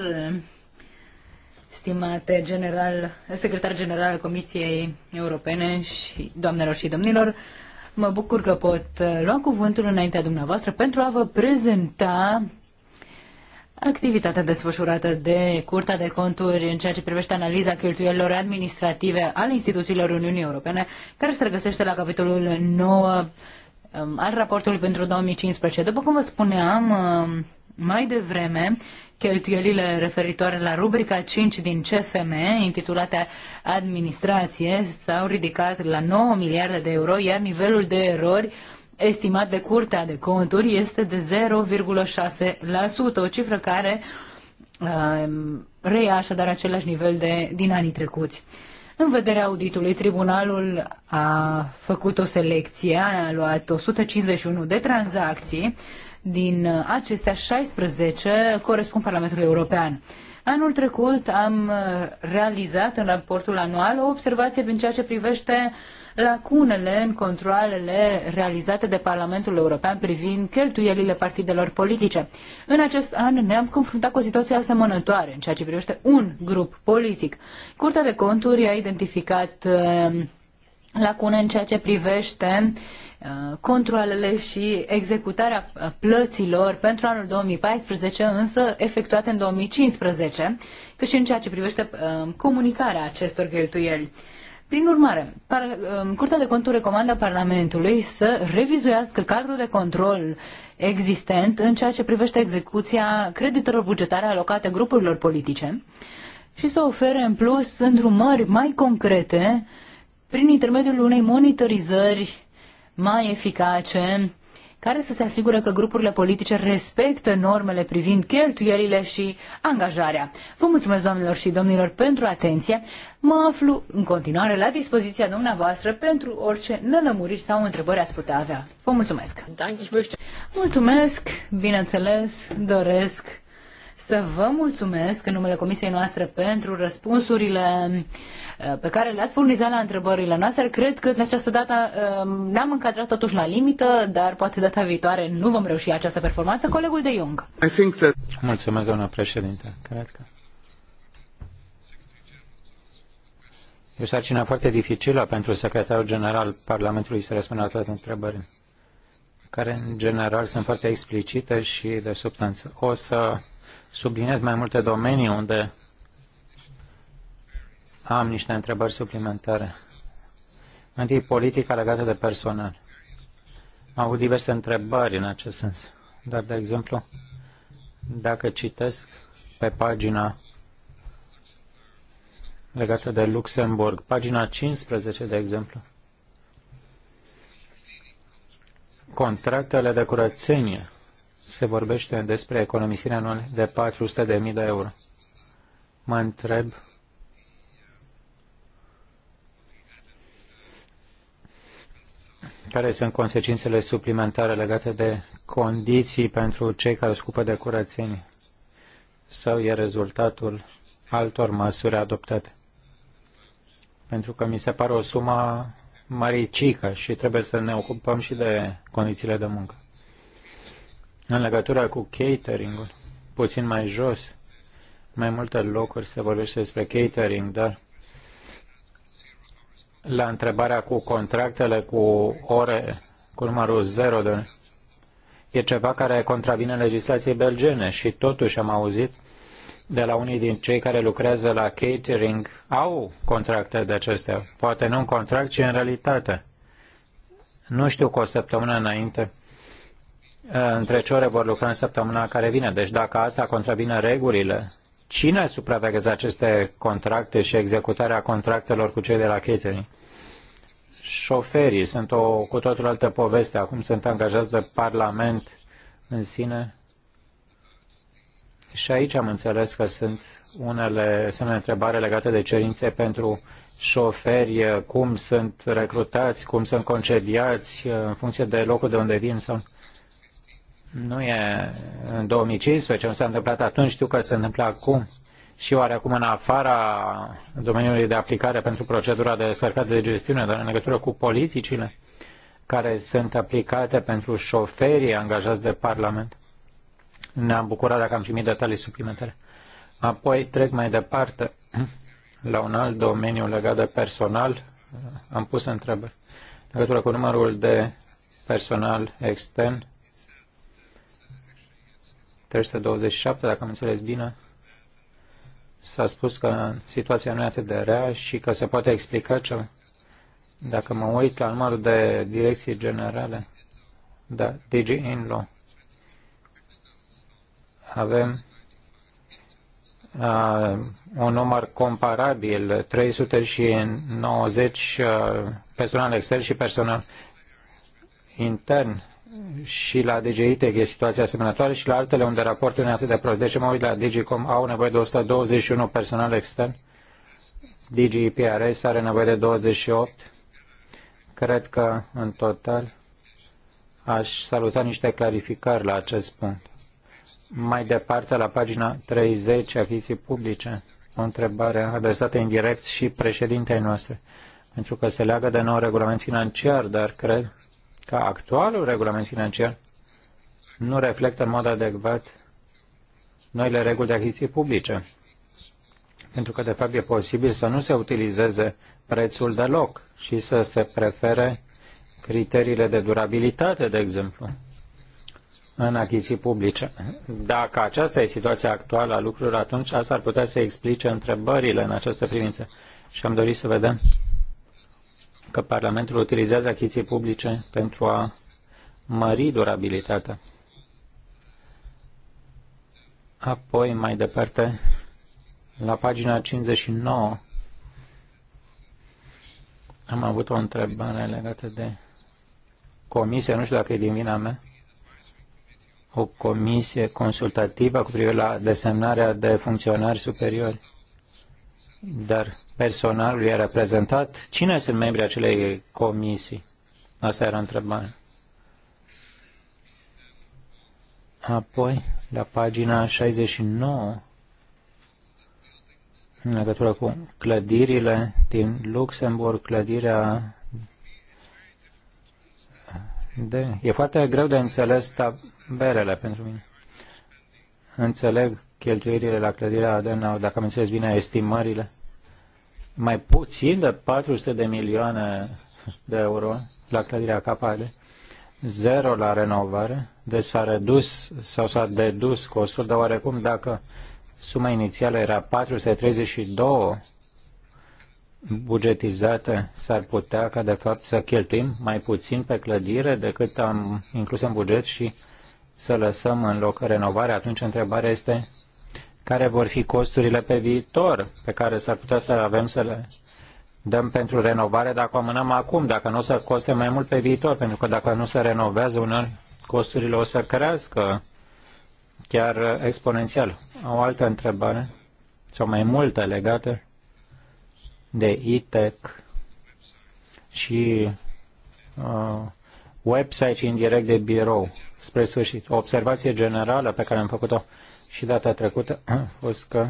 stimate general, secretar general al Comisiei Europene și doamnelor și domnilor, mă bucur că pot uh, lua cuvântul înaintea dumneavoastră pentru a vă prezenta activitatea desfășurată de Curtea de Conturi în ceea ce privește analiza cheltuielilor administrative ale instituțiilor Uniunii Europene, care se regăsește la capitolul 9 um, al raportului pentru 2015. După cum vă spuneam, um, mai devreme cheltuielile referitoare la rubrica 5 din CFM, intitulată Administrație, s-au ridicat la 9 miliarde de euro, iar nivelul de erori estimat de Curtea de Conturi este de 0,6%, o cifră care uh, reia așadar același nivel de, din anii trecuți. În vederea auditului, tribunalul a făcut o selecție, a luat 151 de tranzacții, din uh, acestea, 16 corespund Parlamentului European. Anul trecut am uh, realizat în raportul anual o observație prin ceea ce privește lacunele în controlele realizate de Parlamentul European privind cheltuielile partidelor politice. În acest an ne-am confruntat cu o situație asemănătoare în ceea ce privește un grup politic. Curtea de conturi a identificat uh, lacune în ceea ce privește uh, Uh, controlele și executarea uh, plăților pentru anul 2014, însă efectuate în 2015, cât și în ceea ce privește uh, comunicarea acestor cheltuieli. Prin urmare, um, Curtea de Conturi recomandă Parlamentului să revizuiască cadrul de control existent în ceea ce privește execuția creditelor bugetare alocate grupurilor politice și să ofere în plus îndrumări mai concrete prin intermediul unei monitorizări mai eficace, care să se asigure că grupurile politice respectă normele privind cheltuielile și angajarea. Vă mulțumesc, doamnelor și domnilor, pentru atenție. Mă aflu în continuare la dispoziția dumneavoastră pentru orice nălămuriri sau întrebări ați putea avea. Vă mulțumesc! Mulțumesc, bineînțeles, doresc să vă mulțumesc în numele comisiei noastre pentru răspunsurile Eh, pe care le-ați furnizat la întrebările noastre. Cred că în această dată eh, ne-am încadrat totuși la limită, dar poate data viitoare nu vom reuși această performanță. Colegul de Jung. I think that... Mulțumesc, doamna președinte. Cred că E o sarcină foarte dificilă pentru secretarul general Parlamentului să răspundă la toate întrebările, care în general sunt foarte explicite și de substanță. O să subliniez mai multe domenii unde am niște întrebări suplimentare. Întâi, politica legată de personal. Am avut diverse întrebări în acest sens. Dar, de exemplu, dacă citesc pe pagina legată de Luxemburg, pagina 15, de exemplu, contractele de curățenie se vorbește despre economisirea anuală de 400.000 de euro. Mă întreb care sunt consecințele suplimentare legate de condiții pentru cei care scupă de curățenie sau e rezultatul altor măsuri adoptate. Pentru că mi se pare o sumă maricică și trebuie să ne ocupăm și de condițiile de muncă. În legătură cu catering-ul, puțin mai jos, mai multe locuri se vorbește despre catering, dar la întrebarea cu contractele cu ore cu numărul 0 de e ceva care contravine legislației belgene și totuși am auzit de la unii din cei care lucrează la catering au contracte de acestea. Poate nu un contract, ci în realitate. Nu știu cu o săptămână înainte între ce ore vor lucra în săptămâna care vine. Deci dacă asta contravine regulile, Cine supraveghează aceste contracte și executarea contractelor cu cei de la catering? Șoferii sunt o cu totul altă poveste. Acum sunt angajați de Parlament în sine. Și aici am înțeles că sunt unele semne întrebare legate de cerințe pentru șoferi, cum sunt recrutați, cum sunt concediați, în funcție de locul de unde vin sau nu e în 2015, nu s-a întâmplat atunci, știu că se întâmplă acum și oarecum în afara domeniului de aplicare pentru procedura de descărcare de gestiune, dar în legătură cu politicile care sunt aplicate pentru șoferii angajați de Parlament. Ne-am bucurat dacă am primit detalii suplimentare. Apoi trec mai departe la un alt domeniu legat de personal. Am pus întrebări. În legătură cu numărul de personal extern 327, dacă am înțeles bine, s-a spus că situația nu e atât de rea și că se poate explica ceva. Dacă mă uit la numărul de direcții generale, da, DG Inlo, avem uh, un număr comparabil, 390 uh, personal extern și personal intern și la DGITEC e situația asemănătoare și la altele unde raportul nu e atât de prost. Deci mă uit la DGCOM, au nevoie de 121 personal extern, DGIPRS are nevoie de 28. Cred că în total aș saluta niște clarificări la acest punct. Mai departe, la pagina 30, achiziții publice, o întrebare adresată indirect și președintei noastre, pentru că se leagă de nou regulament financiar, dar cred că actualul regulament financiar nu reflectă în mod adecvat noile reguli de achiziții publice, pentru că, de fapt, e posibil să nu se utilizeze prețul deloc și să se prefere criteriile de durabilitate, de exemplu, în achiziții publice. Dacă aceasta e situația actuală a lucrurilor, atunci asta ar putea să explice întrebările în această privință. Și am dorit să vedem că Parlamentul utilizează achiziții publice pentru a mări durabilitatea. Apoi, mai departe, la pagina 59, am avut o întrebare legată de comisie, nu știu dacă e din vina mea, o comisie consultativă cu privire la desemnarea de funcționari superiori. Dar personalul a reprezentat? Cine sunt membrii acelei comisii? Asta era întrebarea. Apoi, la pagina 69, în legătură cu clădirile din Luxemburg, clădirea de... E foarte greu de înțeles taberele pentru mine. Înțeleg cheltuierile la clădirea Adenau, dacă am înțeles bine estimările mai puțin de 400 de milioane de euro la clădirea Capale, zero la renovare, deci s-a redus sau s-a dedus costul, dar oarecum dacă suma inițială era 432 bugetizate, s-ar putea ca de fapt să cheltuim mai puțin pe clădire decât am inclus în buget și să lăsăm în loc renovare. Atunci întrebarea este care vor fi costurile pe viitor pe care s-ar putea să avem să le dăm pentru renovare dacă o amânăm acum, dacă nu o să coste mai mult pe viitor, pentru că dacă nu se renovează unor costurile o să crească chiar exponențial. O altă întrebare, sau mai multe legate de ITEC și uh, website și indirect de birou. Spre sfârșit, o observație generală pe care am făcut-o și data trecută a fost că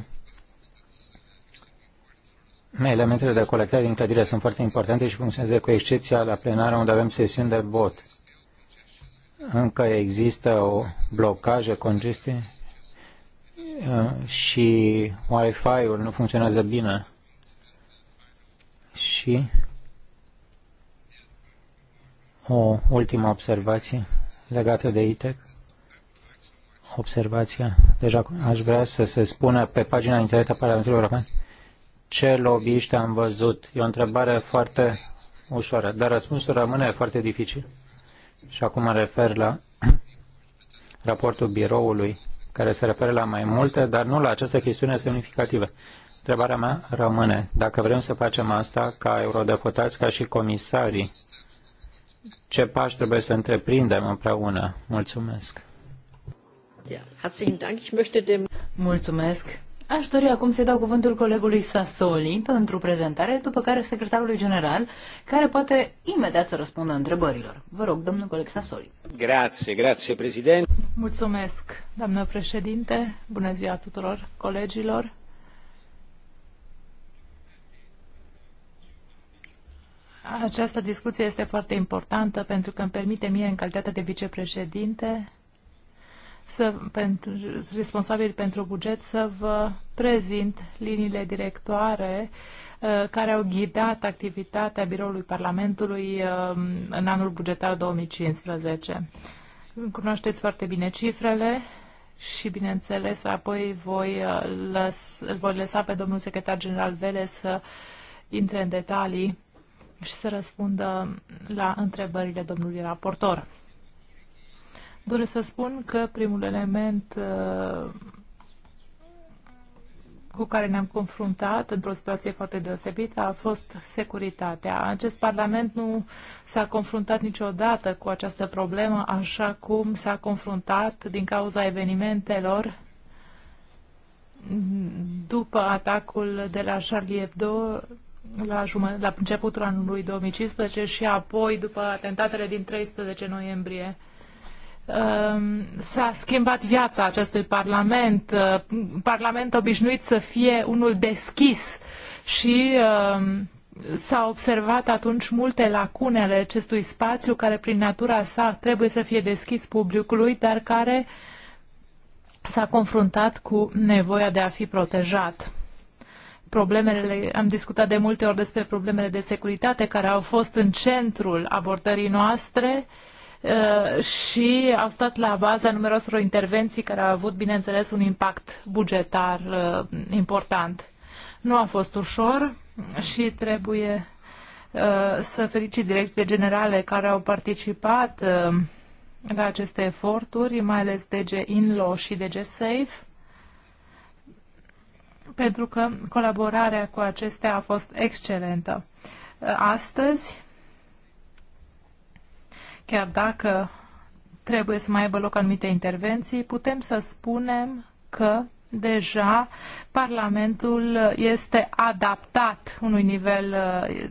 elementele de colectare din clădire sunt foarte importante și funcționează cu excepția la plenară unde avem sesiuni de vot. Încă există o blocaje, congestie uh, și Wi-Fi-ul nu funcționează bine. Și o ultimă observație legată de ITEC observația. Deja deci aș vrea să se spună pe pagina internet a Parlamentului European ce lobbyiști am văzut. E o întrebare foarte ușoară, dar răspunsul rămâne foarte dificil. Și acum mă refer la raportul biroului, care se referă la mai multe, dar nu la această chestiune semnificativă. Întrebarea mea rămâne, dacă vrem să facem asta ca eurodeputați, ca și comisarii, ce pași trebuie să întreprindem împreună? Mulțumesc. Mulțumesc. Aș dori acum să-i dau cuvântul colegului Sassoli pentru prezentare, după care secretarului general, care poate imediat să răspundă întrebărilor. Vă rog, domnul coleg Sassoli. Grație, grație, președinte. Mulțumesc, doamnă președinte. Bună ziua tuturor colegilor. Această discuție este foarte importantă pentru că îmi permite mie, în calitate de vicepreședinte, să, pentru, responsabil pentru buget să vă prezint liniile directoare uh, care au ghidat activitatea Biroului Parlamentului um, în anul bugetar 2015. Cunoașteți foarte bine cifrele și, bineînțeles, apoi voi, uh, lăs, voi lăsa pe domnul secretar general Vele să intre în detalii și să răspundă la întrebările domnului raportor. Doresc să spun că primul element uh, cu care ne-am confruntat într-o situație foarte deosebită a fost securitatea. Acest Parlament nu s-a confruntat niciodată cu această problemă așa cum s-a confruntat din cauza evenimentelor după atacul de la Charlie Hebdo la, la începutul anului 2015 și apoi după atentatele din 13 noiembrie Um, s-a schimbat viața acestui Parlament. Uh, parlament obișnuit să fie unul deschis și um, s-a observat atunci multe lacune ale acestui spațiu care prin natura sa trebuie să fie deschis publicului, dar care s-a confruntat cu nevoia de a fi protejat. Problemele, am discutat de multe ori despre problemele de securitate care au fost în centrul abordării noastre uh, Uh, și au stat la baza numeroselor intervenții care au avut, bineînțeles, un impact bugetar uh, important. Nu a fost ușor și trebuie uh, să felicit direcțiile generale care au participat la aceste eforturi, mai ales DG Inlo și DG Safe, pentru că colaborarea cu acestea a fost excelentă. Astăzi Chiar dacă trebuie să mai aibă loc anumite intervenții, putem să spunem că deja Parlamentul este adaptat unui nivel uh,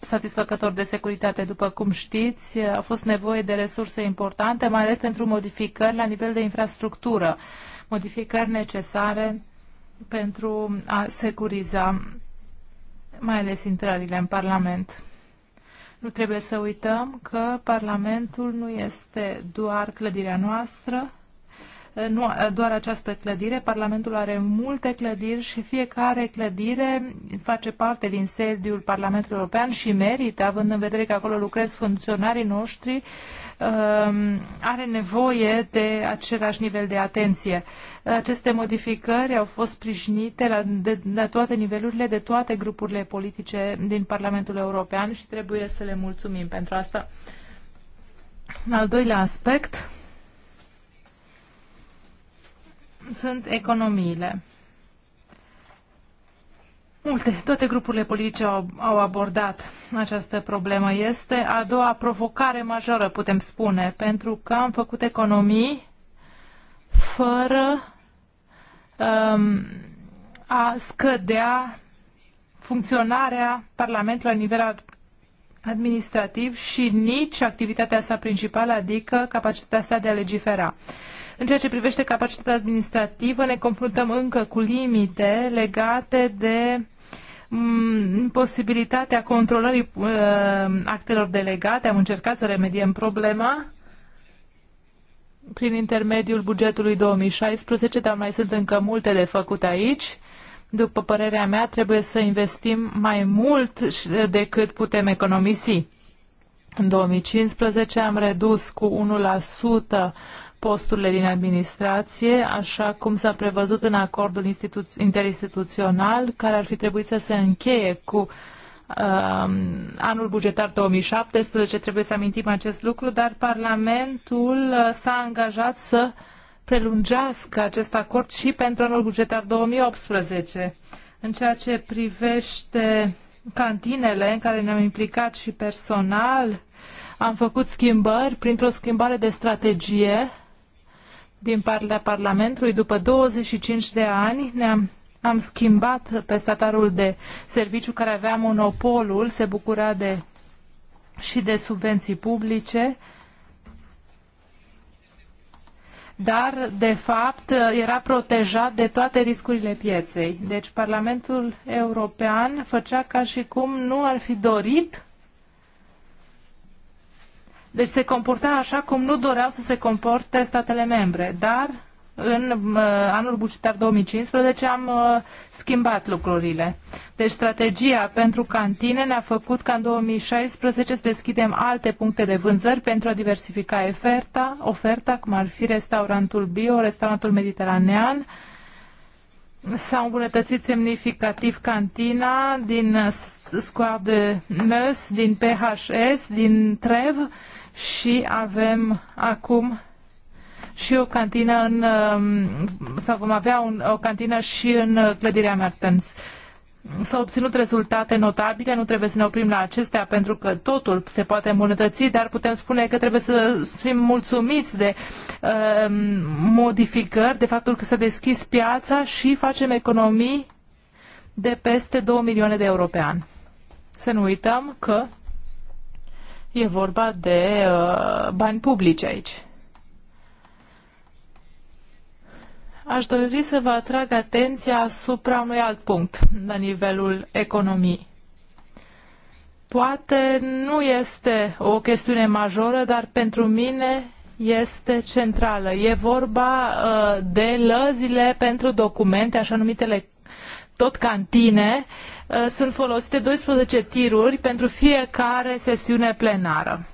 satisfăcător de securitate, după cum știți. A fost nevoie de resurse importante, mai ales pentru modificări la nivel de infrastructură, modificări necesare pentru a securiza mai ales intrările în Parlament. Nu trebuie să uităm că Parlamentul nu este doar clădirea noastră, nu doar această clădire. Parlamentul are multe clădiri și fiecare clădire face parte din sediul Parlamentului European și merită, având în vedere că acolo lucrez funcționarii noștri, um, are nevoie de același nivel de atenție. Aceste modificări au fost sprijinite la, de, la toate nivelurile, de toate grupurile politice din Parlamentul European și trebuie să le mulțumim pentru asta. al doilea aspect sunt economiile. Multe, toate grupurile politice au, au abordat această problemă. Este a doua provocare majoră, putem spune, pentru că am făcut economii fără Um, a scădea funcționarea Parlamentului la nivel administrativ și nici activitatea sa principală, adică capacitatea sa de a legifera. În ceea ce privește capacitatea administrativă, ne confruntăm încă cu limite legate de mm, posibilitatea controlării uh, actelor delegate. Am încercat să remediem problema prin intermediul bugetului 2016, dar mai sunt încă multe de făcut aici. După părerea mea, trebuie să investim mai mult decât putem economisi. În 2015 am redus cu 1% posturile din administrație, așa cum s-a prevăzut în acordul interinstituțional, care ar fi trebuit să se încheie cu Um, anul bugetar 2017, trebuie să amintim acest lucru, dar Parlamentul uh, s-a angajat să prelungească acest acord și pentru anul bugetar 2018. În ceea ce privește cantinele în care ne-am implicat și personal, am făcut schimbări printr-o schimbare de strategie din partea Parlamentului. După 25 de ani ne-am am schimbat pe statarul de serviciu care avea monopolul, se bucura de și de subvenții publice, dar, de fapt, era protejat de toate riscurile pieței. Deci Parlamentul European făcea ca și cum nu ar fi dorit deci se comporta așa cum nu doreau să se comporte statele membre, dar în uh, anul bugetar 2015 am uh, schimbat lucrurile. Deci strategia pentru cantine ne-a făcut ca în 2016 să deschidem alte puncte de vânzări pentru a diversifica oferta, oferta cum ar fi restaurantul bio, restaurantul mediteranean, S-a îmbunătățit semnificativ cantina din Square de Meuse, din PHS, din Trev și avem acum și o cantină în, um, sau vom avea un, o cantină și în clădirea Mertens. S-au obținut rezultate notabile, nu trebuie să ne oprim la acestea pentru că totul se poate îmbunătăți, dar putem spune că trebuie să fim mulțumiți de uh, modificări, de faptul că s-a deschis piața și facem economii de peste 2 milioane de euro pe an. Să nu uităm că e vorba de uh, bani publici aici. Aș dori să vă atrag atenția asupra unui alt punct la nivelul economiei. Poate nu este o chestiune majoră, dar pentru mine este centrală. E vorba uh, de lăzile pentru documente, așa numitele tot cantine. Uh, sunt folosite 12 tiruri pentru fiecare sesiune plenară.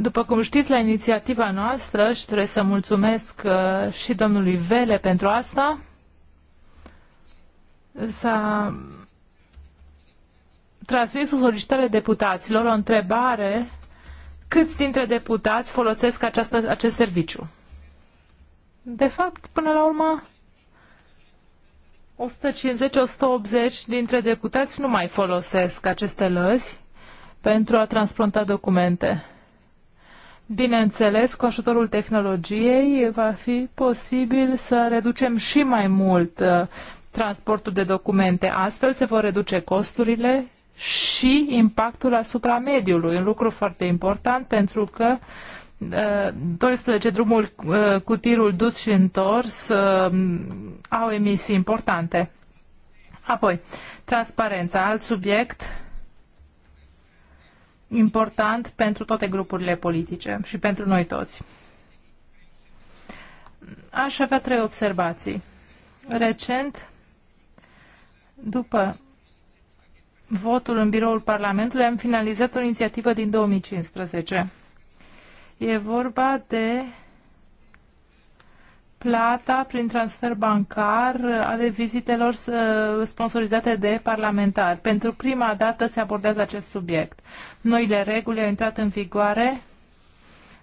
După cum știți, la inițiativa noastră și trebuie să mulțumesc uh, și domnului Vele pentru asta, s-a transmis o solicitare deputaților, o întrebare, câți dintre deputați folosesc această, acest serviciu? De fapt, până la urmă, 150-180 dintre deputați nu mai folosesc aceste lăzi pentru a transplanta documente. Bineînțeles, cu ajutorul tehnologiei va fi posibil să reducem și mai mult uh, transportul de documente. Astfel se vor reduce costurile și impactul asupra mediului. Un lucru foarte important pentru că 12 uh, drumuri uh, cu tirul dus și întors au emisii importante. Apoi, transparența, alt subiect important pentru toate grupurile politice și pentru noi toți. Aș avea trei observații. Recent, după votul în biroul Parlamentului, am finalizat o inițiativă din 2015. E vorba de plata prin transfer bancar ale vizitelor uh, sponsorizate de parlamentari. Pentru prima dată se abordează acest subiect. Noile reguli au intrat în vigoare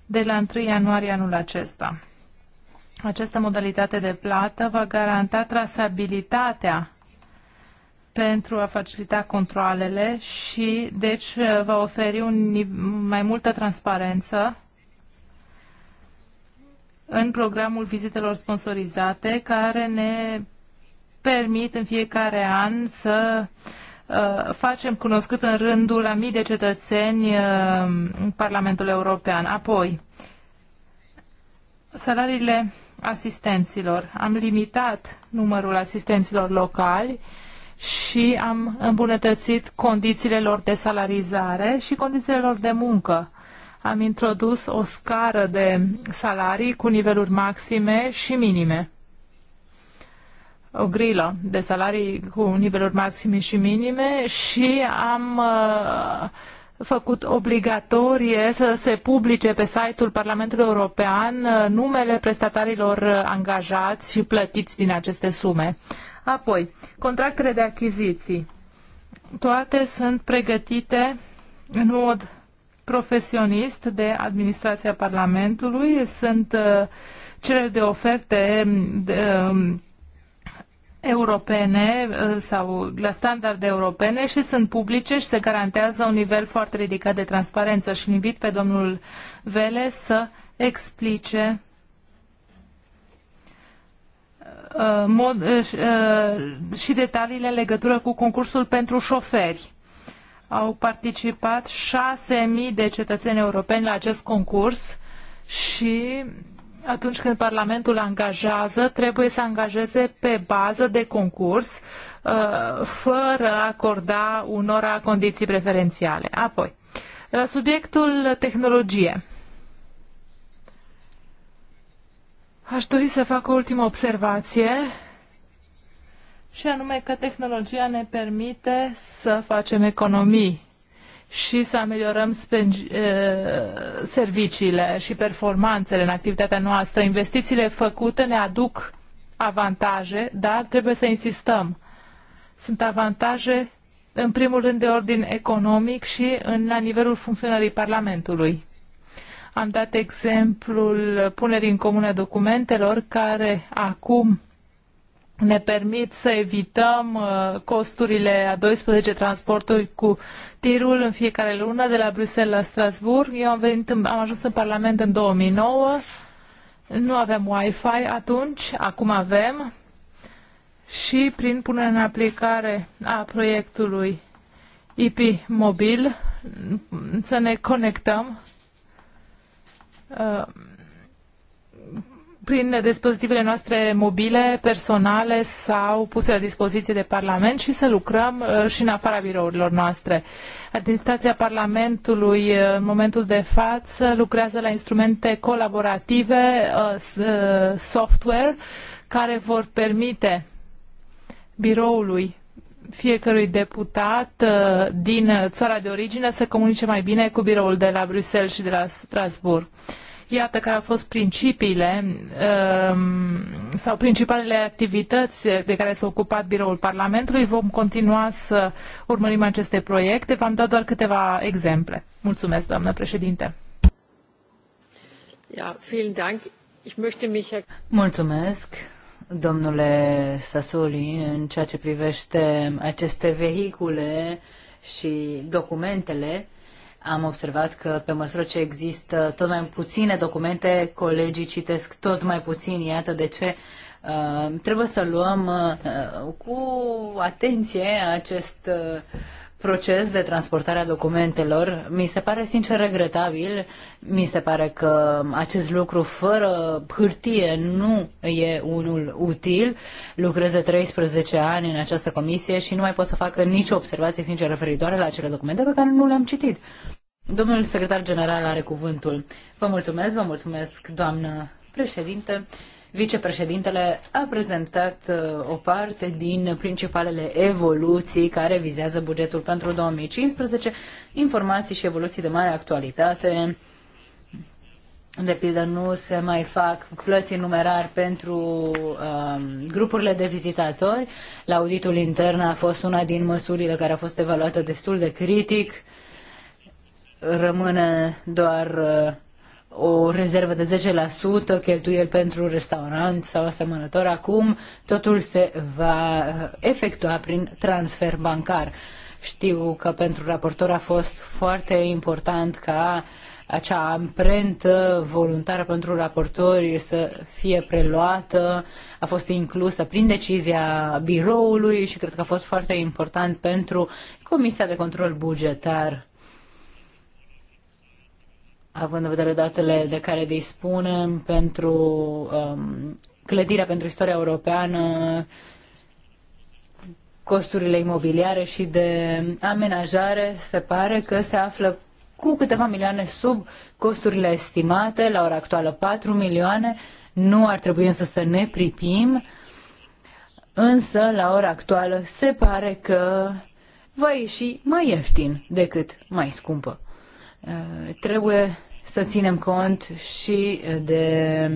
de la 1 ianuarie anul acesta. Această modalitate de plată va garanta trasabilitatea pentru a facilita controlele și, deci, va oferi un, mai multă transparență în programul vizitelor sponsorizate, care ne permit în fiecare an să uh, facem cunoscut în rândul a mii de cetățeni uh, în Parlamentul European. Apoi, salariile asistenților. Am limitat numărul asistenților locali și am îmbunătățit condițiile lor de salarizare și condițiile lor de muncă am introdus o scară de salarii cu niveluri maxime și minime. O grilă de salarii cu niveluri maxime și minime și am uh, făcut obligatorie să se publice pe site-ul Parlamentului European uh, numele prestatarilor uh, angajați și plătiți din aceste sume. Apoi, contractele de achiziții. Toate sunt pregătite în mod profesionist de administrația Parlamentului. Sunt cele uh, cereri de oferte de, um, europene uh, sau la standarde europene și sunt publice și se garantează un nivel foarte ridicat de transparență și invit pe domnul Vele să explice uh, mod, și detaliile în legătură cu concursul pentru șoferi au participat 6.000 de cetățeni europeni la acest concurs și atunci când Parlamentul angajează, trebuie să angajeze pe bază de concurs, uh, fără a acorda unora condiții preferențiale. Apoi, la subiectul tehnologie. Aș dori să fac o ultimă observație și anume că tehnologia ne permite să facem economii și să ameliorăm serviciile și performanțele în activitatea noastră. Investițiile făcute ne aduc avantaje, dar trebuie să insistăm. Sunt avantaje în primul rând de ordin economic și în, la nivelul funcționării Parlamentului. Am dat exemplul punerii în comună documentelor care acum ne permit să evităm uh, costurile a 12 transporturi cu tirul în fiecare lună de la Bruxelles la Strasbourg. Eu am, venit în, am ajuns în Parlament în 2009, nu aveam Wi-Fi atunci, acum avem și prin punerea în aplicare a proiectului IP mobil să ne conectăm uh, prin dispozitivele noastre mobile, personale sau puse la dispoziție de Parlament și să lucrăm uh, și în afara birourilor noastre. Administrația Parlamentului uh, în momentul de față lucrează la instrumente colaborative, uh, software, care vor permite biroului fiecărui deputat din țara de origine să comunice mai bine cu biroul de la Bruxelles și de la Strasbourg. Iată care au fost principiile um, sau principalele activități de care s-a ocupat Biroul Parlamentului. Vom continua să urmărim aceste proiecte. V-am dat doar câteva exemple. Mulțumesc, doamnă președinte. Ja, vielen Dank. Ich möchte mich... Mulțumesc domnule Sasoli, în ceea ce privește aceste vehicule și documentele, am observat că pe măsură ce există tot mai puține documente, colegii citesc tot mai puțin. Iată de ce uh, trebuie să luăm uh, cu atenție acest uh, proces de transportare a documentelor. Mi se pare sincer regretabil, mi se pare că acest lucru fără hârtie nu e unul util. Lucrez de 13 ani în această comisie și nu mai pot să facă nicio observație sincer referitoare la acele documente pe care nu le-am citit. Domnul secretar general are cuvântul. Vă mulțumesc, vă mulțumesc, doamnă președinte vicepreședintele a prezentat uh, o parte din principalele evoluții care vizează bugetul pentru 2015, informații și evoluții de mare actualitate. De pildă, nu se mai fac plăți numerar pentru um, grupurile de vizitatori. La auditul intern a fost una din măsurile care a fost evaluată destul de critic. Rămâne doar uh, o rezervă de 10% cheltuieli pentru restaurant sau asemănător. Acum totul se va uh, efectua prin transfer bancar. Știu că pentru raportor a fost foarte important ca acea amprentă voluntară pentru raportori să fie preluată, a fost inclusă prin decizia biroului și cred că a fost foarte important pentru Comisia de Control Bugetar având în vedere datele de care dispunem pentru um, clădirea pentru istoria europeană, costurile imobiliare și de amenajare, se pare că se află cu câteva milioane sub costurile estimate, la ora actuală 4 milioane, nu ar trebui însă să ne pripim, însă la ora actuală se pare că va ieși mai ieftin decât mai scumpă. Eh, trebuie să ținem cont și eh, de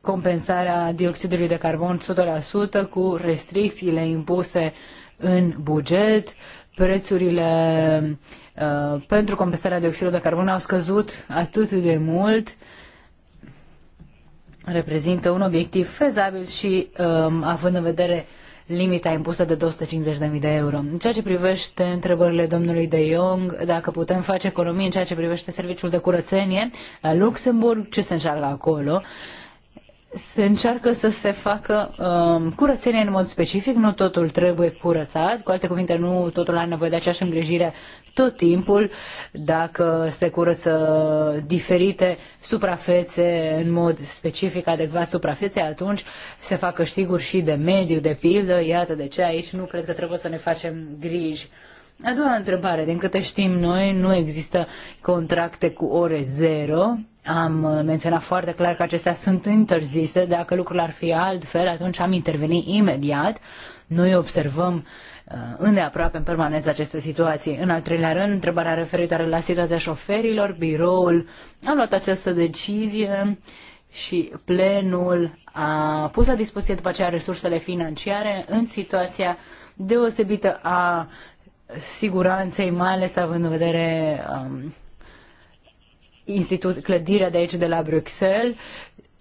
compensarea dioxidului de carbon 100% cu restricțiile impuse în buget. Prețurile uh, pentru compensarea dioxidului de carbon au scăzut atât de mult reprezintă un obiectiv fezabil și având în vedere uh, limita impusă de 250.000 de euro. În ceea ce privește întrebările domnului De Jong, dacă putem face economii în ceea ce privește serviciul de curățenie, la Luxemburg, ce se încearcă acolo? se încearcă să se facă um, curățenie în mod specific, nu totul trebuie curățat, cu alte cuvinte, nu totul are nevoie de aceeași îngrijire tot timpul dacă se curăță diferite suprafețe în mod specific, adecvat suprafețe, atunci se fac câștiguri și de mediu, de pildă. Iată de ce aici nu cred că trebuie să ne facem griji. A doua întrebare, din câte știm noi, nu există contracte cu ore zero. Am menționat foarte clar că acestea sunt interzise. Dacă lucrurile ar fi altfel, atunci am intervenit imediat. Noi observăm uh, Uh, îndeaproape în permanență aceste situații. În al treilea rând, întrebarea referitoare la situația șoferilor, biroul a luat această decizie și plenul a pus la dispoziție după aceea resursele financiare în situația deosebită a siguranței, mai ales având în vedere um, institut, clădirea de aici de la Bruxelles,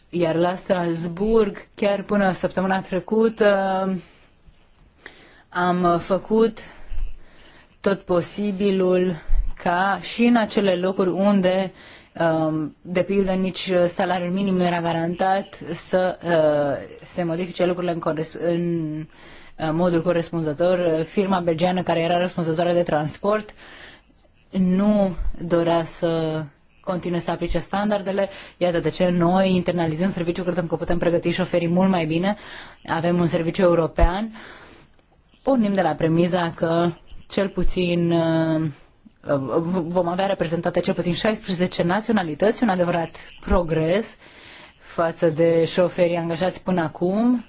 iar la Strasburg, chiar până săptămâna trecută, am uh, făcut tot posibilul ca și în acele locuri unde, um, de pildă, nici uh, salariul minim nu era garantat, să uh, se modifice lucrurile în, în modul corespunzător. Firma belgeană care era răspunzătoare de transport nu dorea să continue să aplice standardele. Iată de ce noi, internalizăm serviciul, credem că putem pregăti și oferi mult mai bine. Avem un serviciu european pornim de la premiza că cel puțin uh, vom avea reprezentate cel puțin 16 naționalități, un adevărat progres față de șoferii angajați până acum.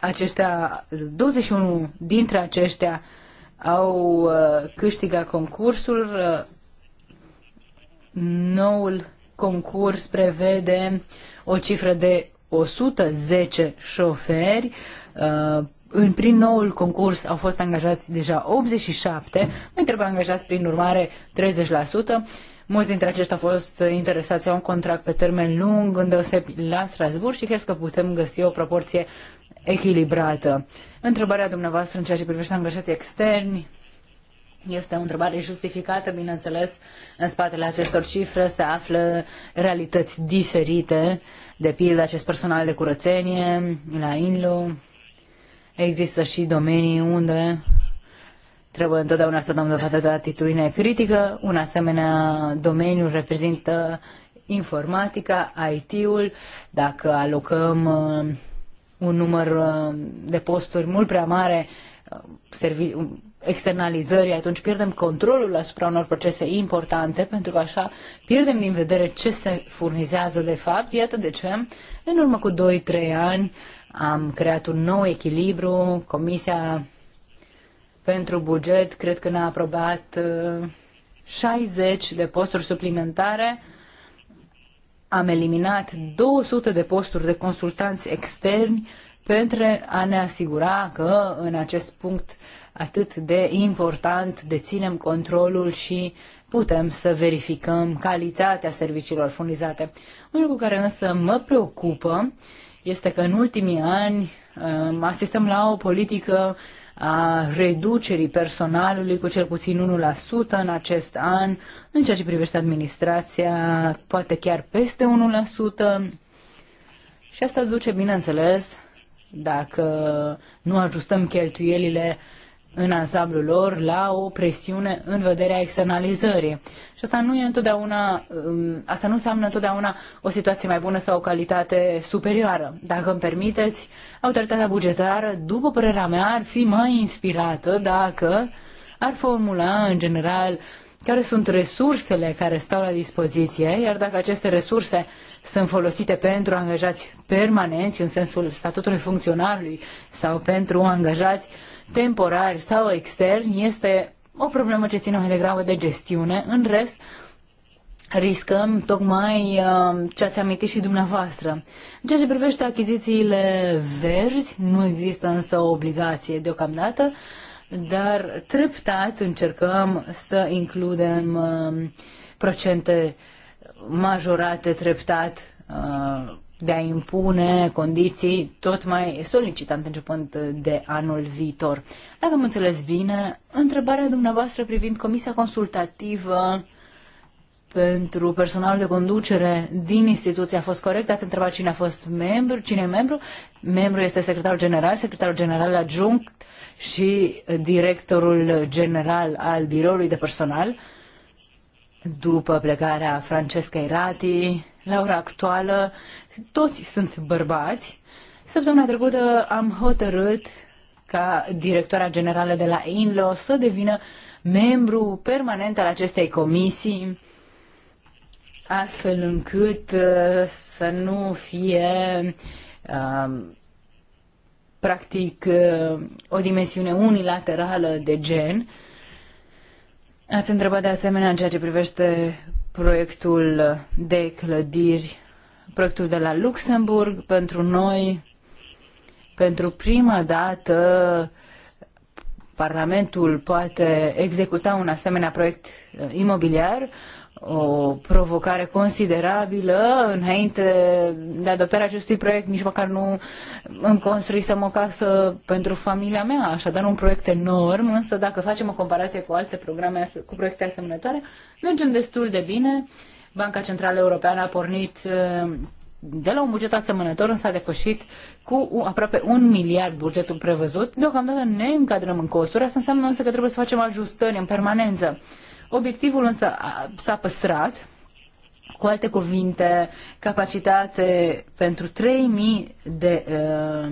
Aceștia, 21 dintre aceștia au uh, câștigat concursul. Uh, noul concurs prevede o cifră de 110 șoferi. Uh, în, prin noul concurs au fost angajați deja 87, mai trebuie angajați prin urmare 30%. Mulți dintre aceștia au fost interesați, au un contract pe termen lung, îndeosebi la Strasburg și cred că putem găsi o proporție echilibrată. Întrebarea dumneavoastră în ceea ce privește angajații externi este o întrebare justificată, bineînțeles, în spatele acestor cifre se află realități diferite uh, de pildă, acest personal de curățenie la inlu Există și domenii unde trebuie întotdeauna să dăm dovadă de atitudine critică. Un asemenea domeniu reprezintă informatica, IT-ul. Dacă alocăm uh, un număr uh, de posturi mult prea mare, uh, servi- externalizării, atunci pierdem controlul asupra unor procese importante, pentru că așa pierdem din vedere ce se furnizează de fapt. Iată de ce, în urmă cu 2-3 ani, am creat un nou echilibru. Comisia pentru buget cred că ne-a aprobat 60 uh, de posturi suplimentare. Am eliminat 200 de posturi de consultanți externi pentru a ne asigura că în acest punct atât de important deținem controlul și putem să verificăm calitatea serviciilor furnizate. Un lucru care însă mă preocupă este că în ultimii ani um, asistăm la o politică a reducerii personalului cu cel puțin 1% în acest an, în ceea ce privește administrația, poate chiar peste 1%. Și asta duce, bineînțeles, dacă nu ajustăm cheltuielile în ansamblul lor la o presiune în vederea externalizării. Și asta nu e întotdeauna, um, asta nu înseamnă întotdeauna o situație mai bună sau o calitate superioară. Dacă îmi permiteți, autoritatea bugetară, după părerea mea, ar fi mai inspirată dacă ar formula, în general, care sunt resursele care stau la dispoziție, iar dacă aceste resurse sunt folosite pentru angajați permanenți, în sensul statutului funcționarului, sau pentru angajați uh, temporari sau externi este o problemă ce ține mai degrabă de gestiune. În rest, riscăm tocmai uh, ce ați amintit și dumneavoastră. În ceea ce privește achizițiile verzi, nu există însă o obligație deocamdată, dar treptat încercăm să includem uh, procente majorate treptat uh, de a impune condiții tot mai solicitante începând de anul viitor. Dacă am înțeles bine, întrebarea dumneavoastră privind Comisia Consultativă pentru personalul de conducere din instituție a fost corect. Ați întrebat cine a fost membru, cine e membru. Membru este secretarul general, secretarul general adjunct și directorul general al biroului de personal după plecarea Francesca Irati, la ora actuală, toți sunt bărbați. Săptămâna trecută am hotărât ca directoarea generală de la INLO să devină membru permanent al acestei comisii, astfel încât uh, să nu fie uh, practic uh, o dimensiune unilaterală de gen, Ați întrebat de asemenea în ceea ce privește proiectul de clădiri, proiectul de la Luxemburg. Pentru noi, pentru prima dată, Parlamentul poate executa un asemenea proiect uh, imobiliar o provocare considerabilă înainte de adoptarea acestui proiect, nici măcar nu îmi construisem o casă pentru familia mea, așadar un proiect enorm, însă dacă facem o comparație cu alte programe, cu proiecte asemănătoare, mergem destul de bine. Banca Centrală Europeană a pornit eh, de la un buget asemănător, însă a depășit cu aproape un miliard bugetul prevăzut. Deocamdată ne încadrăm în costuri, asta înseamnă însă că trebuie să facem ajustări în permanență. Obiectivul însă s-a păstrat, cu alte cuvinte, capacitate pentru 3000 de uh,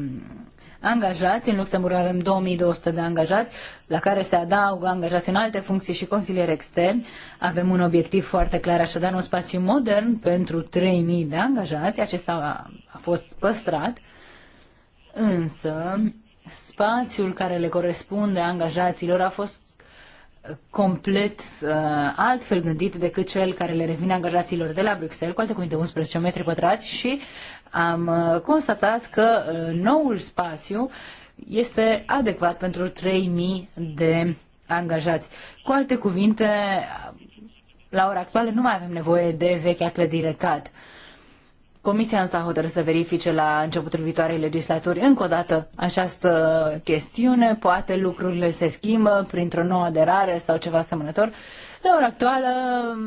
angajați, în Luxemburg avem 2200 de angajați, la care se adaugă angajați în alte funcții și consilieri externi. Avem un obiectiv foarte clar, așadar un spațiu modern pentru 3000 de angajați, acesta a, a fost păstrat, însă spațiul care le corespunde angajaților a fost complet uh, altfel gândit decât cel care le revine angajaților de la Bruxelles, cu alte cuvinte 11 metri pătrați și am uh, constatat că uh, noul spațiu este adecvat pentru 3000 de angajați. Cu alte cuvinte, la ora actuală nu mai avem nevoie de vechea clădire CAD. Comisia însă a hotărât să verifice la începutul viitoarei legislaturi încă o dată această chestiune. Poate lucrurile se schimbă printr-o nouă aderare sau ceva asemănător. La ora actuală,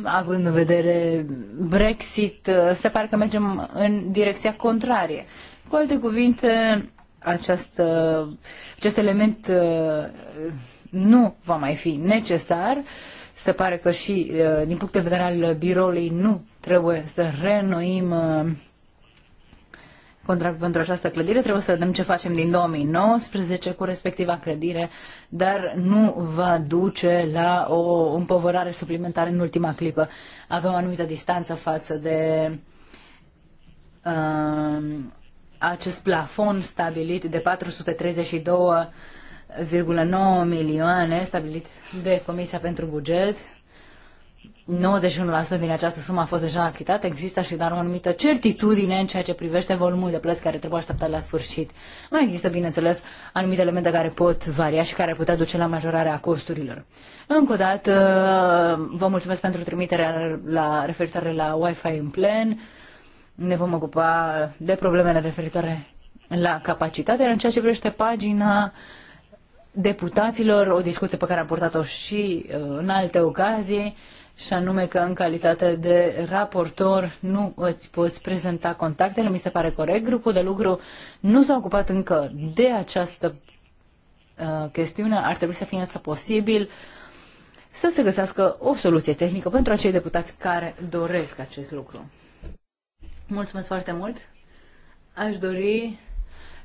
având în vedere Brexit, se pare că mergem în direcția contrarie. Cu alte cuvinte, acest, acest element uh, nu va mai fi necesar. Se pare că și uh, din punct de vedere al biroului nu trebuie să reînnoim uh, contract pentru această clădire, trebuie să vedem ce facem din 2019 cu respectiva clădire, dar nu va duce la o împovărare suplimentară în ultima clipă. Avem o anumită distanță față de uh, acest plafon stabilit de 432,9 milioane stabilit de Comisia pentru Buget 91% din această sumă a fost deja achitată, există și dar o anumită certitudine în ceea ce privește volumul de plăți care trebuie așteptat la sfârșit. Mai există, bineînțeles, anumite elemente care pot varia și care ar putea duce la majorarea costurilor. Încă o dată, vă mulțumesc pentru trimiterea la referitoare la Wi-Fi în plen. Ne vom ocupa de problemele referitoare la capacitate. În ceea ce privește pagina deputaților, o discuție pe care am purtat-o și uh, în alte ocazii, și anume că în calitate de raportor nu îți poți prezenta contactele, mi se pare corect. Grupul de lucru nu s-a ocupat încă de această uh, chestiune, ar trebui să fie însă posibil să se găsească o soluție tehnică pentru acei deputați care doresc acest lucru. Mulțumesc foarte mult! Aș dori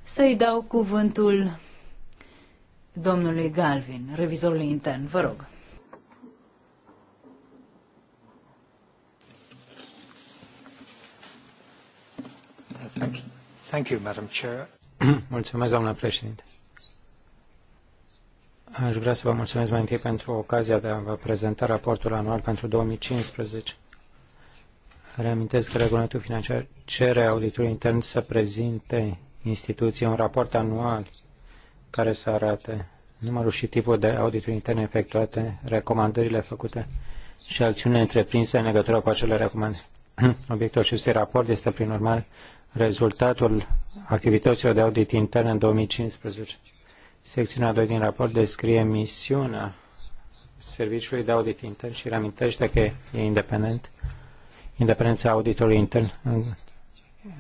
să-i dau cuvântul domnului Galvin, revizorului intern. Vă rog. Mulțumesc, doamnă președinte. Aș vrea să vă mulțumesc mai întâi pentru ocazia de a vă prezenta raportul anual pentru 2015. Reamintesc că regulamentul financiar cere auditorului intern să prezinte instituției un raport anual care să arate numărul și tipul de audituri interne efectuate, recomandările făcute și acțiunile întreprinse în legătură cu acele recomandări. Obiectul acestui raport este, prin urmare, rezultatul activităților de audit intern în 2015. Secțiunea 2 din raport descrie misiunea Serviciului de Audit Intern și reamintește că e independent. Independența auditorului intern în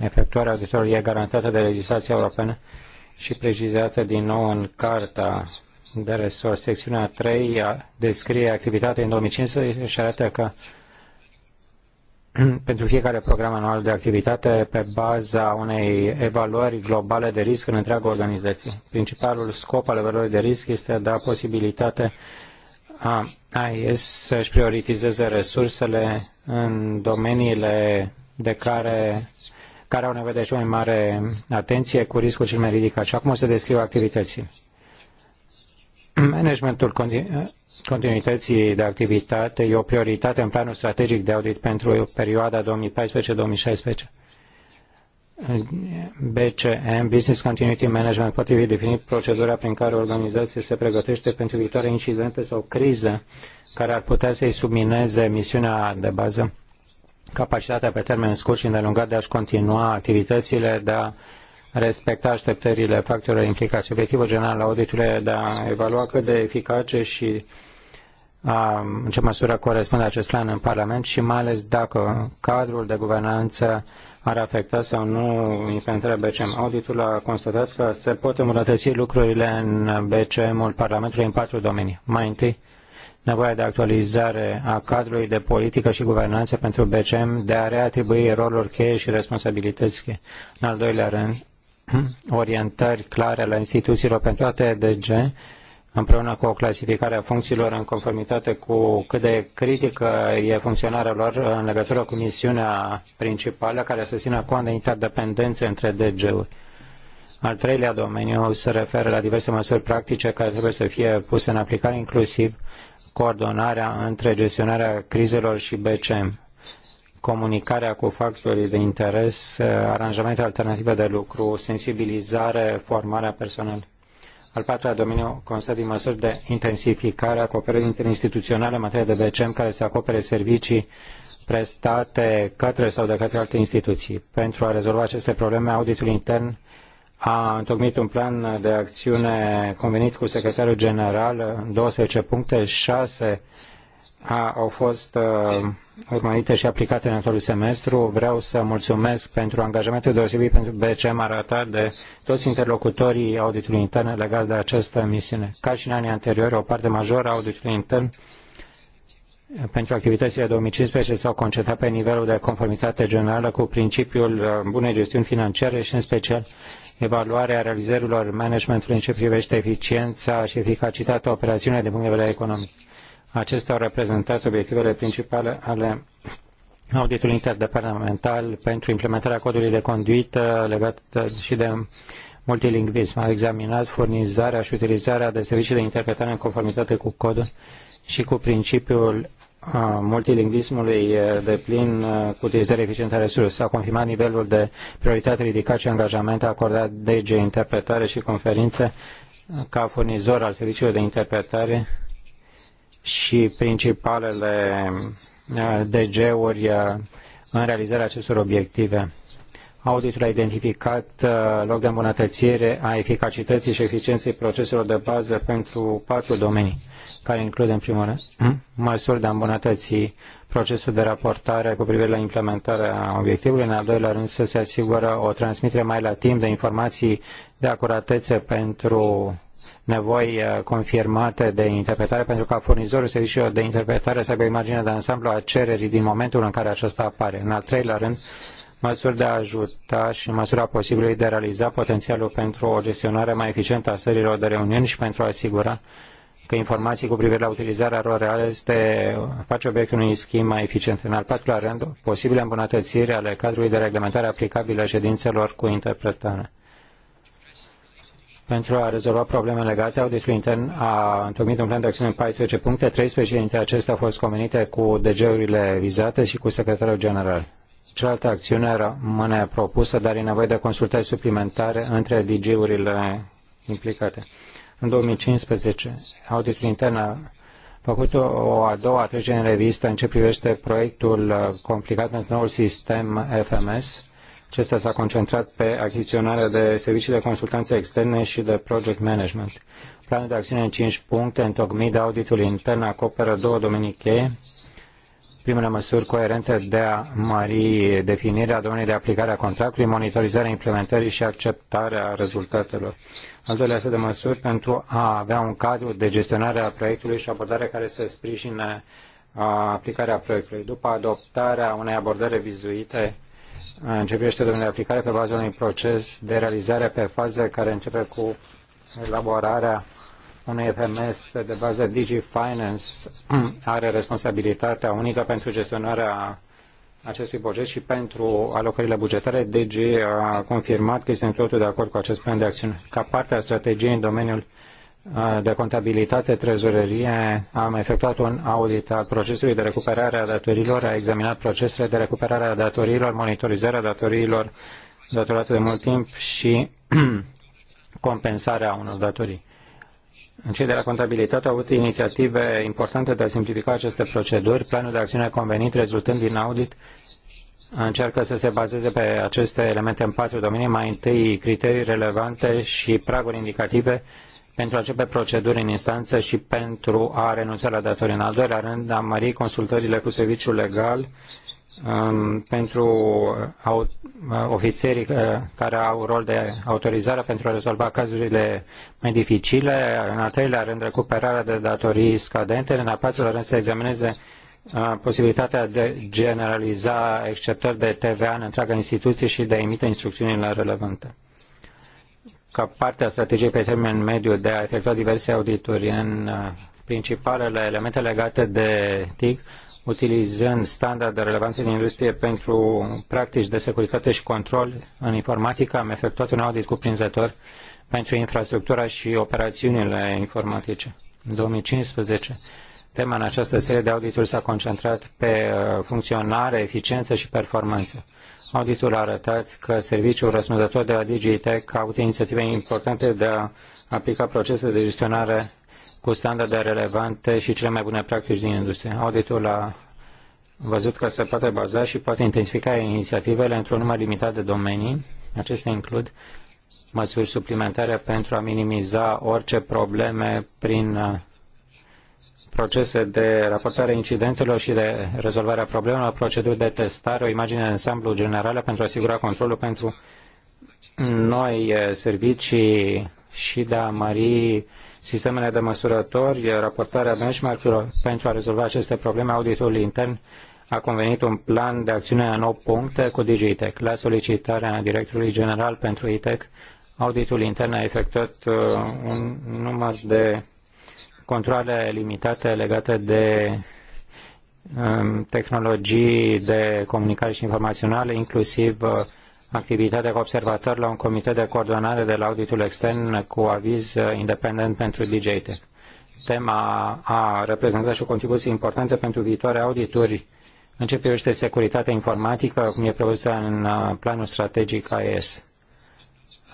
efectuarea auditorului e garantată de legislația europeană și precizată din nou în Carta de resurs. Secțiunea 3 descrie activitatea în 2015 și arată că pentru fiecare program anual de activitate pe baza unei evaluări globale de risc în întreaga organizație. Principalul scop al evaluării de risc este a da posibilitate a AIS să-și prioritizeze resursele în domeniile de care, care au nevoie de cea mai mare atenție cu riscul cel mai ridicat. Și acum o să descriu activitățile. Managementul continuității de activitate e o prioritate în planul strategic de audit pentru perioada 2014-2016. BCM, Business Continuity Management, poate fi definit procedura prin care o organizație se pregătește pentru viitoare incidente sau crize care ar putea să-i submineze misiunea de bază, capacitatea pe termen scurt și îndelungat de a-și continua activitățile, de a respecta așteptările factorilor implicați. Obiectivul general al auditului e de a evalua cât de eficace și a, în ce măsură corespunde acest plan în Parlament și mai ales dacă cadrul de guvernanță ar afecta sau nu implementarea BCM. Auditul a constatat că se pot îmbunătăți lucrurile în BCM-ul Parlamentului în patru domenii. Mai întâi, nevoia de actualizare a cadrului de politică și guvernanță pentru BCM, de a reatribui roluri cheie și responsabilități cheie. În al doilea rând, Hmm? orientări clare ale instituțiilor pentru ATDG, împreună cu o clasificare a funcțiilor în conformitate cu cât de critică e funcționarea lor în legătură cu misiunea principală care să țină cont de interdependențe între DG-uri. Al treilea domeniu se referă la diverse măsuri practice care trebuie să fie puse în aplicare, inclusiv coordonarea între gestionarea crizelor și BCM comunicarea cu factorii de interes, aranjamente alternative de lucru, sensibilizare, formarea personală. Al patrulea domeniu constă din măsuri de intensificare a cooperării interinstituționale în materie de BCM care să acopere servicii prestate către sau de către alte instituții. Pentru a rezolva aceste probleme, auditul intern a întocmit un plan de acțiune convenit cu secretarul general în 12 puncte, 6 a, au fost uh, urmărite și aplicate în actualul semestru. Vreau să mulțumesc pentru angajamentul deosebit pentru BCM arătat de toți interlocutorii auditului intern legat de această misiune. Ca și în anii anteriori, o parte majoră a auditului intern pentru activitățile 2015 s-au concentrat pe nivelul de conformitate generală cu principiul uh, bunei gestiuni financiare și în special evaluarea realizărilor managementului în ce privește eficiența și eficacitatea operațiunilor din punct de vedere economic Acestea au reprezentat obiectivele principale ale auditului interdepartamental pentru implementarea codului de conduită legat și de multilingvism. A examinat furnizarea și utilizarea de servicii de interpretare în conformitate cu codul și cu principiul multilingvismului de plin cu utilizare eficientă a resurselor. S-a confirmat nivelul de prioritate ridicat și angajament acordat DG Interpretare și Conferințe ca furnizor al serviciilor de interpretare și principalele eh, DG-uri eh, în realizarea acestor obiective. Auditul a identificat eh, loc de îmbunătățire a eficacității și eficienței proceselor de bază pentru patru domenii care include, în primul rând, măsuri de a îmbunătăți procesul de raportare cu privire la implementarea obiectivului, în al doilea rând să se asigură o transmitere mai la timp de informații de acuratețe pentru nevoi eh, confirmate de interpretare, pentru ca furnizorul serviciilor de interpretare să aibă imagine de ansamblu a cererii din momentul în care aceasta apare. În al treilea rând, măsuri de a ajuta și măsura posibilului de a realiza potențialul pentru o gestionare mai eficientă a serilor de reuniuni și pentru a asigura că informații cu privire la utilizarea lor reală este, face obiectul unui schimb mai eficient. În al patrulea rând, posibile îmbunătățiri ale cadrului de reglementare aplicabile ședințelor cu interpretare. Pentru a rezolva probleme legate, auditul intern a întocmit un plan de acțiune în 14 puncte, 13 dintre acestea au fost convenite cu DG-urile vizate și cu secretarul general. Cealaltă acțiune rămâne propusă, dar e nevoie de consultări suplimentare între DG-urile implicate în 2015. Auditul intern a făcut o a doua trecere în revistă în ce privește proiectul uh, complicat pentru noul sistem FMS. Acesta s-a concentrat pe achiziționarea de servicii de consultanță externe și de project management. Planul de acțiune în 5 puncte întocmit de auditul intern acoperă două domenii cheie primele măsuri coerente de a mări definirea domeniului de aplicare a contractului, monitorizarea implementării și acceptarea rezultatelor. Al doilea set de măsuri pentru a avea un cadru de gestionare a proiectului și abordare care să sprijine aplicarea proiectului. După adoptarea unei abordări vizuite, începește domeniul de aplicare pe baza unui proces de realizare pe fază care începe cu elaborarea unui FMS de bază DigiFinance are responsabilitatea unică pentru gestionarea acestui buget și pentru alocările bugetare. DG a confirmat că este în totul de acord cu acest plan de acțiune. Ca parte a strategiei în domeniul de contabilitate, trezorerie, am efectuat un audit al procesului de recuperare a datorilor, a examinat procesele de recuperare a datorilor, monitorizarea datorilor datorate de mult timp și compensarea unor datorii cei de la contabilitate au avut inițiative importante de a simplifica aceste proceduri. Planul de acțiune convenit rezultând din audit încearcă să se bazeze pe aceste elemente în patru domenii. Mai întâi criterii relevante și praguri indicative pentru a începe proceduri în instanță și pentru a renunța la datorii. În al doilea rând, a mări consultările cu serviciul legal pentru uh, au, uh, ofițerii uh, care au rol de autorizare pentru a rezolva cazurile mai dificile, în al treilea rând recuperarea de datorii scadente, în al patrulea rând să examineze posibilitatea de generaliza exceptări de TVA în întreaga instituție și de a emite instrucțiunile relevante. Ca parte a strategiei pe termen mediu de a efectua diverse audituri în principalele elemente legate de TIC, utilizând standarde relevante din industrie pentru practici de securitate și control în informatică, am efectuat un audit cuprinzător pentru infrastructura și operațiunile informatice. În 2015, tema în această serie de audituri s-a concentrat pe uh, funcționare, eficiență și performanță. Auditul a arătat că serviciul răspunzător de la DigiTech a avut inițiative importante de a aplica procese de gestionare cu standarde relevante și cele mai bune practici din industrie. Auditul a văzut că se poate baza și poate intensifica inițiativele într-un număr limitat de domenii. Acestea includ măsuri suplimentare pentru a minimiza orice probleme prin uh, procese de raportare a incidentelor și de rezolvarea problemelor, proceduri de testare, o imagine de ansamblu generală pentru a asigura controlul pentru noi uh, servicii și de a mări sistemele de măsurători, raportarea benchmark-urilor pentru a rezolva aceste probleme, auditul intern a convenit un plan de acțiune în 8 puncte cu DIGITEC. La solicitarea directorului general pentru ITEC, auditul intern a efectuat uh, un număr de controle limitate legate de um, tehnologii de comunicare și informaționale, inclusiv uh, activitatea ca observator la un comitet de coordonare de la auditul extern cu aviz uh, independent pentru DJT. Tema a reprezentat și o contribuție importantă pentru viitoare audituri în ce privește securitatea informatică, cum e prevăzută în uh, planul strategic AES.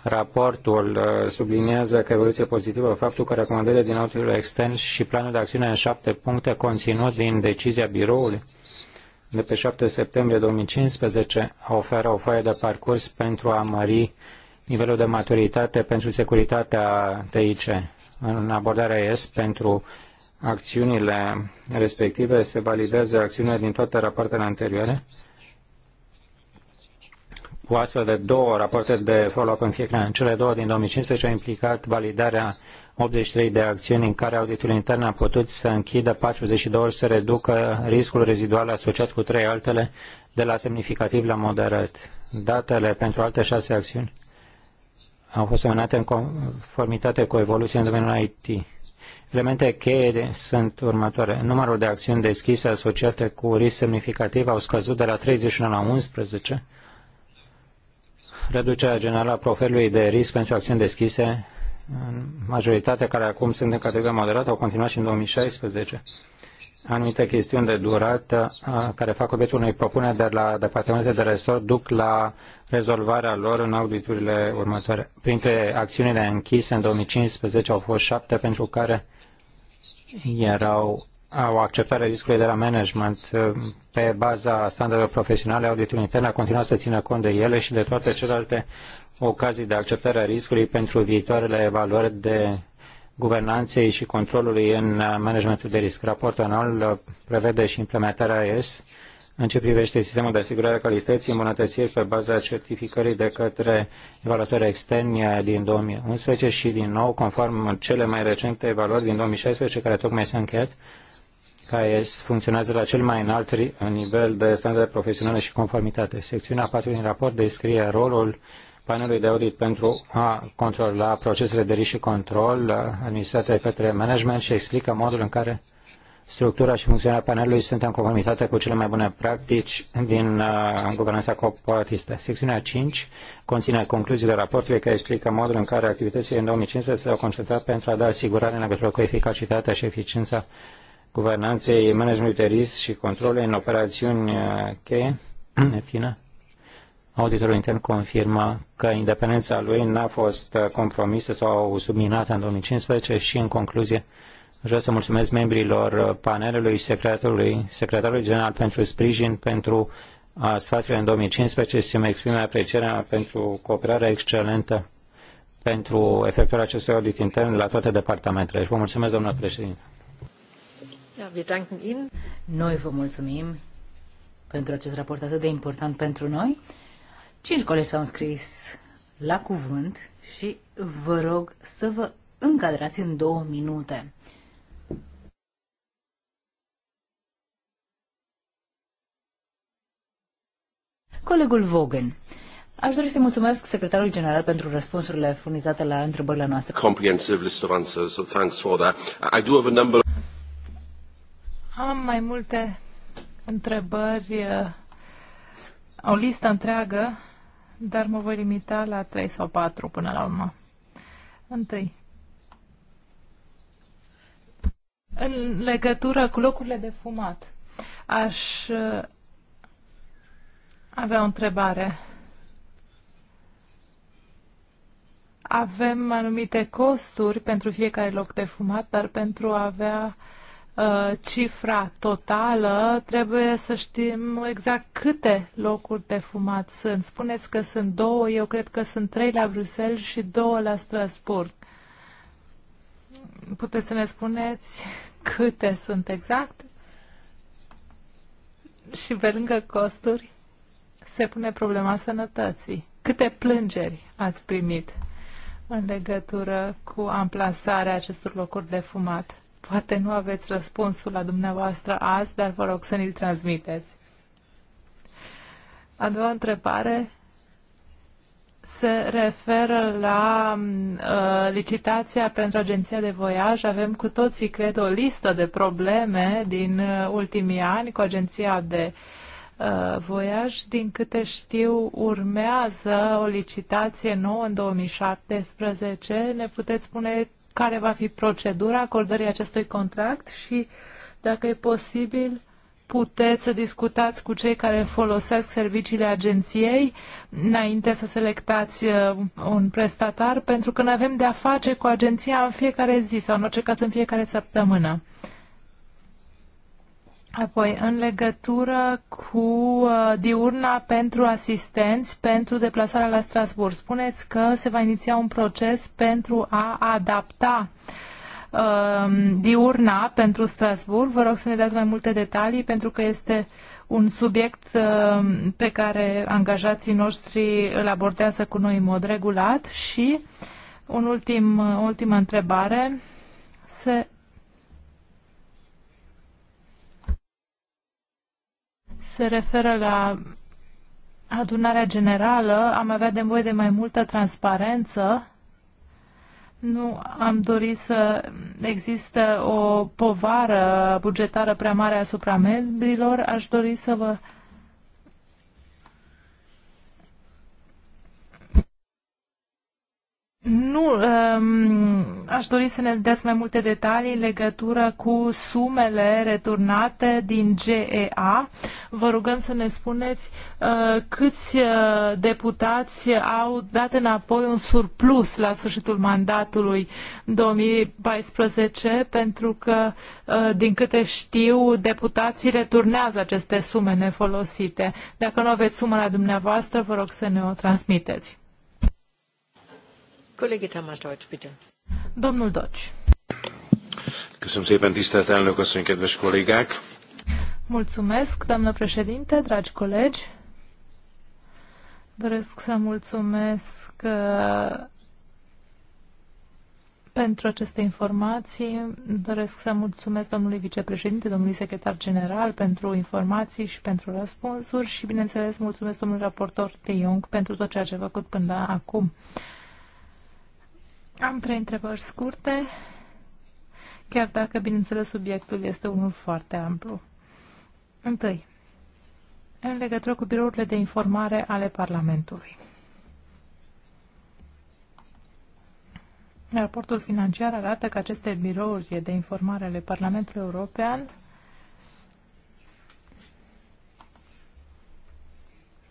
Raportul uh, subliniază că evoluție pozitivă faptul că recomandările din auditul extern și planul de acțiune în șapte puncte conținut din decizia biroului de pe 7 septembrie 2015 oferă o foaie de parcurs pentru a mări nivelul de maturitate pentru securitatea TIC. În abordarea ES pentru acțiunile respective se validează acțiunile din toate rapoartele anterioare cu astfel de două rapoarte de follow-up în fiecare an. Cele două din 2015 au implicat validarea 83 de acțiuni în care auditul intern a putut să închidă 42 ori să reducă riscul rezidual asociat cu trei altele de la semnificativ la moderat. Datele pentru alte șase acțiuni au fost semnate în conformitate cu evoluția în domeniul IT. Elemente cheie sunt următoare. Numărul de acțiuni deschise asociate cu risc semnificativ au scăzut de la 31 la 11. Reducerea generală a profilului de risc pentru acțiuni deschise majoritatea care acum sunt în categoria moderată au continuat și în 2016 anumite chestiuni de durată care fac obiectul unei propuneri de la departamentele de resort duc la rezolvarea lor în auditurile următoare. Printre acțiunile închise în 2015 au fost șapte pentru care erau au acceptare riscului de la management pe baza standardelor profesionale, auditul intern a continuat să țină cont de ele și de toate celelalte ocazii de acceptare a riscului pentru viitoarele evaluări de guvernanței și controlului în managementul de risc. Raportul anual prevede și implementarea ES în ce privește sistemul de asigurare a calității, îmbunătățiri pe baza certificării de către evaluatori externi din 2011 și, din nou, conform cele mai recente evaluări din 2016, care tocmai s-a încheiat, KS funcționează la cel mai înalt nivel de standarde profesionale și conformitate. Secțiunea 4 din raport descrie rolul panelului de audit pentru a controla procesele de risc și control uh, administrate către management și explică modul în care structura și funcționarea panelului sunt în conformitate cu cele mai bune practici din uh, guvernanța corporatistă. Secțiunea 5 conține concluziile raportului care explică modul în care activitățile în 2015 s-au concentrat pentru a da asigurare în legătură cu eficacitatea și eficiența guvernanței, managementului de risc și controle în operațiuni uh, cheie, în fine Auditorul intern confirmă că independența lui n-a fost uh, compromisă sau subminată în 2015 și, în concluzie, vreau să mulțumesc membrilor uh, panelului și secretarului, secretarului general pentru sprijin, pentru uh, sfaturile în 2015 și să-mi exprim aprecierea pentru cooperarea excelentă pentru efectuarea acestui audit intern la toate departamentele. Și vă mulțumesc, domnule președinte. Noi vă mulțumim pentru acest raport atât de important pentru noi Cinci colegi s-au înscris la cuvânt și vă rog să vă încadrați în două minute. Colegul Vogen, aș dori să mulțumesc secretarului general pentru răspunsurile furnizate la întrebările noastre. Comprehensive list of answers, so thanks for that. I do have a number... Am mai multe întrebări, uh, o listă întreagă dar mă voi limita la 3 sau 4 până la urmă. Întâi. În legătură cu locurile de fumat, aș uh, avea o întrebare. Avem anumite costuri pentru fiecare loc de fumat, dar pentru a avea uh, Uh, cifra totală, trebuie să știm exact câte locuri de fumat sunt. Spuneți că sunt două, eu cred că sunt trei la Bruxelles și două la Strasburg. Puteți să ne spuneți câte sunt exact? Și pe lângă costuri se pune problema sănătății. Câte plângeri ați primit în legătură cu amplasarea acestor locuri de fumat? Poate nu aveți răspunsul la dumneavoastră azi, dar vă rog să ne-l transmiteți. A doua întrebare se referă la mm, uh, licitația pentru agenția de voiaj. Avem cu toții, cred, o listă de probleme din uh, ultimii ani cu agenția de uh, voiaj. Din câte știu, urmează o licitație nouă în 2017. Ne puteți spune care va fi procedura acordării acestui contract și, dacă e posibil, puteți să discutați cu cei care folosesc serviciile agenției înainte să selectați uh, un prestatar, pentru că ne avem de-a face cu agenția în fiecare zi sau în orice caz în fiecare săptămână. Apoi, în legătură cu uh, diurna pentru asistenți, pentru deplasarea la Strasburg, spuneți că se va iniția un proces pentru a adapta uh, diurna pentru Strasburg. Vă rog să ne dați mai multe detalii, pentru că este un subiect uh, pe care angajații noștri îl abordează cu noi în mod regulat. Și un ultim, uh, ultima întrebare se se referă la adunarea generală, am avea nevoie de mai multă transparență. Nu am dorit să există o povară bugetară prea mare asupra membrilor. Aș dori să vă Nu, um, aș dori să ne dați mai multe detalii în legătură cu sumele returnate din GEA. Vă rugăm să ne spuneți uh, câți uh, deputați au dat înapoi un surplus la sfârșitul mandatului 2014, pentru că, uh, din câte știu, deputații returnează aceste sume nefolosite. Dacă nu aveți sumă la dumneavoastră, vă rog să ne o transmiteți. Mulțumesc, doamnă președinte, dragi colegi! Doresc să mulțumesc uh, pentru aceste informații. Doresc să mulțumesc domnului vicepreședinte, domnului secretar general pentru informații și pentru răspunsuri și, bineînțeles, mulțumesc domnului raportor De Jong pentru tot ceea ce a făcut până acum. Am trei întrebări scurte, chiar dacă, bineînțeles, subiectul este unul foarte amplu. Întâi, în legătură cu birourile de informare ale Parlamentului. Raportul financiar arată că aceste birouri de informare ale Parlamentului European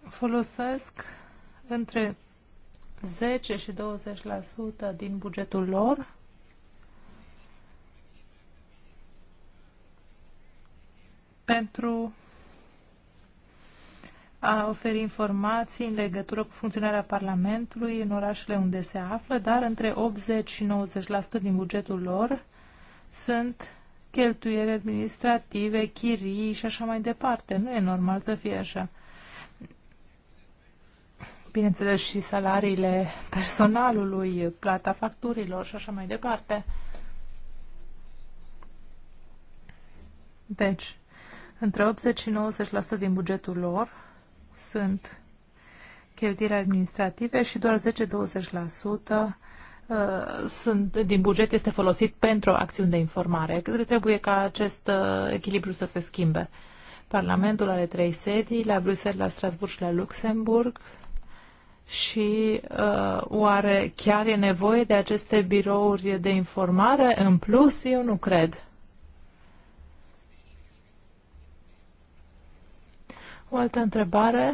folosesc între 10 și 20% din bugetul lor pentru a oferi informații în legătură cu funcționarea Parlamentului în orașele unde se află, dar între 80 și 90% din bugetul lor sunt cheltuieli administrative, chirii și așa mai departe. Nu e normal să fie așa bineînțeles și salariile personalului, plata facturilor și așa mai departe. Deci, între 80 și 90% din bugetul lor sunt cheltuieli administrative și doar 10-20% uh, sunt, din buget este folosit pentru acțiuni de informare. Trebuie ca acest uh, echilibru să se schimbe. Parlamentul are trei sedii, la Bruxelles, la Strasburg și la Luxemburg și uh, oare chiar e nevoie de aceste birouri de informare? În plus, eu nu cred. O altă întrebare.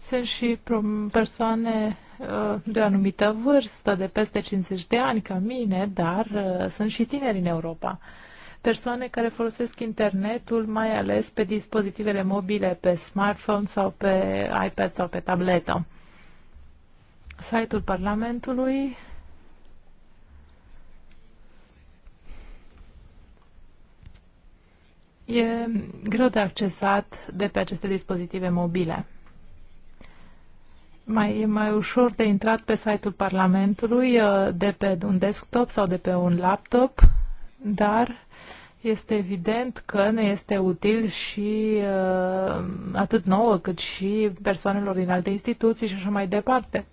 Sunt și persoane uh, de o anumită vârstă, de peste 50 de ani, ca mine, dar uh, sunt și tineri în Europa. Uh, persoane care folosesc internetul mai ales pe dispozitivele mobile, pe smartphone sau pe iPad sau pe tabletă. Site-ul Parlamentului e greu de accesat de pe aceste dispozitive mobile. Mai, e mai ușor de intrat pe site-ul Parlamentului uh, de pe un desktop sau de pe un laptop, dar este evident că ne este util și uh, atât nouă, cât și persoanelor din alte instituții și așa mai departe.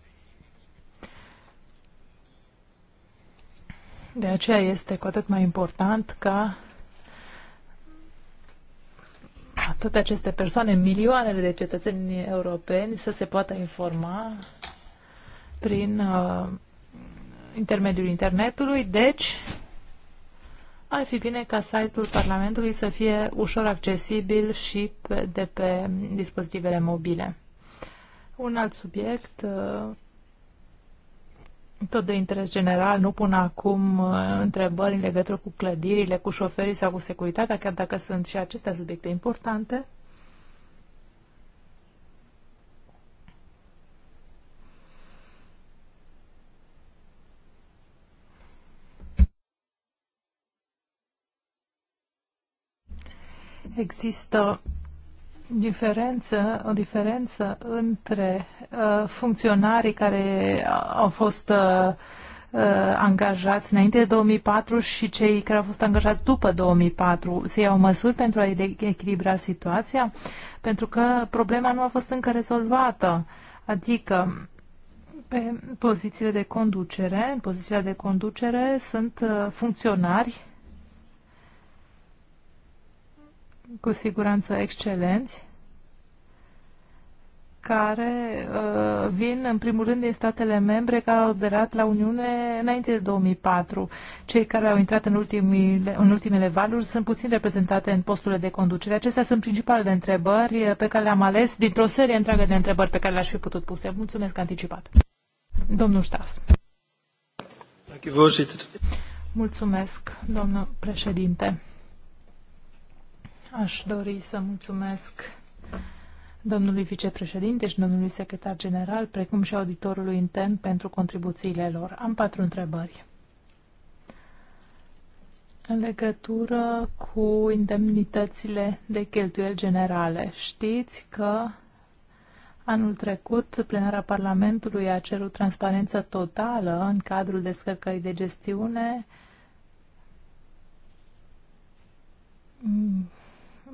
De aceea este cu atât mai important ca toate aceste persoane, milioanele de cetățeni europeni, să se poată informa prin uh, intermediul internetului. Deci, ar fi bine ca site-ul Parlamentului să fie ușor accesibil și de pe dispozitivele mobile. Un alt subiect, uh, tot de interes general, nu pun acum uh, întrebări în legătură cu clădirile, cu șoferii sau cu securitatea, chiar dacă sunt și acestea subiecte importante. există diferență, o diferență între uh, funcționarii care au fost uh, uh, angajați înainte de 2004 și cei care au fost angajați după 2004. Se iau măsuri pentru a echilibra situația? Pentru că problema nu a fost încă rezolvată. Adică pe pozițiile de conducere, în pozițiile de conducere sunt uh, funcționari cu siguranță excelenți, care uh, vin în primul rând din statele membre care au aderat la Uniune înainte de 2004. Cei care au intrat în ultimele, în ultimele valuri sunt puțin reprezentate în posturile de conducere. Acestea sunt principalele întrebări pe care le-am ales dintr-o serie întreagă de întrebări pe care le-aș fi putut puse. Mulțumesc anticipat. Domnul Ștas. Mulțumesc, domnul președinte. Aș dori să mulțumesc domnului vicepreședinte și domnului secretar general, precum și auditorului intern pentru contribuțiile lor. Am patru întrebări. În legătură cu indemnitățile de cheltuieli generale, știți că anul trecut plenara Parlamentului a cerut transparență totală în cadrul descărcării de gestiune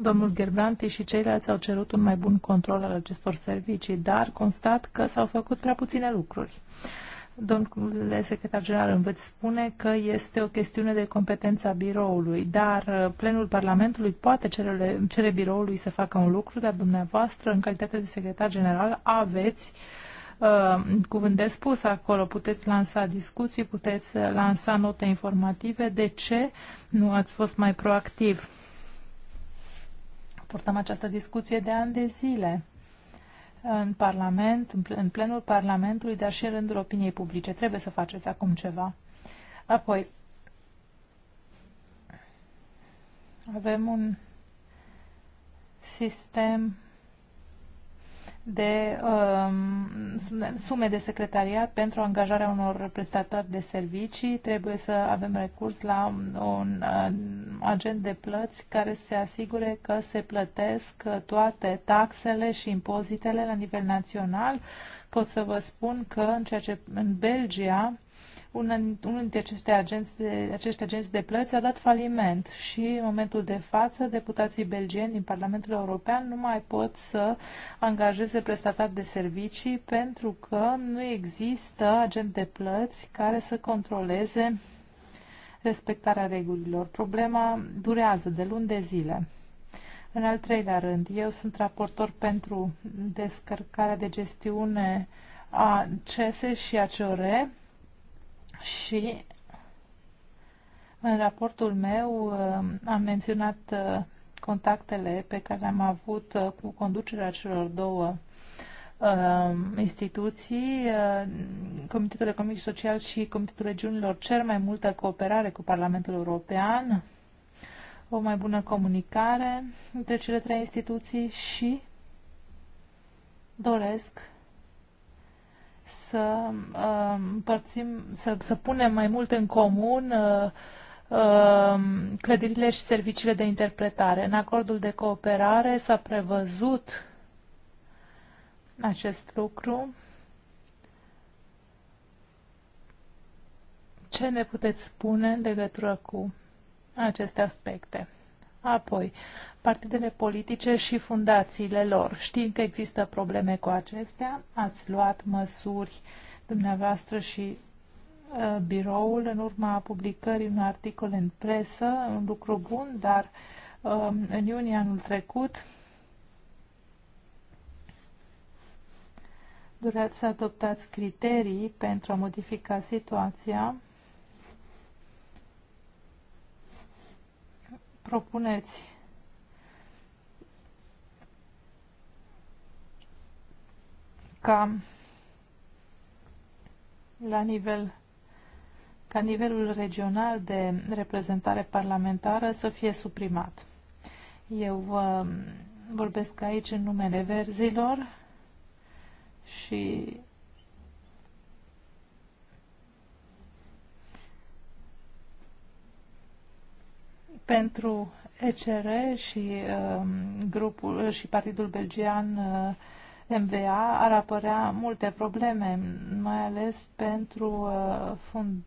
Domnul Gerbranti și ceilalți au cerut un mai bun control al acestor servicii, dar constat că s-au făcut prea puține lucruri. Domnul secretar general îmi spune că este o chestiune de competența biroului, dar uh, plenul Parlamentului poate cere, cere biroului să facă un lucru, dar dumneavoastră, în calitate de secretar general, aveți uh, cuvânt de spus acolo, puteți lansa discuții, puteți uh, lansa note informative, de ce nu ați fost mai proactiv? Purtăm această discuție de ani de zile în Parlament, în plenul Parlamentului, dar și în rândul opiniei publice. Trebuie să faceți acum ceva. Apoi, avem un sistem de um, sume de secretariat pentru angajarea unor prestatori de servicii. Trebuie să avem recurs la un uh, agent de plăți care să se asigure că se plătesc toate taxele și impozitele la nivel național. Pot să vă spun că în, ceea ce, în Belgia unul dintre aceste agenți de, aceste agenți de plăți a dat faliment și în momentul de față deputații belgieni din Parlamentul European nu mai pot să angajeze prestatari de servicii pentru că nu există agent de plăți care să controleze respectarea regulilor. Problema durează de luni de zile. În al treilea rând, eu sunt raportor pentru descărcarea de gestiune a CESE și a CEORE și în raportul meu uh, am menționat uh, contactele pe care le-am avut uh, cu conducerea celor două instituții, Comitetul Economic și Social și Comitetul Regiunilor cer mai multă cooperare cu Parlamentul European, o mai bună comunicare între cele trei instituții și doresc să uh, împărțim, să, să punem mai mult în comun uh, uh, clădirile și serviciile de interpretare. În acordul de cooperare s-a prevăzut acest lucru. Ce ne puteți spune în legătură cu aceste aspecte? Apoi, partidele politice și fundațiile lor. Știm că există probleme cu acestea. Ați luat măsuri dumneavoastră și uh, biroul în urma publicării unui articol în presă, un lucru bun, dar uh, în iunie anul trecut dureați să adoptați criterii pentru a modifica situația propuneți ca la nivel ca nivelul regional de reprezentare parlamentară să fie suprimat. Eu uh, vorbesc aici în numele verzilor și Pentru ECR și, uh, grupul, și Partidul Belgian uh, MVA ar apărea multe probleme, mai ales pentru, uh, fund,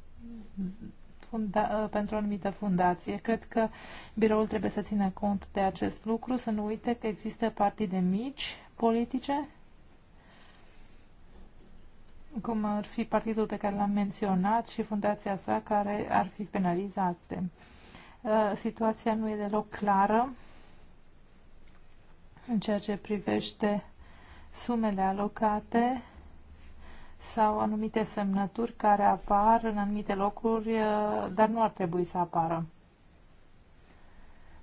funda, uh, pentru o anumită fundație. Cred că biroul trebuie să țină cont de acest lucru, să nu uite că există partide mici politice, cum ar fi partidul pe care l-am menționat și fundația sa care ar fi penalizate. Uh, situația nu e deloc clară în ceea ce privește sumele alocate sau anumite semnături care apar în anumite locuri, uh, dar nu ar trebui să apară.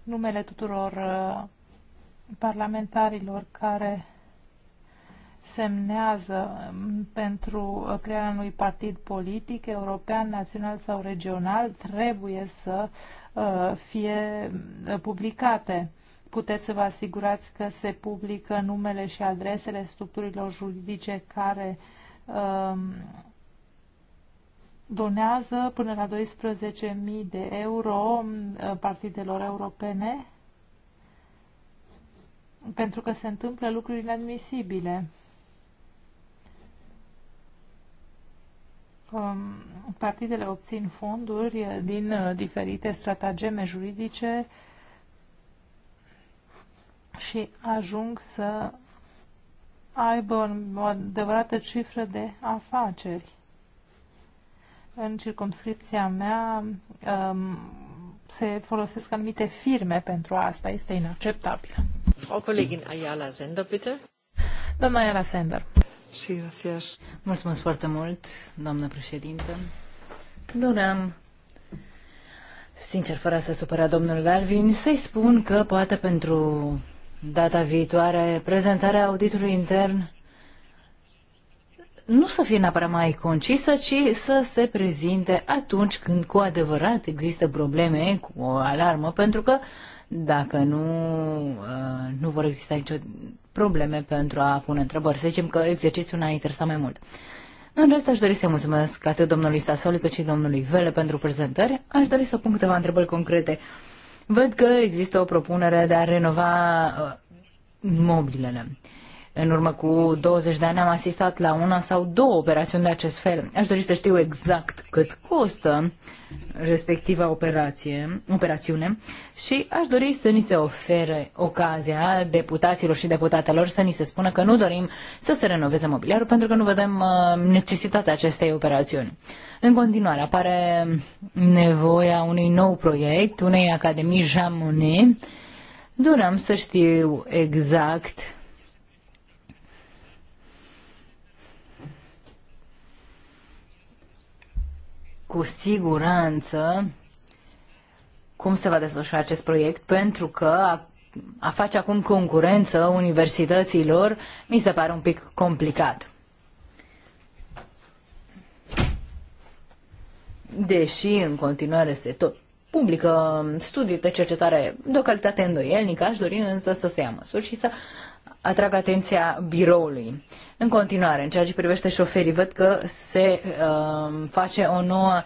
Numele tuturor uh, parlamentarilor care semnează pentru crearea unui partid politic, european, național sau regional, trebuie să fie uh, publicate. Puteți să vă asigurați că se publică numele și adresele structurilor juridice care um, donează până la 12.000 de euro um, partidelor europene pentru că se întâmplă lucruri inadmisibile. Um, partidele obțin fonduri uh, din uh, diferite stratageme juridice și ajung să aibă o adevărată cifră de afaceri. În circumscripția mea um, se folosesc anumite firme pentru asta. Este inacceptabil. Frau Kollegin Ayala Sender, bitte. Doamna Ayala Sender. Mulțumesc foarte mult, doamnă președintă. Doream, sincer, fără să supăra domnul Galvin, să-i spun că poate pentru data viitoare prezentarea auditului intern nu să fie neapărat mai concisă, ci să se prezinte atunci când cu adevărat există probleme cu o alarmă, pentru că uh, dacă nu, uh, nu vor exista nicio probleme pentru a pune întrebări. Să zicem că exercițiul ne-a interesat mai mult. În rest, aș dori să mulțumesc atât domnului Sasoli cât și domnului Vele pentru prezentări. Aș dori să pun câteva întrebări concrete. Văd că există o propunere de a renova uh, mobilele. Uh, în urmă cu 20 de ani am asistat la una sau două operațiuni de acest fel. Aș dori să știu exact cât costă respectiva operație, operațiune și aș dori să ni se ofere ocazia deputaților și deputatelor să ni se spună că nu dorim să se renoveze mobiliarul pentru că nu vedem uh, necesitatea acestei operațiuni. În continuare apare nevoia unui nou proiect, unei Academii Jamone. Doream să știu exact cu siguranță cum se va desfășura acest proiect, pentru că a, a face acum concurență universităților mi se pare un pic complicat. Deși în continuare se tot publică studii de cercetare de o calitate îndoielnică, aș dori însă să se ia măsuri și să atrag atenția biroului. În continuare, în ceea ce privește șoferii, văd că se uh, face o nouă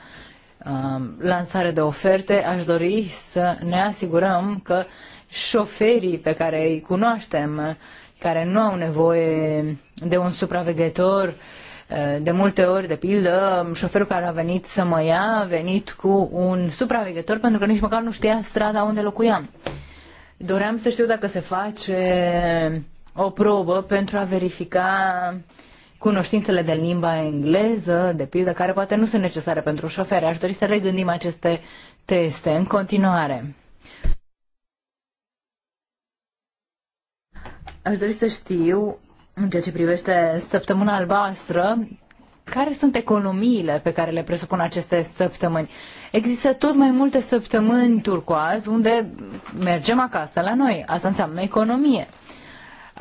uh, lansare de oferte. Aș dori să ne asigurăm că șoferii pe care îi cunoaștem, care nu au nevoie de un supraveghetor, uh, de multe ori, de pildă, șoferul care a venit să mă ia a venit cu un supraveghetor pentru că nici măcar nu știa strada unde locuiam. Doream să știu dacă se face o probă pentru a verifica cunoștințele de limba engleză, de pildă, care poate nu sunt necesare pentru șofer. Aș dori să regândim aceste teste în continuare. Aș dori să știu, în ceea ce privește săptămâna albastră, care sunt economiile pe care le presupun aceste săptămâni. Există tot mai multe săptămâni turcoaz unde mergem acasă la noi. Asta înseamnă economie.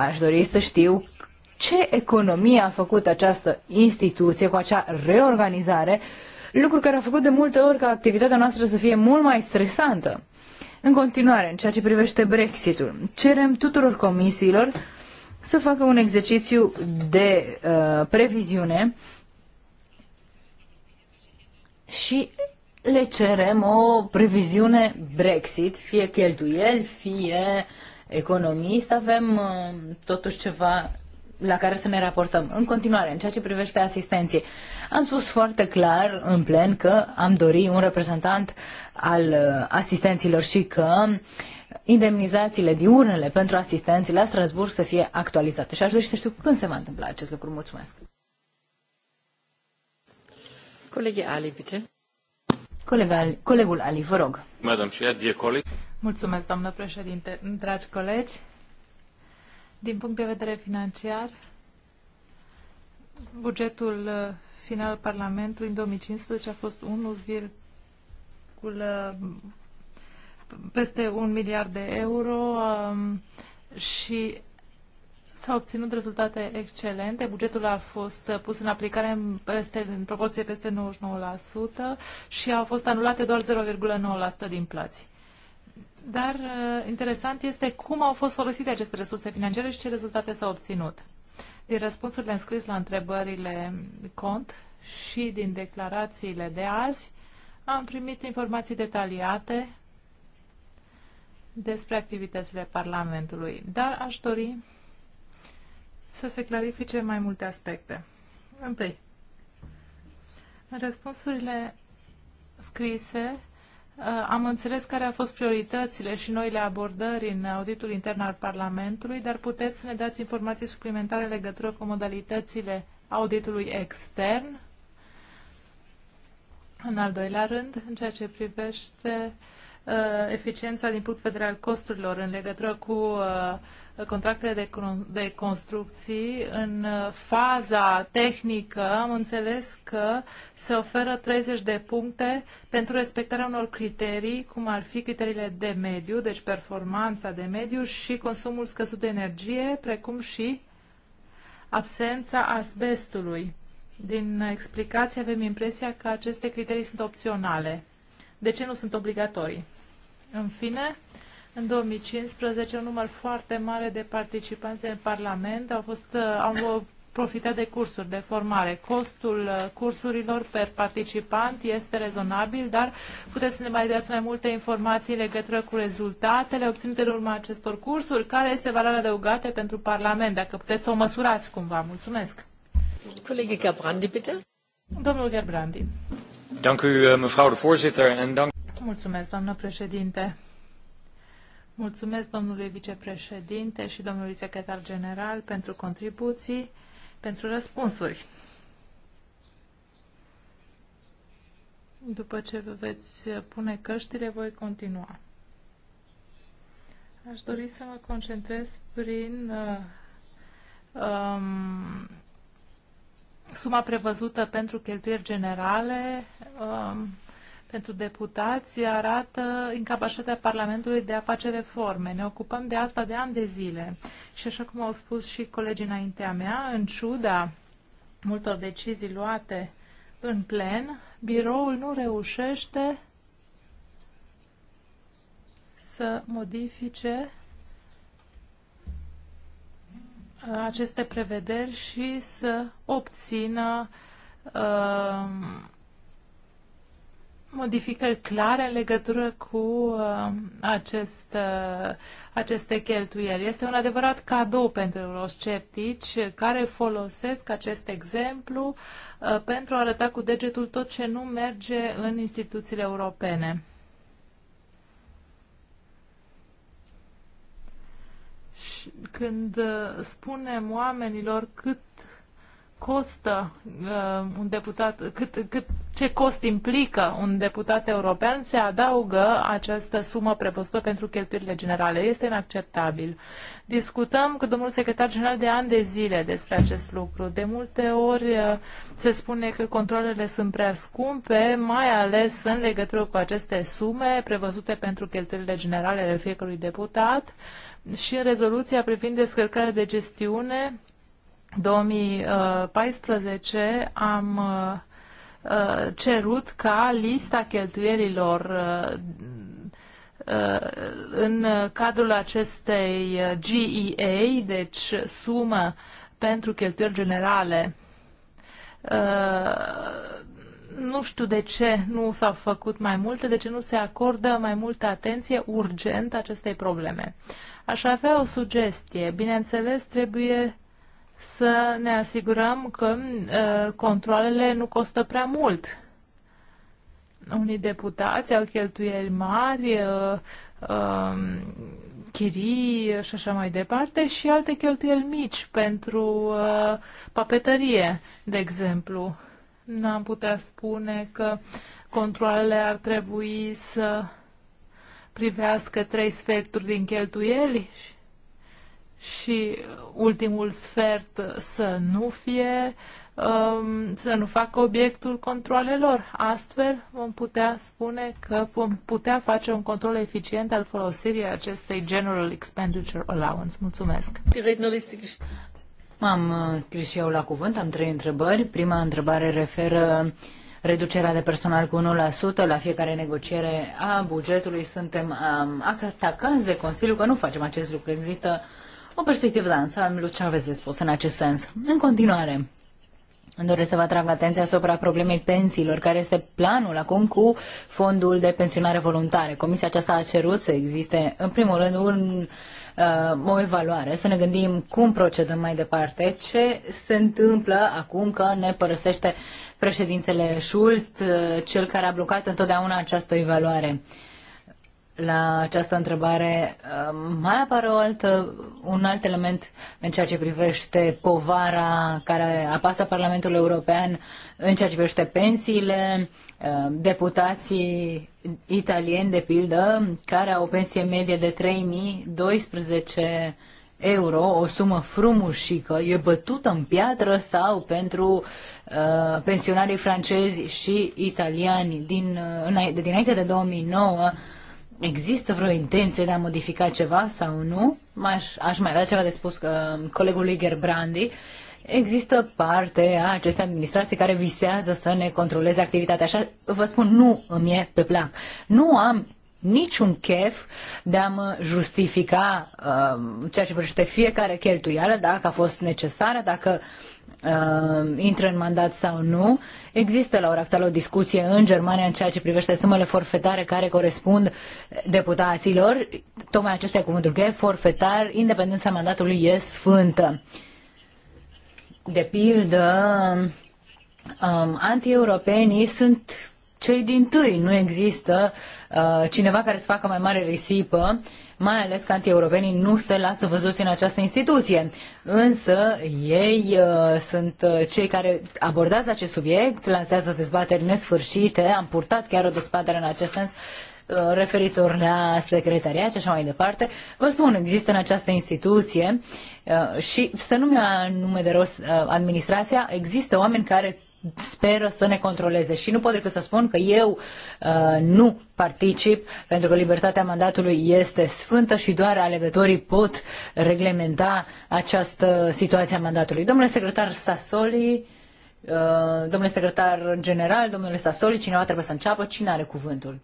Aș dori să știu ce economie a făcut această instituție cu acea reorganizare, lucru care a făcut de multe ori ca activitatea noastră să fie mult mai stresantă. În continuare, în ceea ce privește Brexitul, cerem tuturor comisiilor să facă un exercițiu de uh, previziune și le cerem o previziune Brexit, fie cheltuieli, fie economii, să avem uh, totuși ceva la care să ne raportăm. În continuare, în ceea ce privește asistenții, am spus foarte clar în plen că am dori un reprezentant al uh, asistenților și că indemnizațiile diurnele pentru asistenții la Strasburg să fie actualizate. Și aș dori să știu când se va întâmpla acest lucru. Mulțumesc. Colegii Ali, bine. colegul Ali, vă rog. Madam Chair, dear colleague. Mulțumesc, doamnă președinte. Dragi colegi, din punct de vedere financiar, bugetul uh, final Parlamentului în 2015 a fost 1, uh, peste un miliard de euro um, și S-au obținut rezultate excelente. Bugetul a fost uh, pus în aplicare în, peste, în proporție peste 99% și au fost anulate doar 0,9% din plăți dar uh, interesant este cum au fost folosite aceste resurse financiare și ce rezultate s-au obținut. Din răspunsurile înscris la întrebările cont și din declarațiile de azi, am primit informații detaliate despre activitățile Parlamentului, dar aș dori să se clarifice mai multe aspecte. Întâi, în răspunsurile scrise Uh, am înțeles care au fost prioritățile și noile abordări în auditul intern al Parlamentului, dar puteți să ne dați informații suplimentare în legătură cu modalitățile auditului extern? În al doilea rând, în ceea ce privește uh, Uh, eficiența din punct de vedere al costurilor în legătură cu uh, contractele de, de construcții. În uh, faza tehnică am înțeles că se oferă 30 de puncte pentru respectarea unor criterii, cum ar fi criteriile de mediu, deci performanța de mediu și consumul scăzut de energie, precum și absența asbestului. Din explicație avem impresia că aceste criterii sunt opționale. De ce nu sunt obligatorii? În fine, în 2015, un număr foarte mare de participanți în Parlament au, fost, uh, au uh, profitat de cursuri de formare. Costul uh, cursurilor per participant este rezonabil, dar puteți să ne mai dați mai multe informații în legătură cu rezultatele obținute în urma acestor cursuri. Care este valoarea adăugată pentru Parlament, dacă puteți să o măsurați cumva? Mulțumesc! Colegii Caprandi, bitte. Domnul Gerbrandi. Dank u, mevrouw de voorzitter, en dank... Mulțumesc, doamnă președinte. Mulțumesc domnului vicepreședinte și domnului secretar general pentru contribuții, pentru răspunsuri. După ce vă veți pune căștile, voi continua. Aș dori să mă concentrez prin uh, um, suma prevăzută pentru cheltuieli generale um, pentru deputați arată incapacitatea Parlamentului de a face reforme. Ne ocupăm de asta de ani de zile. Și așa cum au spus și colegii înaintea mea, în ciuda multor decizii luate în plen, biroul nu reușește să modifice uh, aceste prevederi și să obțină uh, modificări clare în legătură cu uh, acest, uh, aceste cheltuieli. Este un adevărat cadou pentru eurosceptici care folosesc acest exemplu uh, pentru a arăta cu degetul tot ce nu merge în instituțiile europene. Și când uh, spunem oamenilor cât costă uh, un deputat, cât, cât, ce cost implică un deputat european, se adaugă această sumă prevăzută pentru cheltuielile generale. Este inacceptabil. Discutăm cu domnul secretar general de ani de zile despre acest lucru. De multe ori uh, se spune că controlele sunt prea scumpe, mai ales în legătură cu aceste sume prevăzute pentru cheltuielile generale ale fiecărui deputat și în rezoluția privind descărcarea de gestiune 2014 uh, am uh, uh, cerut ca lista cheltuielilor în cadrul acestei GEA, deci sumă pentru cheltuieli generale, nu știu de ce nu s-au făcut mai multe, de ce nu se acordă mai multă atenție urgent acestei probleme. Aș avea o sugestie. Bineînțeles, trebuie să ne asigurăm că uh, controlele nu costă prea mult. Unii deputați au cheltuieli mari, uh, uh, chirii și așa mai departe și alte cheltuieli mici pentru uh, papetărie, de exemplu. Nu am putea spune că controlele ar trebui să privească trei sferturi din cheltuieli și ultimul sfert să nu fie um, să nu facă obiectul controlelor. Astfel vom putea spune că vom putea face un control eficient al folosirii acestei General Expenditure Allowance. Mulțumesc! M-am uh, scris și eu la cuvânt, am trei întrebări. Prima întrebare referă reducerea de personal cu 1% la fiecare negociere a bugetului. Suntem um, atacați de Consiliu că nu facem acest lucru. Există o perspectivă de ansamblu, ce aveți de spus în acest sens. În continuare, îmi doresc să vă atrag atenția asupra problemei pensiilor, care este planul acum cu fondul de pensionare voluntare. Comisia aceasta a cerut să existe, în primul rând, un, uh, o evaluare, să ne gândim cum procedăm mai departe, ce se întâmplă acum că ne părăsește președințele Schult, uh, cel care a blocat întotdeauna această evaluare. Uh, la această întrebare uh, mai apare o altă, un alt element în ceea ce privește povara care apasă Parlamentul European, în ceea ce privește pensiile, uh, deputații italieni, de pildă, care au o pensie medie de 3012 euro, o sumă frumușică, e bătută în piatră sau pentru uh, pensionarii francezi și italiani din, uh, dinainte de 2009 există vreo intenție de a modifica ceva sau nu. aș aș mai da ceva de spus că uh, colegului Gerbrandi. Există parte a acestei administrații care visează să ne controleze activitatea. Așa vă spun, nu îmi e pe plac. Nu am niciun chef de a mă justifica uh, ceea ce privește fiecare cheltuială, dacă a fost necesară, dacă uh, uh, intre în mandat sau nu. Există la ora actuală o discuție în Germania în ceea ce privește sumele forfetare care corespund deputaților. Tocmai acesta e cuvântul cheie, forfetar, independența mandatului e sfântă. De pildă, um, antieuropenii sunt cei din tâi, nu există uh, cineva care să facă mai mare risipă mai ales că antieuropenii nu se lasă văzuți în această instituție. Însă ei uh, sunt uh, cei care abordează acest subiect, lansează dezbateri nesfârșite, am purtat chiar o dezbatere în acest sens uh, referitor la secretariat și așa mai departe. Vă spun, există în această instituție uh, și să nu mi-a nume de rost administrația, există oameni care speră să ne controleze. Și nu pot decât să spun că eu uh, nu particip, pentru că libertatea mandatului este sfântă și doar alegătorii pot reglementa această situație a mandatului. Domnule secretar Sassoli, uh, domnule secretar general, domnule Sassoli, cineva trebuie să înceapă, cine are cuvântul?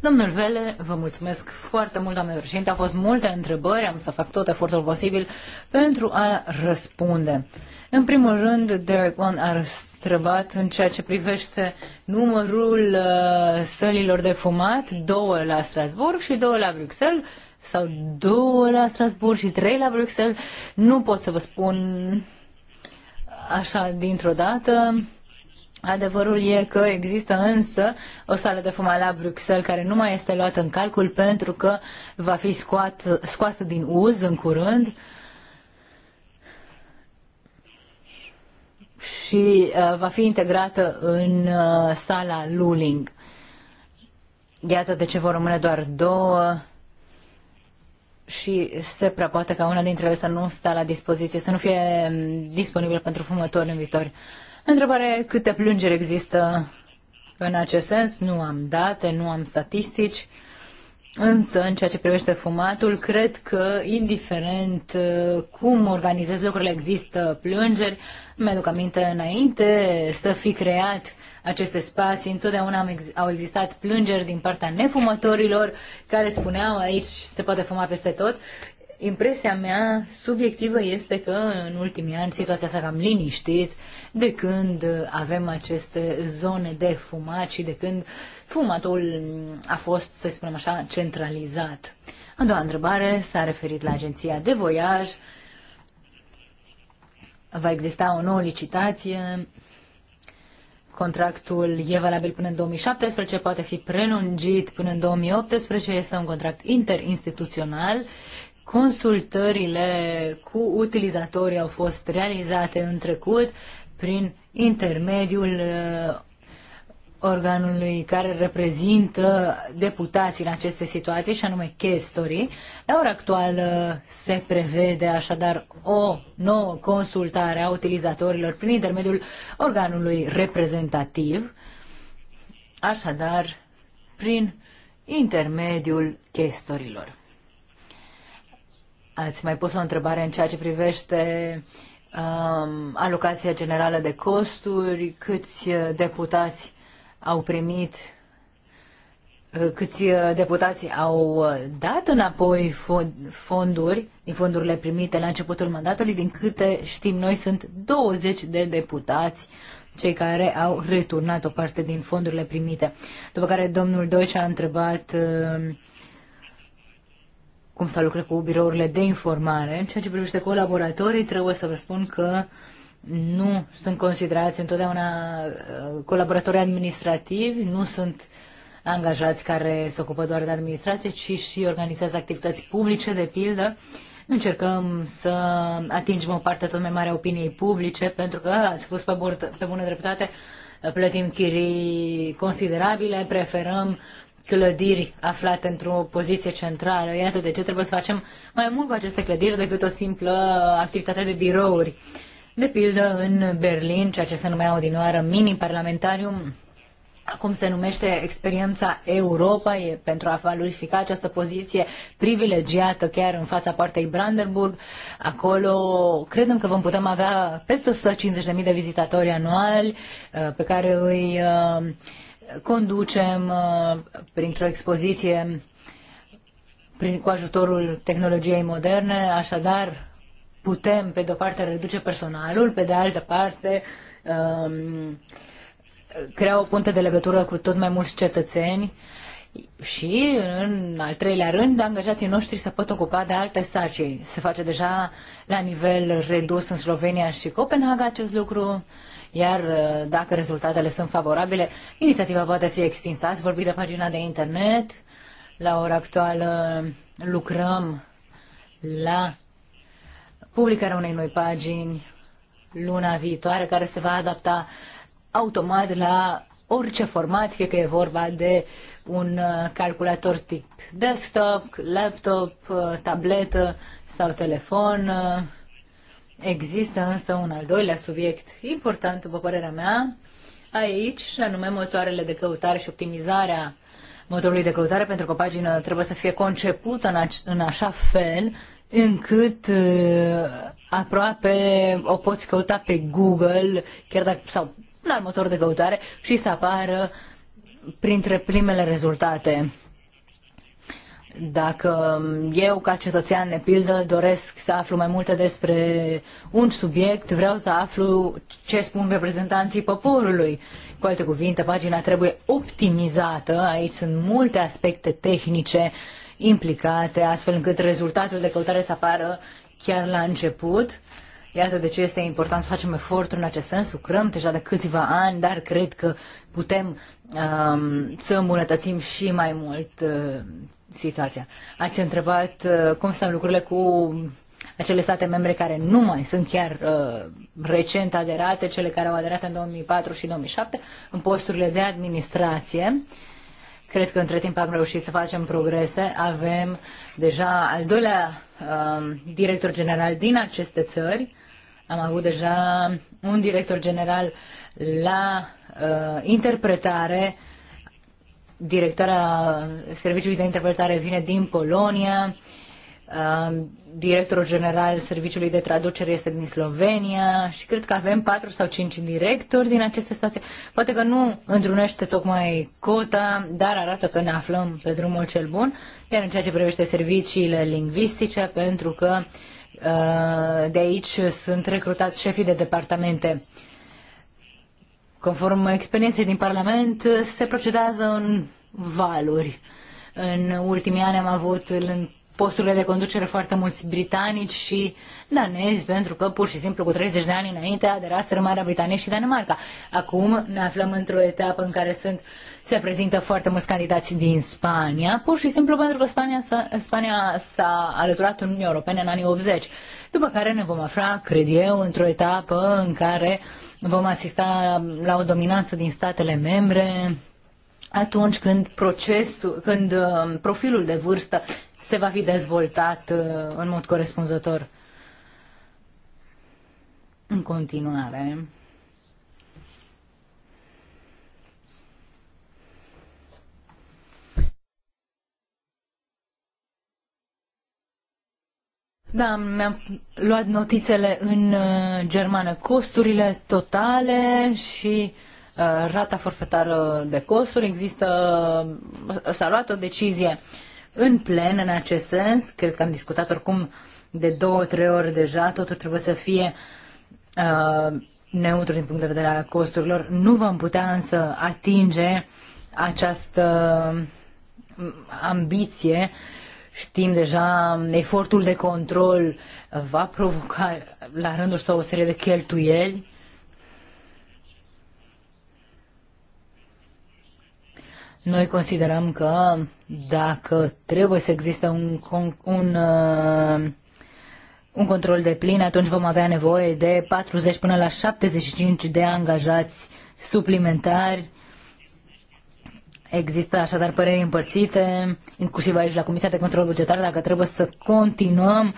Domnul Vele, vă mulțumesc foarte mult, doamne președinte. Au fost multe întrebări, am să fac tot efortul posibil pentru a răspunde. Uh, în primul rând, Derek Wan a străbat în ceea ce privește numărul uh, sălilor de fumat, două la Strasburg și două la Bruxelles, sau două la Strasburg și trei la Bruxelles. Nu pot să vă spun așa dintr-o dată. Adevărul e că există însă o sală de fumat la Bruxelles care nu mai este luată în calcul pentru că va fi scoat, scoasă din uz în curând. și uh, va fi integrată în uh, sala Luling. Iată de ce vor rămâne doar două și se prea poate ca una dintre ele să nu sta la dispoziție, să nu fie um, disponibilă pentru fumători în viitor. Întrebare câte plângeri există în acest sens? Nu am date, nu am statistici. Însă, în ceea ce privește fumatul, cred că, indiferent uh, cum organizez lucrurile, există plângeri. Mi-aduc aminte înainte să fi creat aceste spații, întotdeauna au existat plângeri din partea nefumătorilor care spuneau aici se poate fuma peste tot. Impresia mea subiectivă este că în ultimii ani situația s-a cam liniștit, uh, de când avem aceste zone de fumat și de când fumatul a fost, să spunem așa, centralizat. A doua întrebare s-a referit la agenția de voiaj. Va exista o nouă licitație. Contractul e valabil până în 2017, poate fi prelungit până în 2018, este un contract interinstituțional. Consultările cu utilizatorii au fost realizate în trecut prin intermediul uh, organului care reprezintă deputații în aceste situații, și anume chestorii. La ora actuală se prevede așadar o nouă consultare a utilizatorilor prin intermediul organului reprezentativ, așadar prin intermediul chestorilor. Ați mai pus o întrebare în ceea ce privește Um, alocația generală de costuri, câți uh, deputați au primit, uh, câți uh, deputați au dat înapoi fonduri din fondurile primite la începutul mandatului, din câte știm noi sunt 20 de deputați cei care au returnat o parte din fondurile primite. După care domnul doi a întrebat uh, cum s-a lucrat cu birourile de informare. În ceea ce privește colaboratorii, trebuie să vă spun că nu sunt considerați întotdeauna uh, colaboratori administrativi, nu sunt angajați care se ocupă doar de administrație, ci și organizează activități publice, de pildă. Încercăm să atingem o parte tot mai mare a opiniei publice, pentru că, ați spus pe, bord, pe bună dreptate, plătim chirii considerabile, preferăm uh, clădiri aflate într-o poziție centrală. Iată de ce trebuie să facem mai mult cu aceste clădiri decât o simplă activitate de birouri. De pildă, în Berlin, ceea ce se numea odinoară mini-parlamentarium, acum se numește experiența Europa, e pentru a valorifica această poziție privilegiată chiar în fața poartei Brandenburg. Acolo credem că vom putem avea peste 150.000 de vizitatori anuali uh, pe care îi uh, conducem uh, printr-o expoziție prin, cu ajutorul tehnologiei moderne, așadar putem, pe de-o parte, reduce personalul, pe de altă parte, um, crea o punte de legătură cu tot mai mulți cetățeni și, în al treilea rând, angajații noștri se pot ocupa de alte sarcini. Se face deja la nivel redus în Slovenia și Copenhaga acest lucru. Uh, iar uh, dacă rezultatele sunt favorabile, inițiativa poate fi extinsă. Ați vorbit de pagina de internet, la ora actuală lucrăm la publicarea unei noi pagini luna viitoare, care se va adapta automat la orice format, fie că e vorba de un uh, calculator tip desktop, laptop, uh, tabletă sau telefon. Există însă un al doilea subiect important, după părerea mea, aici, și anume motoarele de căutare și optimizarea motorului de căutare, pentru că o pagină trebuie să fie concepută în, în așa fel încât uh, aproape o poți căuta pe Google, chiar dacă, sau un alt motor de căutare, și să apară printre primele rezultate. Dacă eu, ca cetățean, de pildă, doresc să aflu mai multe despre un subiect, vreau să aflu ce spun reprezentanții poporului. Cu alte cuvinte, pagina trebuie optimizată. Aici sunt multe aspecte tehnice implicate, astfel încât rezultatul de căutare să apară chiar la început Iată de ce este important să facem eforturi în acest sens. Lucrăm deja de câțiva ani, dar cred că putem um, să îmbunătățim și mai mult uh, situația. Ați întrebat uh, cum stau lucrurile cu acele state membre care nu mai sunt chiar uh, recent aderate, cele care au aderat în 2004 și 2007, în posturile de administrație. Cred că între timp am reușit să facem progrese. Avem deja al doilea uh, director general din aceste țări am avut deja un director general la uh, interpretare. Directoarea Serviciului de Interpretare vine din Polonia. Uh, directorul general Serviciului de Traducere este din Slovenia și cred că avem patru sau cinci directori din aceste stații. Poate că nu întrunește tocmai cota, dar arată că ne aflăm pe drumul cel bun, iar în ceea ce privește serviciile lingvistice, pentru că uh, Uh, de aici sunt recrutați șefii de departamente. Conform experienței din Parlament, se procedează în valuri. În ultimii ani am avut în posturile de conducere foarte mulți britanici și danezi, pentru că pur și simplu cu 30 de ani înainte aderaseră Marea Britanie și Danemarca. Acum ne aflăm într-o etapă în care sunt uh, se prezintă foarte mulți candidați din Spania, pur și simplu pentru că Spania s-a, Spania s-a alăturat Uniunii Europene în anii 80, după care ne vom afla, cred eu, într-o etapă în care vom asista la o dominanță din statele membre atunci când procesul, când um, profilul de vârstă se va fi dezvoltat uh, în mod corespunzător. În continuare, Da, mi-am luat notițele în uh, germană. Costurile totale și uh, rata forfetară de costuri. Există, uh, s-a luat o decizie în plen în acest sens. Cred că am discutat oricum de două, trei ori deja. Totul trebuie să fie uh, neutru din punct de vedere al costurilor. Nu vom putea însă atinge această mm, ambiție Știm deja, efortul de control va provoca la rândul său o serie de cheltuieli. Noi considerăm că dacă trebuie să existe un, un, uh, un control de plin, atunci vom avea nevoie de 40 până la 75 de angajați suplimentari Există așadar păreri împărțite, inclusiv aici la Comisia de Control Bugetar, dacă trebuie să continuăm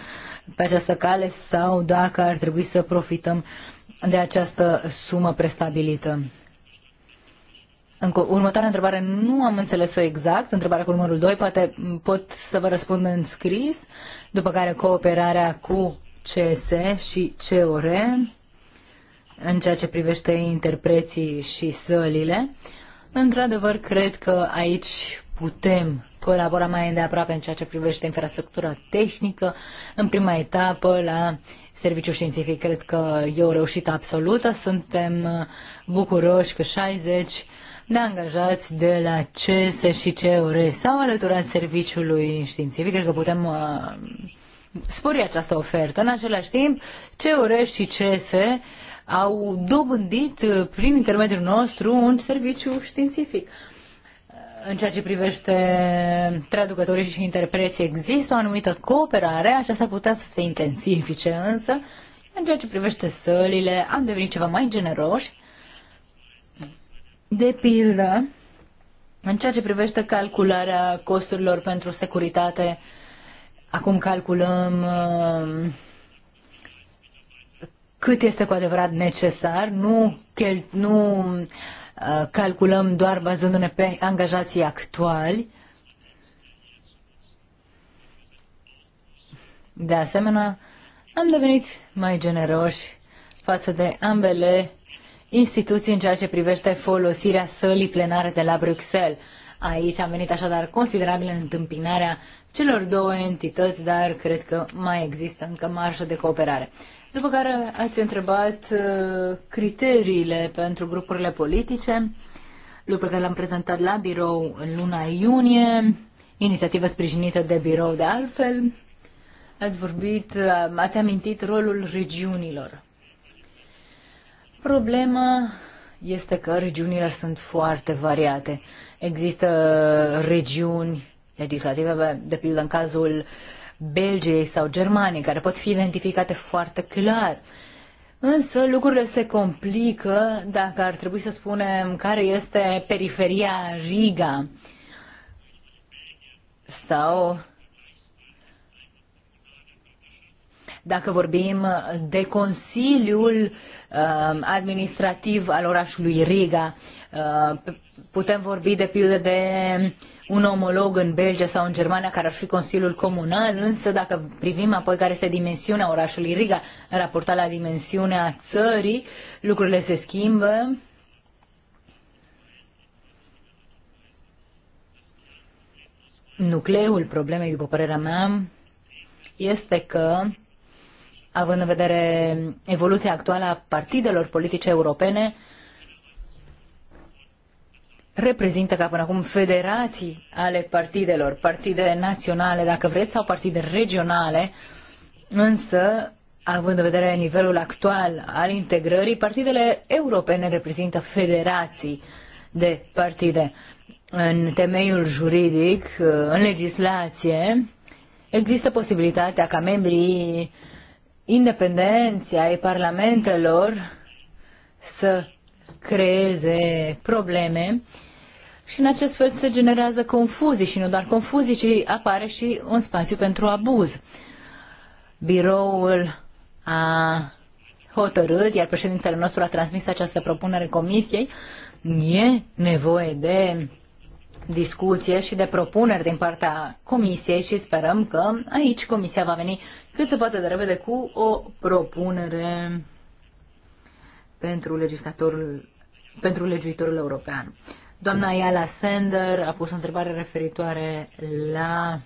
pe această cale sau dacă ar trebui să profităm de această sumă prestabilită. Încă următoarea întrebare nu am înțeles-o exact, întrebarea cu numărul 2, poate pot să vă răspund în scris, după care cooperarea cu CS și COR în ceea ce privește interpreții și sălile. Uh, Într-adevăr, cred că aici putem colabora mai îndeaproape în ceea ce privește infrastructura tehnică. În prima etapă, la serviciul științific, cred că e o reușită absolută. Suntem uh, bucuroși că 60 de angajați de la CESE și CEUR s-au alăturat serviciului științific. Cred că putem uh, spori această ofertă. În același timp, CEUR și CESE au dobândit uh, prin intermediul nostru un serviciu științific. În ceea ce privește traducătorii și interpreții, există o anumită cooperare, aceasta putea să se intensifice, însă, în ceea ce privește sălile, am devenit ceva mai generoși. De pildă, în ceea ce privește calcularea costurilor pentru securitate, acum calculăm uh, cât este cu adevărat necesar, nu, chel, nu uh, calculăm doar bazându-ne pe angajații actuali. De asemenea, am devenit mai generoși față de ambele instituții în ceea ce privește folosirea sălii plenare de la Bruxelles. Aici am venit așadar considerabil în întâmpinarea celor două entități, dar cred că mai există încă marșă de cooperare. După care ați întrebat uh, criteriile pentru grupurile politice, lucru care l-am prezentat la birou în luna iunie, inițiativă sprijinită de birou de altfel. Ați vorbit, uh, ați amintit rolul regiunilor. Problema este că regiunile sunt foarte variate. Există regiuni legislative, de pildă în cazul uh, Belgiei sau Germaniei, care pot fi identificate foarte clar. Însă lucrurile se complică dacă ar trebui să spunem care este periferia Riga sau dacă vorbim de Consiliul um, administrativ al orașului Riga. Uh, putem vorbi de pildă de un omolog în Belgia sau în Germania care ar fi Consiliul Comunal, însă dacă privim apoi care este dimensiunea orașului Riga, raportat la dimensiunea țării, lucrurile se schimbă. Nucleul problemei, după părerea mea, este că, având în vedere evoluția actuală a partidelor politice europene, reprezintă ca până acum federații ale partidelor, partide naționale, dacă vreți, sau partide regionale, însă, având în vedere nivelul actual al integrării, partidele europene reprezintă federații de partide. În temeiul juridic, în legislație, există posibilitatea ca membrii independenții ai parlamentelor să creeze probleme și în acest fel se generează confuzii și nu doar confuzii, ci apare și un spațiu pentru abuz. Biroul a hotărât, iar președintele nostru a transmis această propunere comisiei, e nevoie de discuție și de propuneri din partea comisiei și sperăm că aici comisia va veni cât se poate de repede cu o propunere pentru legislatorul pentru legiuitorul european. Doamna Iala Sender a pus o întrebare referitoare la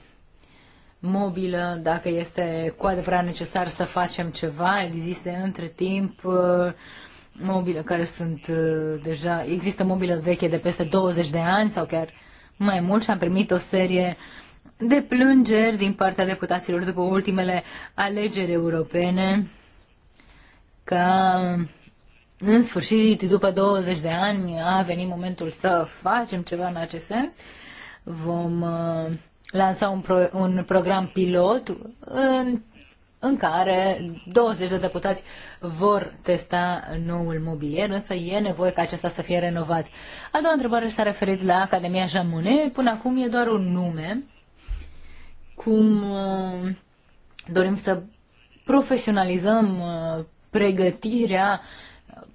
mobilă, dacă este cu adevărat necesar să facem ceva, există între timp mobilă care sunt uh, deja, există mobilă veche de peste 20 de ani sau chiar mai mult și am primit o serie de plângeri din partea deputaților după ultimele alegeri europene ca în sfârșit, după 20 de ani, a venit momentul să facem ceva în acest sens. Vom uh, lansa un, pro, un program pilot în, în care 20 de deputați vor testa noul mobilier, însă e nevoie ca acesta să fie renovat. A doua întrebare s-a referit la Academia Jamune. Până acum e doar un nume. Cum uh, dorim să profesionalizăm uh, pregătirea uh,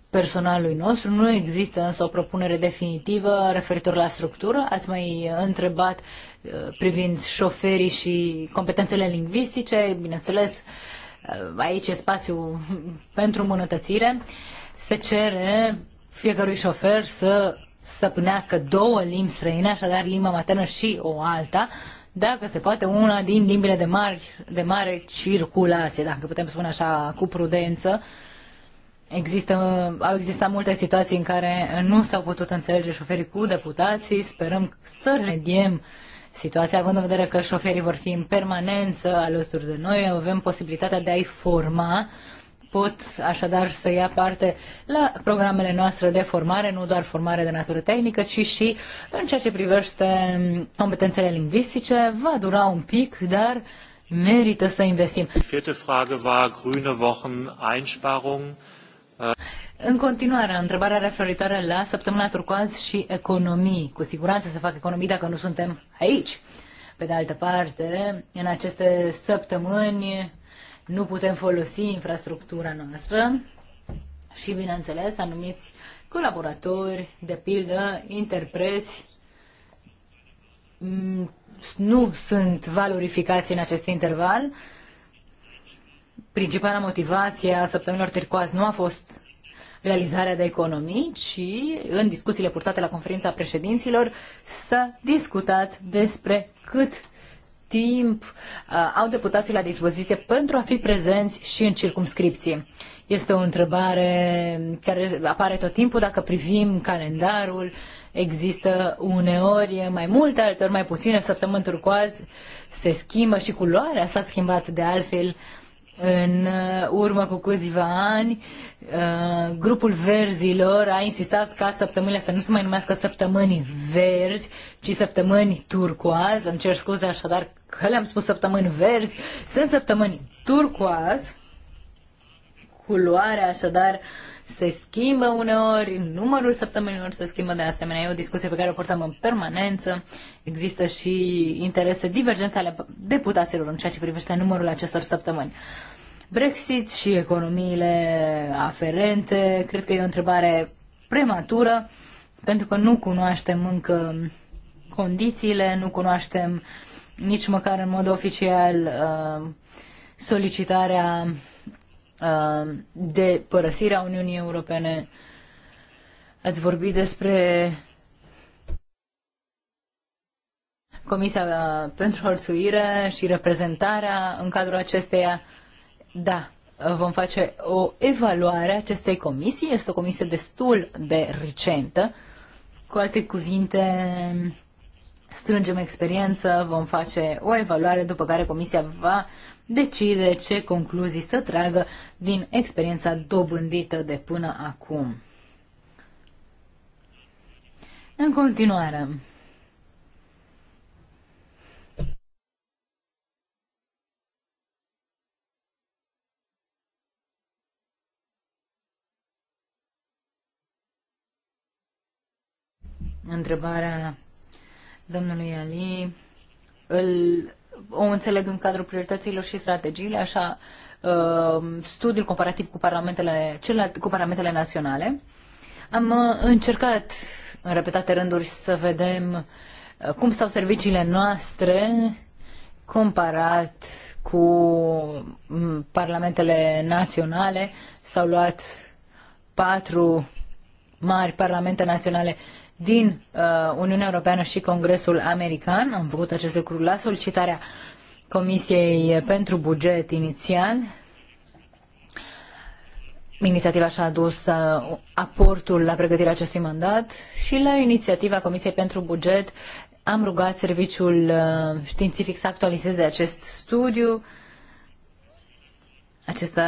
personalului nostru. Nu există însă o propunere definitivă referitor la structură. Ați mai întrebat uh, privind șoferii și competențele lingvistice. Bineînțeles, uh, aici e spațiu pentru îmbunătățire. Se cere fiecărui șofer să stăpânească două limbi străine, așadar limba maternă și o alta, dacă se poate, una din limbile de, mari, de mare circulație, dacă putem spune așa cu prudență, uh, Există, au existat multe situații în care nu s-au putut înțelege șoferii cu deputații. Sperăm să remediem situația, având în vedere că șoferii vor fi în permanență alături de noi. Avem posibilitatea de a-i forma. Pot așadar să ia parte la programele noastre de formare, nu doar formare de natură tehnică, ci și în ceea ce privește competențele lingvistice. Va dura un pic, dar merită să investim. Frage war grüne Wochen Einsparungen. În continuare, întrebarea referitoare la săptămâna turcoaz și economii. Cu siguranță se fac economii dacă nu suntem aici. Pe de altă parte, în aceste săptămâni nu putem folosi infrastructura noastră și, bineînțeles, anumiți colaboratori, de pildă, interpreți, mm, nu sunt valorificați în acest interval, principala motivație a săptămânilor tercoase nu a fost realizarea de economii, ci în discuțiile purtate la conferința președinților s-a discutat despre cât timp uh, au deputații la dispoziție pentru a fi prezenți și în circumscripție. Este o întrebare care apare tot timpul dacă privim calendarul. Există uneori mai multe, alteori mai puține săptămâni turcoaz, se schimbă și culoarea s-a schimbat de altfel. Uh, în uh, urmă cu câțiva ani, uh, grupul verzilor a insistat ca săptămânile să nu se mai numească săptămâni verzi, ci săptămâni turcoaz. Îmi cer scuze așadar că le-am spus săptămâni verzi. Sunt săptămâni turcoaz. Culoarea așadar se schimbă uneori, numărul săptămânilor se schimbă de asemenea. E o discuție pe care o portăm în permanență. Există și interese divergente ale deputaților în ceea ce privește numărul acestor săptămâni. Brexit și economiile aferente. Cred că e o întrebare prematură, pentru că nu cunoaștem încă condițiile, nu cunoaștem nici măcar în mod oficial uh, solicitarea uh, de părăsire a Uniunii Europene. Ați vorbit despre Comisia pentru Hărțuire și reprezentarea în cadrul acesteia. Da, vom face o evaluare a acestei comisii. Este o comisie destul de recentă. Cu alte cuvinte, strângem experiență, vom face o evaluare, după care comisia va decide ce concluzii să tragă din experiența dobândită de până acum. În continuare, întrebarea domnului Ali, îl, o înțeleg în cadrul priorităților și strategiile, așa uh, studiul comparativ cu parlamentele, celelalte, cu parlamentele naționale. Am uh, încercat în repetate rânduri să vedem uh, cum stau serviciile noastre comparat cu mm, parlamentele naționale. S-au luat patru mari parlamente naționale din uh, Uniunea Europeană și Congresul American. Am făcut acest lucru la solicitarea Comisiei pentru Buget inițial. Inițiativa și-a adus uh, aportul la pregătirea acestui mandat și la inițiativa Comisiei pentru Buget am rugat serviciul uh, științific să actualizeze acest studiu. Acesta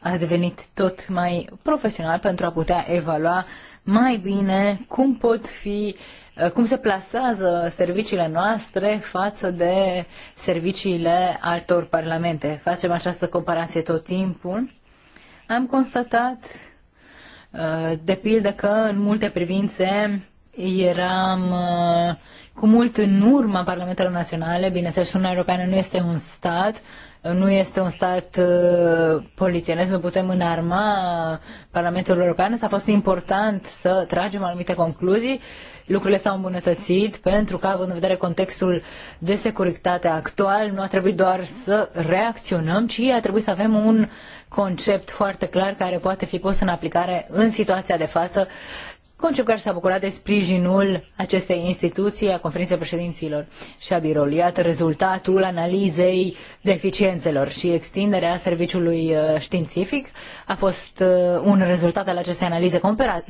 a devenit tot mai profesional pentru a putea evalua mai bine cum pot fi uh, cum se plasează serviciile noastre față de serviciile altor parlamente. Facem această comparație tot timpul. Am constatat, uh, de pildă, că în multe privințe eram uh, cu mult în urma Parlamentelor Naționale. Bineînțeles, Uniunea Europeană nu este un stat, nu este un stat uh, polițienesc, nu putem înarma Parlamentul European, s-a fost important să tragem anumite concluzii. Lucrurile s-au îmbunătățit pentru că, având în vedere contextul de securitate actual, nu a trebuit doar să reacționăm, ci a trebuit să avem un concept foarte clar care poate fi pus în aplicare în situația de față uh, Concep care s-a bucurat de sprijinul acestei instituții, a conferinței președinților și a biroului. Iată rezultatul analizei deficiențelor și extinderea serviciului uh, științific a fost uh, un rezultat al acestei analize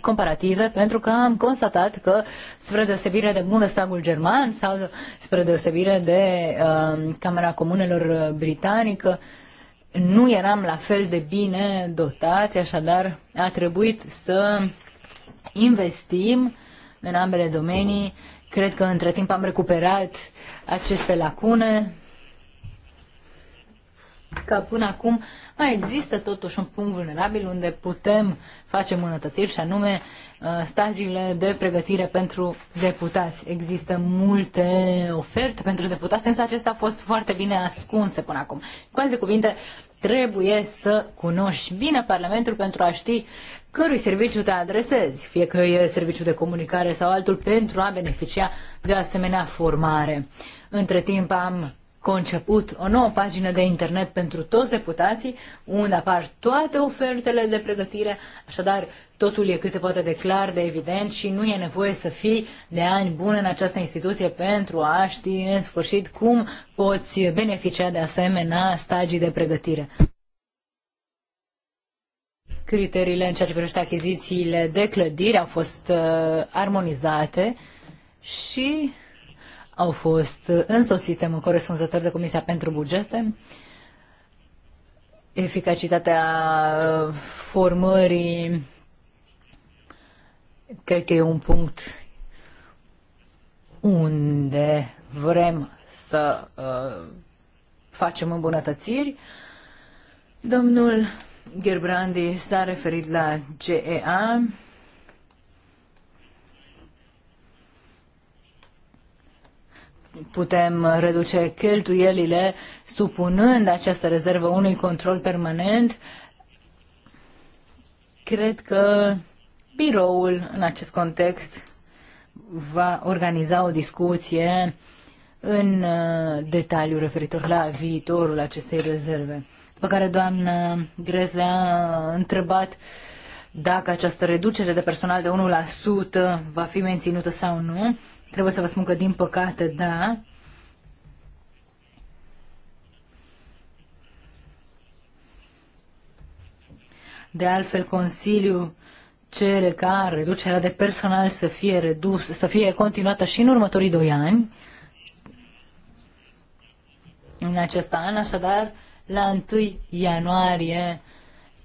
comparative pentru că am constatat că spre deosebire de Bundestagul german sau spre deosebire de uh, Camera Comunelor uh, Britanică, nu eram la fel de bine dotați, așadar a trebuit să investim în ambele domenii. Cred că între timp am recuperat aceste lacune, că până acum mai există totuși un punct vulnerabil unde putem face îmbunătățiri și anume uh, stagiile de pregătire pentru deputați. Există multe oferte pentru deputați, însă acestea au fost foarte bine ascunse până acum. Cu alte cuvinte, trebuie să cunoști bine Parlamentul pentru a ști cărui serviciu te adresezi, fie că e serviciu de comunicare sau altul, pentru a beneficia de o asemenea formare. Între timp am conceput o nouă pagină de internet pentru toți deputații, unde apar toate ofertele de pregătire, așadar totul e cât se poate de clar, de evident și nu e nevoie să fii de ani buni în această instituție pentru a ști în sfârșit cum poți beneficia de asemenea stagii de pregătire criteriile în ceea ce privește achizițiile de clădiri au fost uh, armonizate și au fost însoțite în corespunzător de Comisia pentru Bugete. Eficacitatea uh, formării cred că e un punct unde vrem să uh, facem îmbunătățiri. Domnul Gerbrandi s-a referit la CEA. Putem reduce cheltuielile supunând această rezervă unui control permanent. Cred că biroul în acest context va organiza o discuție în uh, detaliu referitor la viitorul acestei rezerve pe care doamna Gresle a întrebat dacă această reducere de personal de 1% va fi menținută sau nu. Trebuie să vă spun că, din păcate, da. De altfel, Consiliul cere ca reducerea de personal să fie, redus, să fie continuată și în următorii doi ani. În acest an, așadar, la 1 ianuarie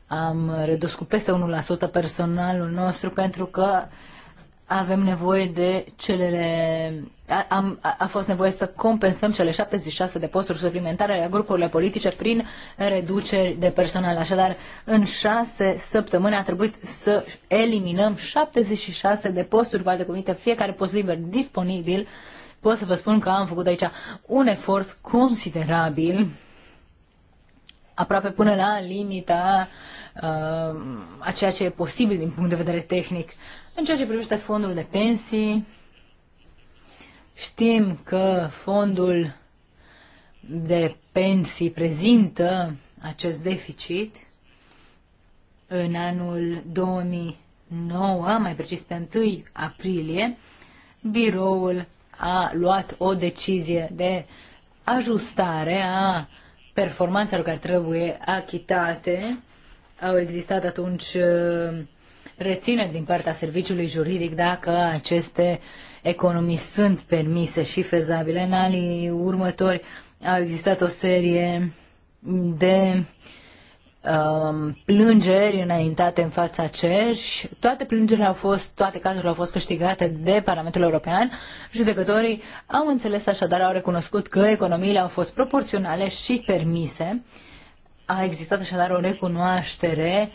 am redus cu peste 1% personalul nostru pentru că avem nevoie de celele... A, am, a fost nevoie să compensăm cele 76 de posturi suplimentare la grupurile politice prin reduceri de personal. Așadar, în 6 săptămâni a trebuit să eliminăm 76 de posturi, cu alte cuvinte, fiecare post liber disponibil. Pot să vă spun că am făcut aici un efort considerabil aproape până la limita uh, a ceea ce e posibil din punct de vedere tehnic. În ceea ce privește fondul de pensii, știm că fondul de pensii prezintă acest deficit în anul 2009, mai precis pe 1 aprilie, biroul a luat o decizie de ajustare a performanțelor care trebuie achitate. Au existat atunci uh, rețineri din partea serviciului juridic dacă aceste economii sunt permise și fezabile. În anii următori au existat o serie de uh, Um, plângeri înaintate în fața CEJ. Toate plângerile au fost, toate cazurile au fost câștigate de Parlamentul European. Judecătorii au înțeles așadar, au recunoscut că economiile au fost proporționale și permise. A existat așadar o recunoaștere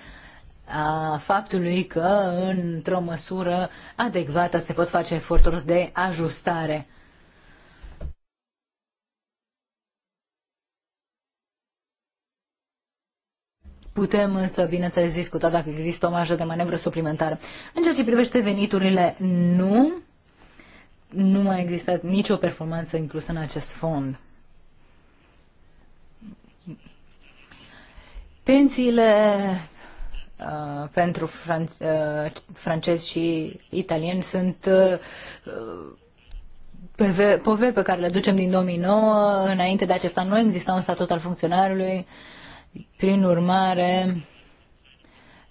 a faptului că într-o măsură adecvată se pot face eforturi de ajustare. Putem însă, bineînțeles, discuta dacă există o marjă de manevră suplimentară. În ceea ce privește veniturile, nu. Nu mai există nicio performanță inclusă în acest fond. Pensiile uh, pentru fran- uh, francezi și italieni sunt uh, poveri pe care le ducem din 2009. Înainte de acesta nu exista un statut al funcționarului. Uh, prin urmare,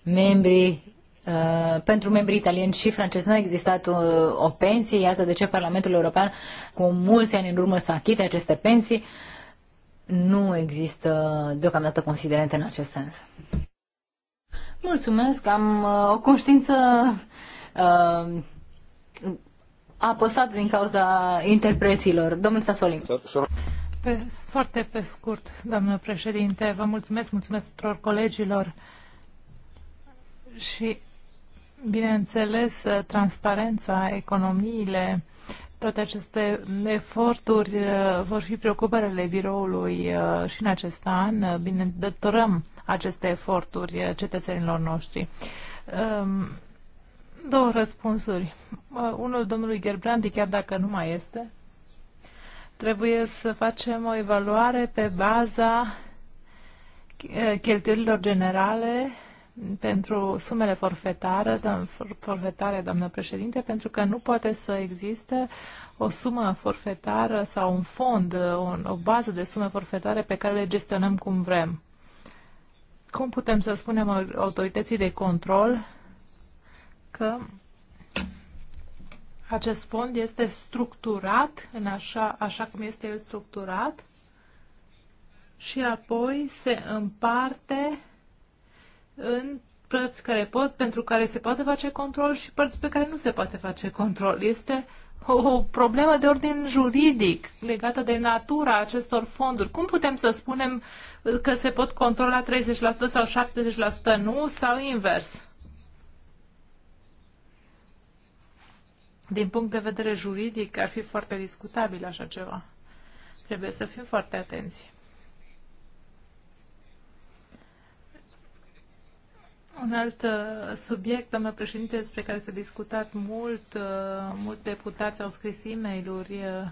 membrii uh, pentru membrii italieni și francezi nu a existat o, uh, o pensie, iată de ce Parlamentul European cu mulți ani în urmă să achite aceste pensii. Nu există deocamdată considerente în acest sens. Mulțumesc, am uh, o conștiință uh, apăsată din cauza interpreților. Domnul Sasolim. Pe, foarte pe scurt, doamnă președinte, vă mulțumesc, mulțumesc tuturor colegilor și, bineînțeles, transparența, economiile, toate aceste eforturi uh, vor fi preocupările biroului uh, și în acest an. Uh, bine, datorăm aceste eforturi cetățenilor noștri. Um, două răspunsuri. Unul domnului Gerbrandi, chiar dacă nu mai este. Trebuie să facem o evaluare pe baza eh, cheltuielilor generale pentru sumele forfetare, forfetare, doamnă președinte, pentru că nu poate să existe o sumă forfetară sau un fond, o, o bază de sume forfetare pe care le gestionăm cum vrem. Cum putem să spunem autorității de control că acest fond este structurat, în așa, așa cum este el structurat, și apoi se împarte în părți care pot, pentru care se poate face control și părți pe care nu se poate face control. Este o problemă de ordin juridic legată de natura acestor fonduri. Cum putem să spunem că se pot controla 30% sau 70% nu sau invers? Din punct de vedere juridic, ar fi foarte discutabil așa ceva. Trebuie să fim foarte atenți. Un alt uh, subiect, domnule președinte, despre care s-a discutat mult, uh, mulți deputați au scris e mail uh,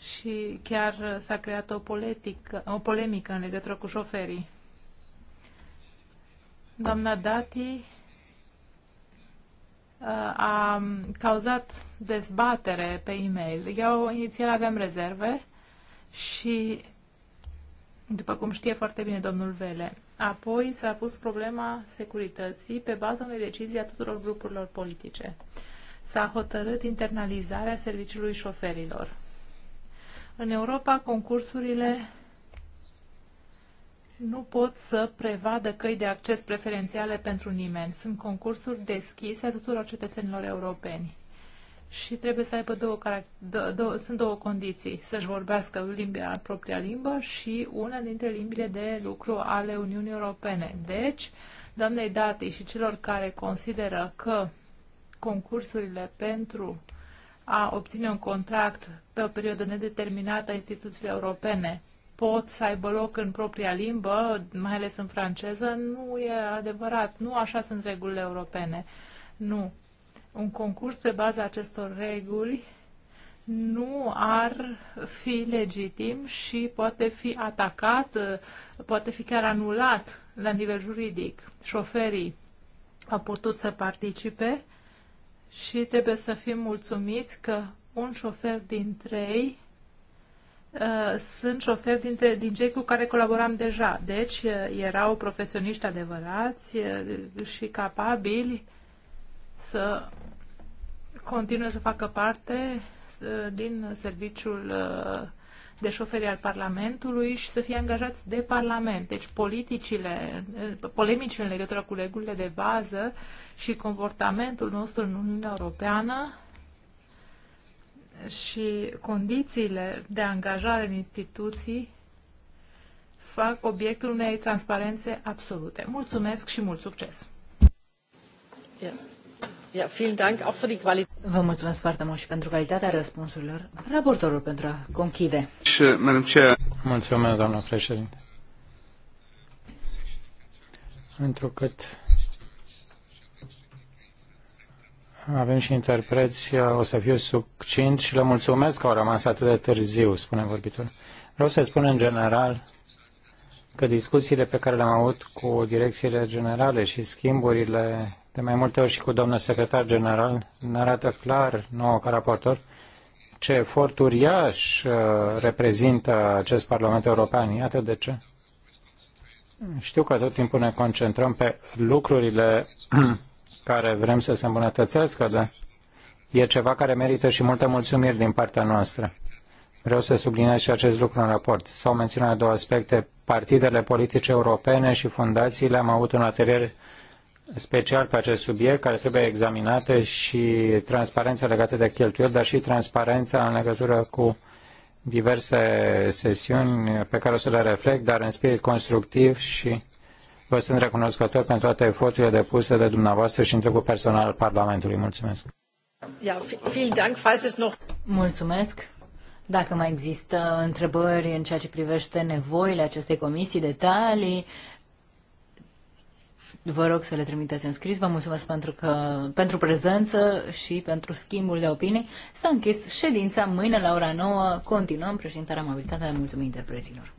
și chiar s-a creat o, politică, o polemică în legătură cu șoferii. Doamna Dati Uh, a cauzat dezbatere pe e-mail. Eu inițial aveam rezerve și, după cum știe foarte bine domnul Vele, apoi s-a pus problema securității pe baza unei decizii a tuturor grupurilor politice. S-a hotărât internalizarea serviciului șoferilor. În Europa, concursurile nu pot să prevadă căi de acces preferențiale pentru nimeni. Sunt concursuri deschise a tuturor cetățenilor europeni. Și trebuie să aibă două, două, două sunt două condiții, să-și vorbească limba, propria limbă și una dintre limbile de lucru ale Uniunii Europene. Deci, doamnei Datei și celor care consideră că concursurile pentru a obține un contract pe o perioadă nedeterminată a instituțiilor europene pot să aibă loc în propria limbă, mai ales în franceză, nu e adevărat. Nu așa sunt regulile europene. Nu. Un concurs pe baza acestor reguli nu ar fi legitim și poate fi atacat, poate fi chiar anulat la nivel juridic. Șoferii au putut să participe și trebuie să fim mulțumiți că un șofer din trei Uh, sunt șoferi dintre, din cei cu care colaboram deja. Deci uh, erau profesioniști adevărați uh, și capabili să continue să facă parte din serviciul de șoferi al Parlamentului și să fie angajați de Parlament. Deci politicile, polemicile în legătură cu regulile de bază și comportamentul nostru în Uniunea Europeană și condițiile de angajare în instituții fac obiectul unei transparențe absolute. Mulțumesc și mult succes! Vă mulțumesc foarte mult și pentru calitatea răspunsurilor. Raportorul pentru a conchide. Mulțumesc, doamnă președinte. Întrucât avem și interpreți, o să fiu succint și le mulțumesc că au rămas atât de târziu, spune vorbitorul. Vreau să spun în general că discuțiile pe care le-am avut cu direcțiile generale și schimburile de mai multe ori și cu domnul secretar general ne arată clar, nouă ca raportor, ce efort uriaș uh, reprezintă acest Parlament European. Iată de ce. Știu că tot timpul ne concentrăm pe lucrurile care vrem să se îmbunătățească, dar e ceva care merită și multe mulțumiri din partea noastră. Vreau să subliniez și acest lucru în raport. S-au menționat două aspecte, partidele politice europene și fundațiile. Am avut un atelier special pe acest subiect, care trebuie examinate și transparența legată de cheltuieli, dar și transparența în legătură cu diverse sesiuni pe care o să le reflect, dar în spirit constructiv și Vă sunt recunoscător pentru toate eforturile depuse de dumneavoastră și întregul personal al Parlamentului. Mulțumesc! Mulțumesc! Dacă mai există întrebări în ceea ce privește nevoile acestei comisii, detalii, vă rog să le trimiteți în scris. Vă mulțumesc pentru, că, pentru prezență și pentru schimbul de opinii. S-a închis ședința. Mâine la ora 9 continuăm. Președintarea amabilitatea. Mulțumim interpreților.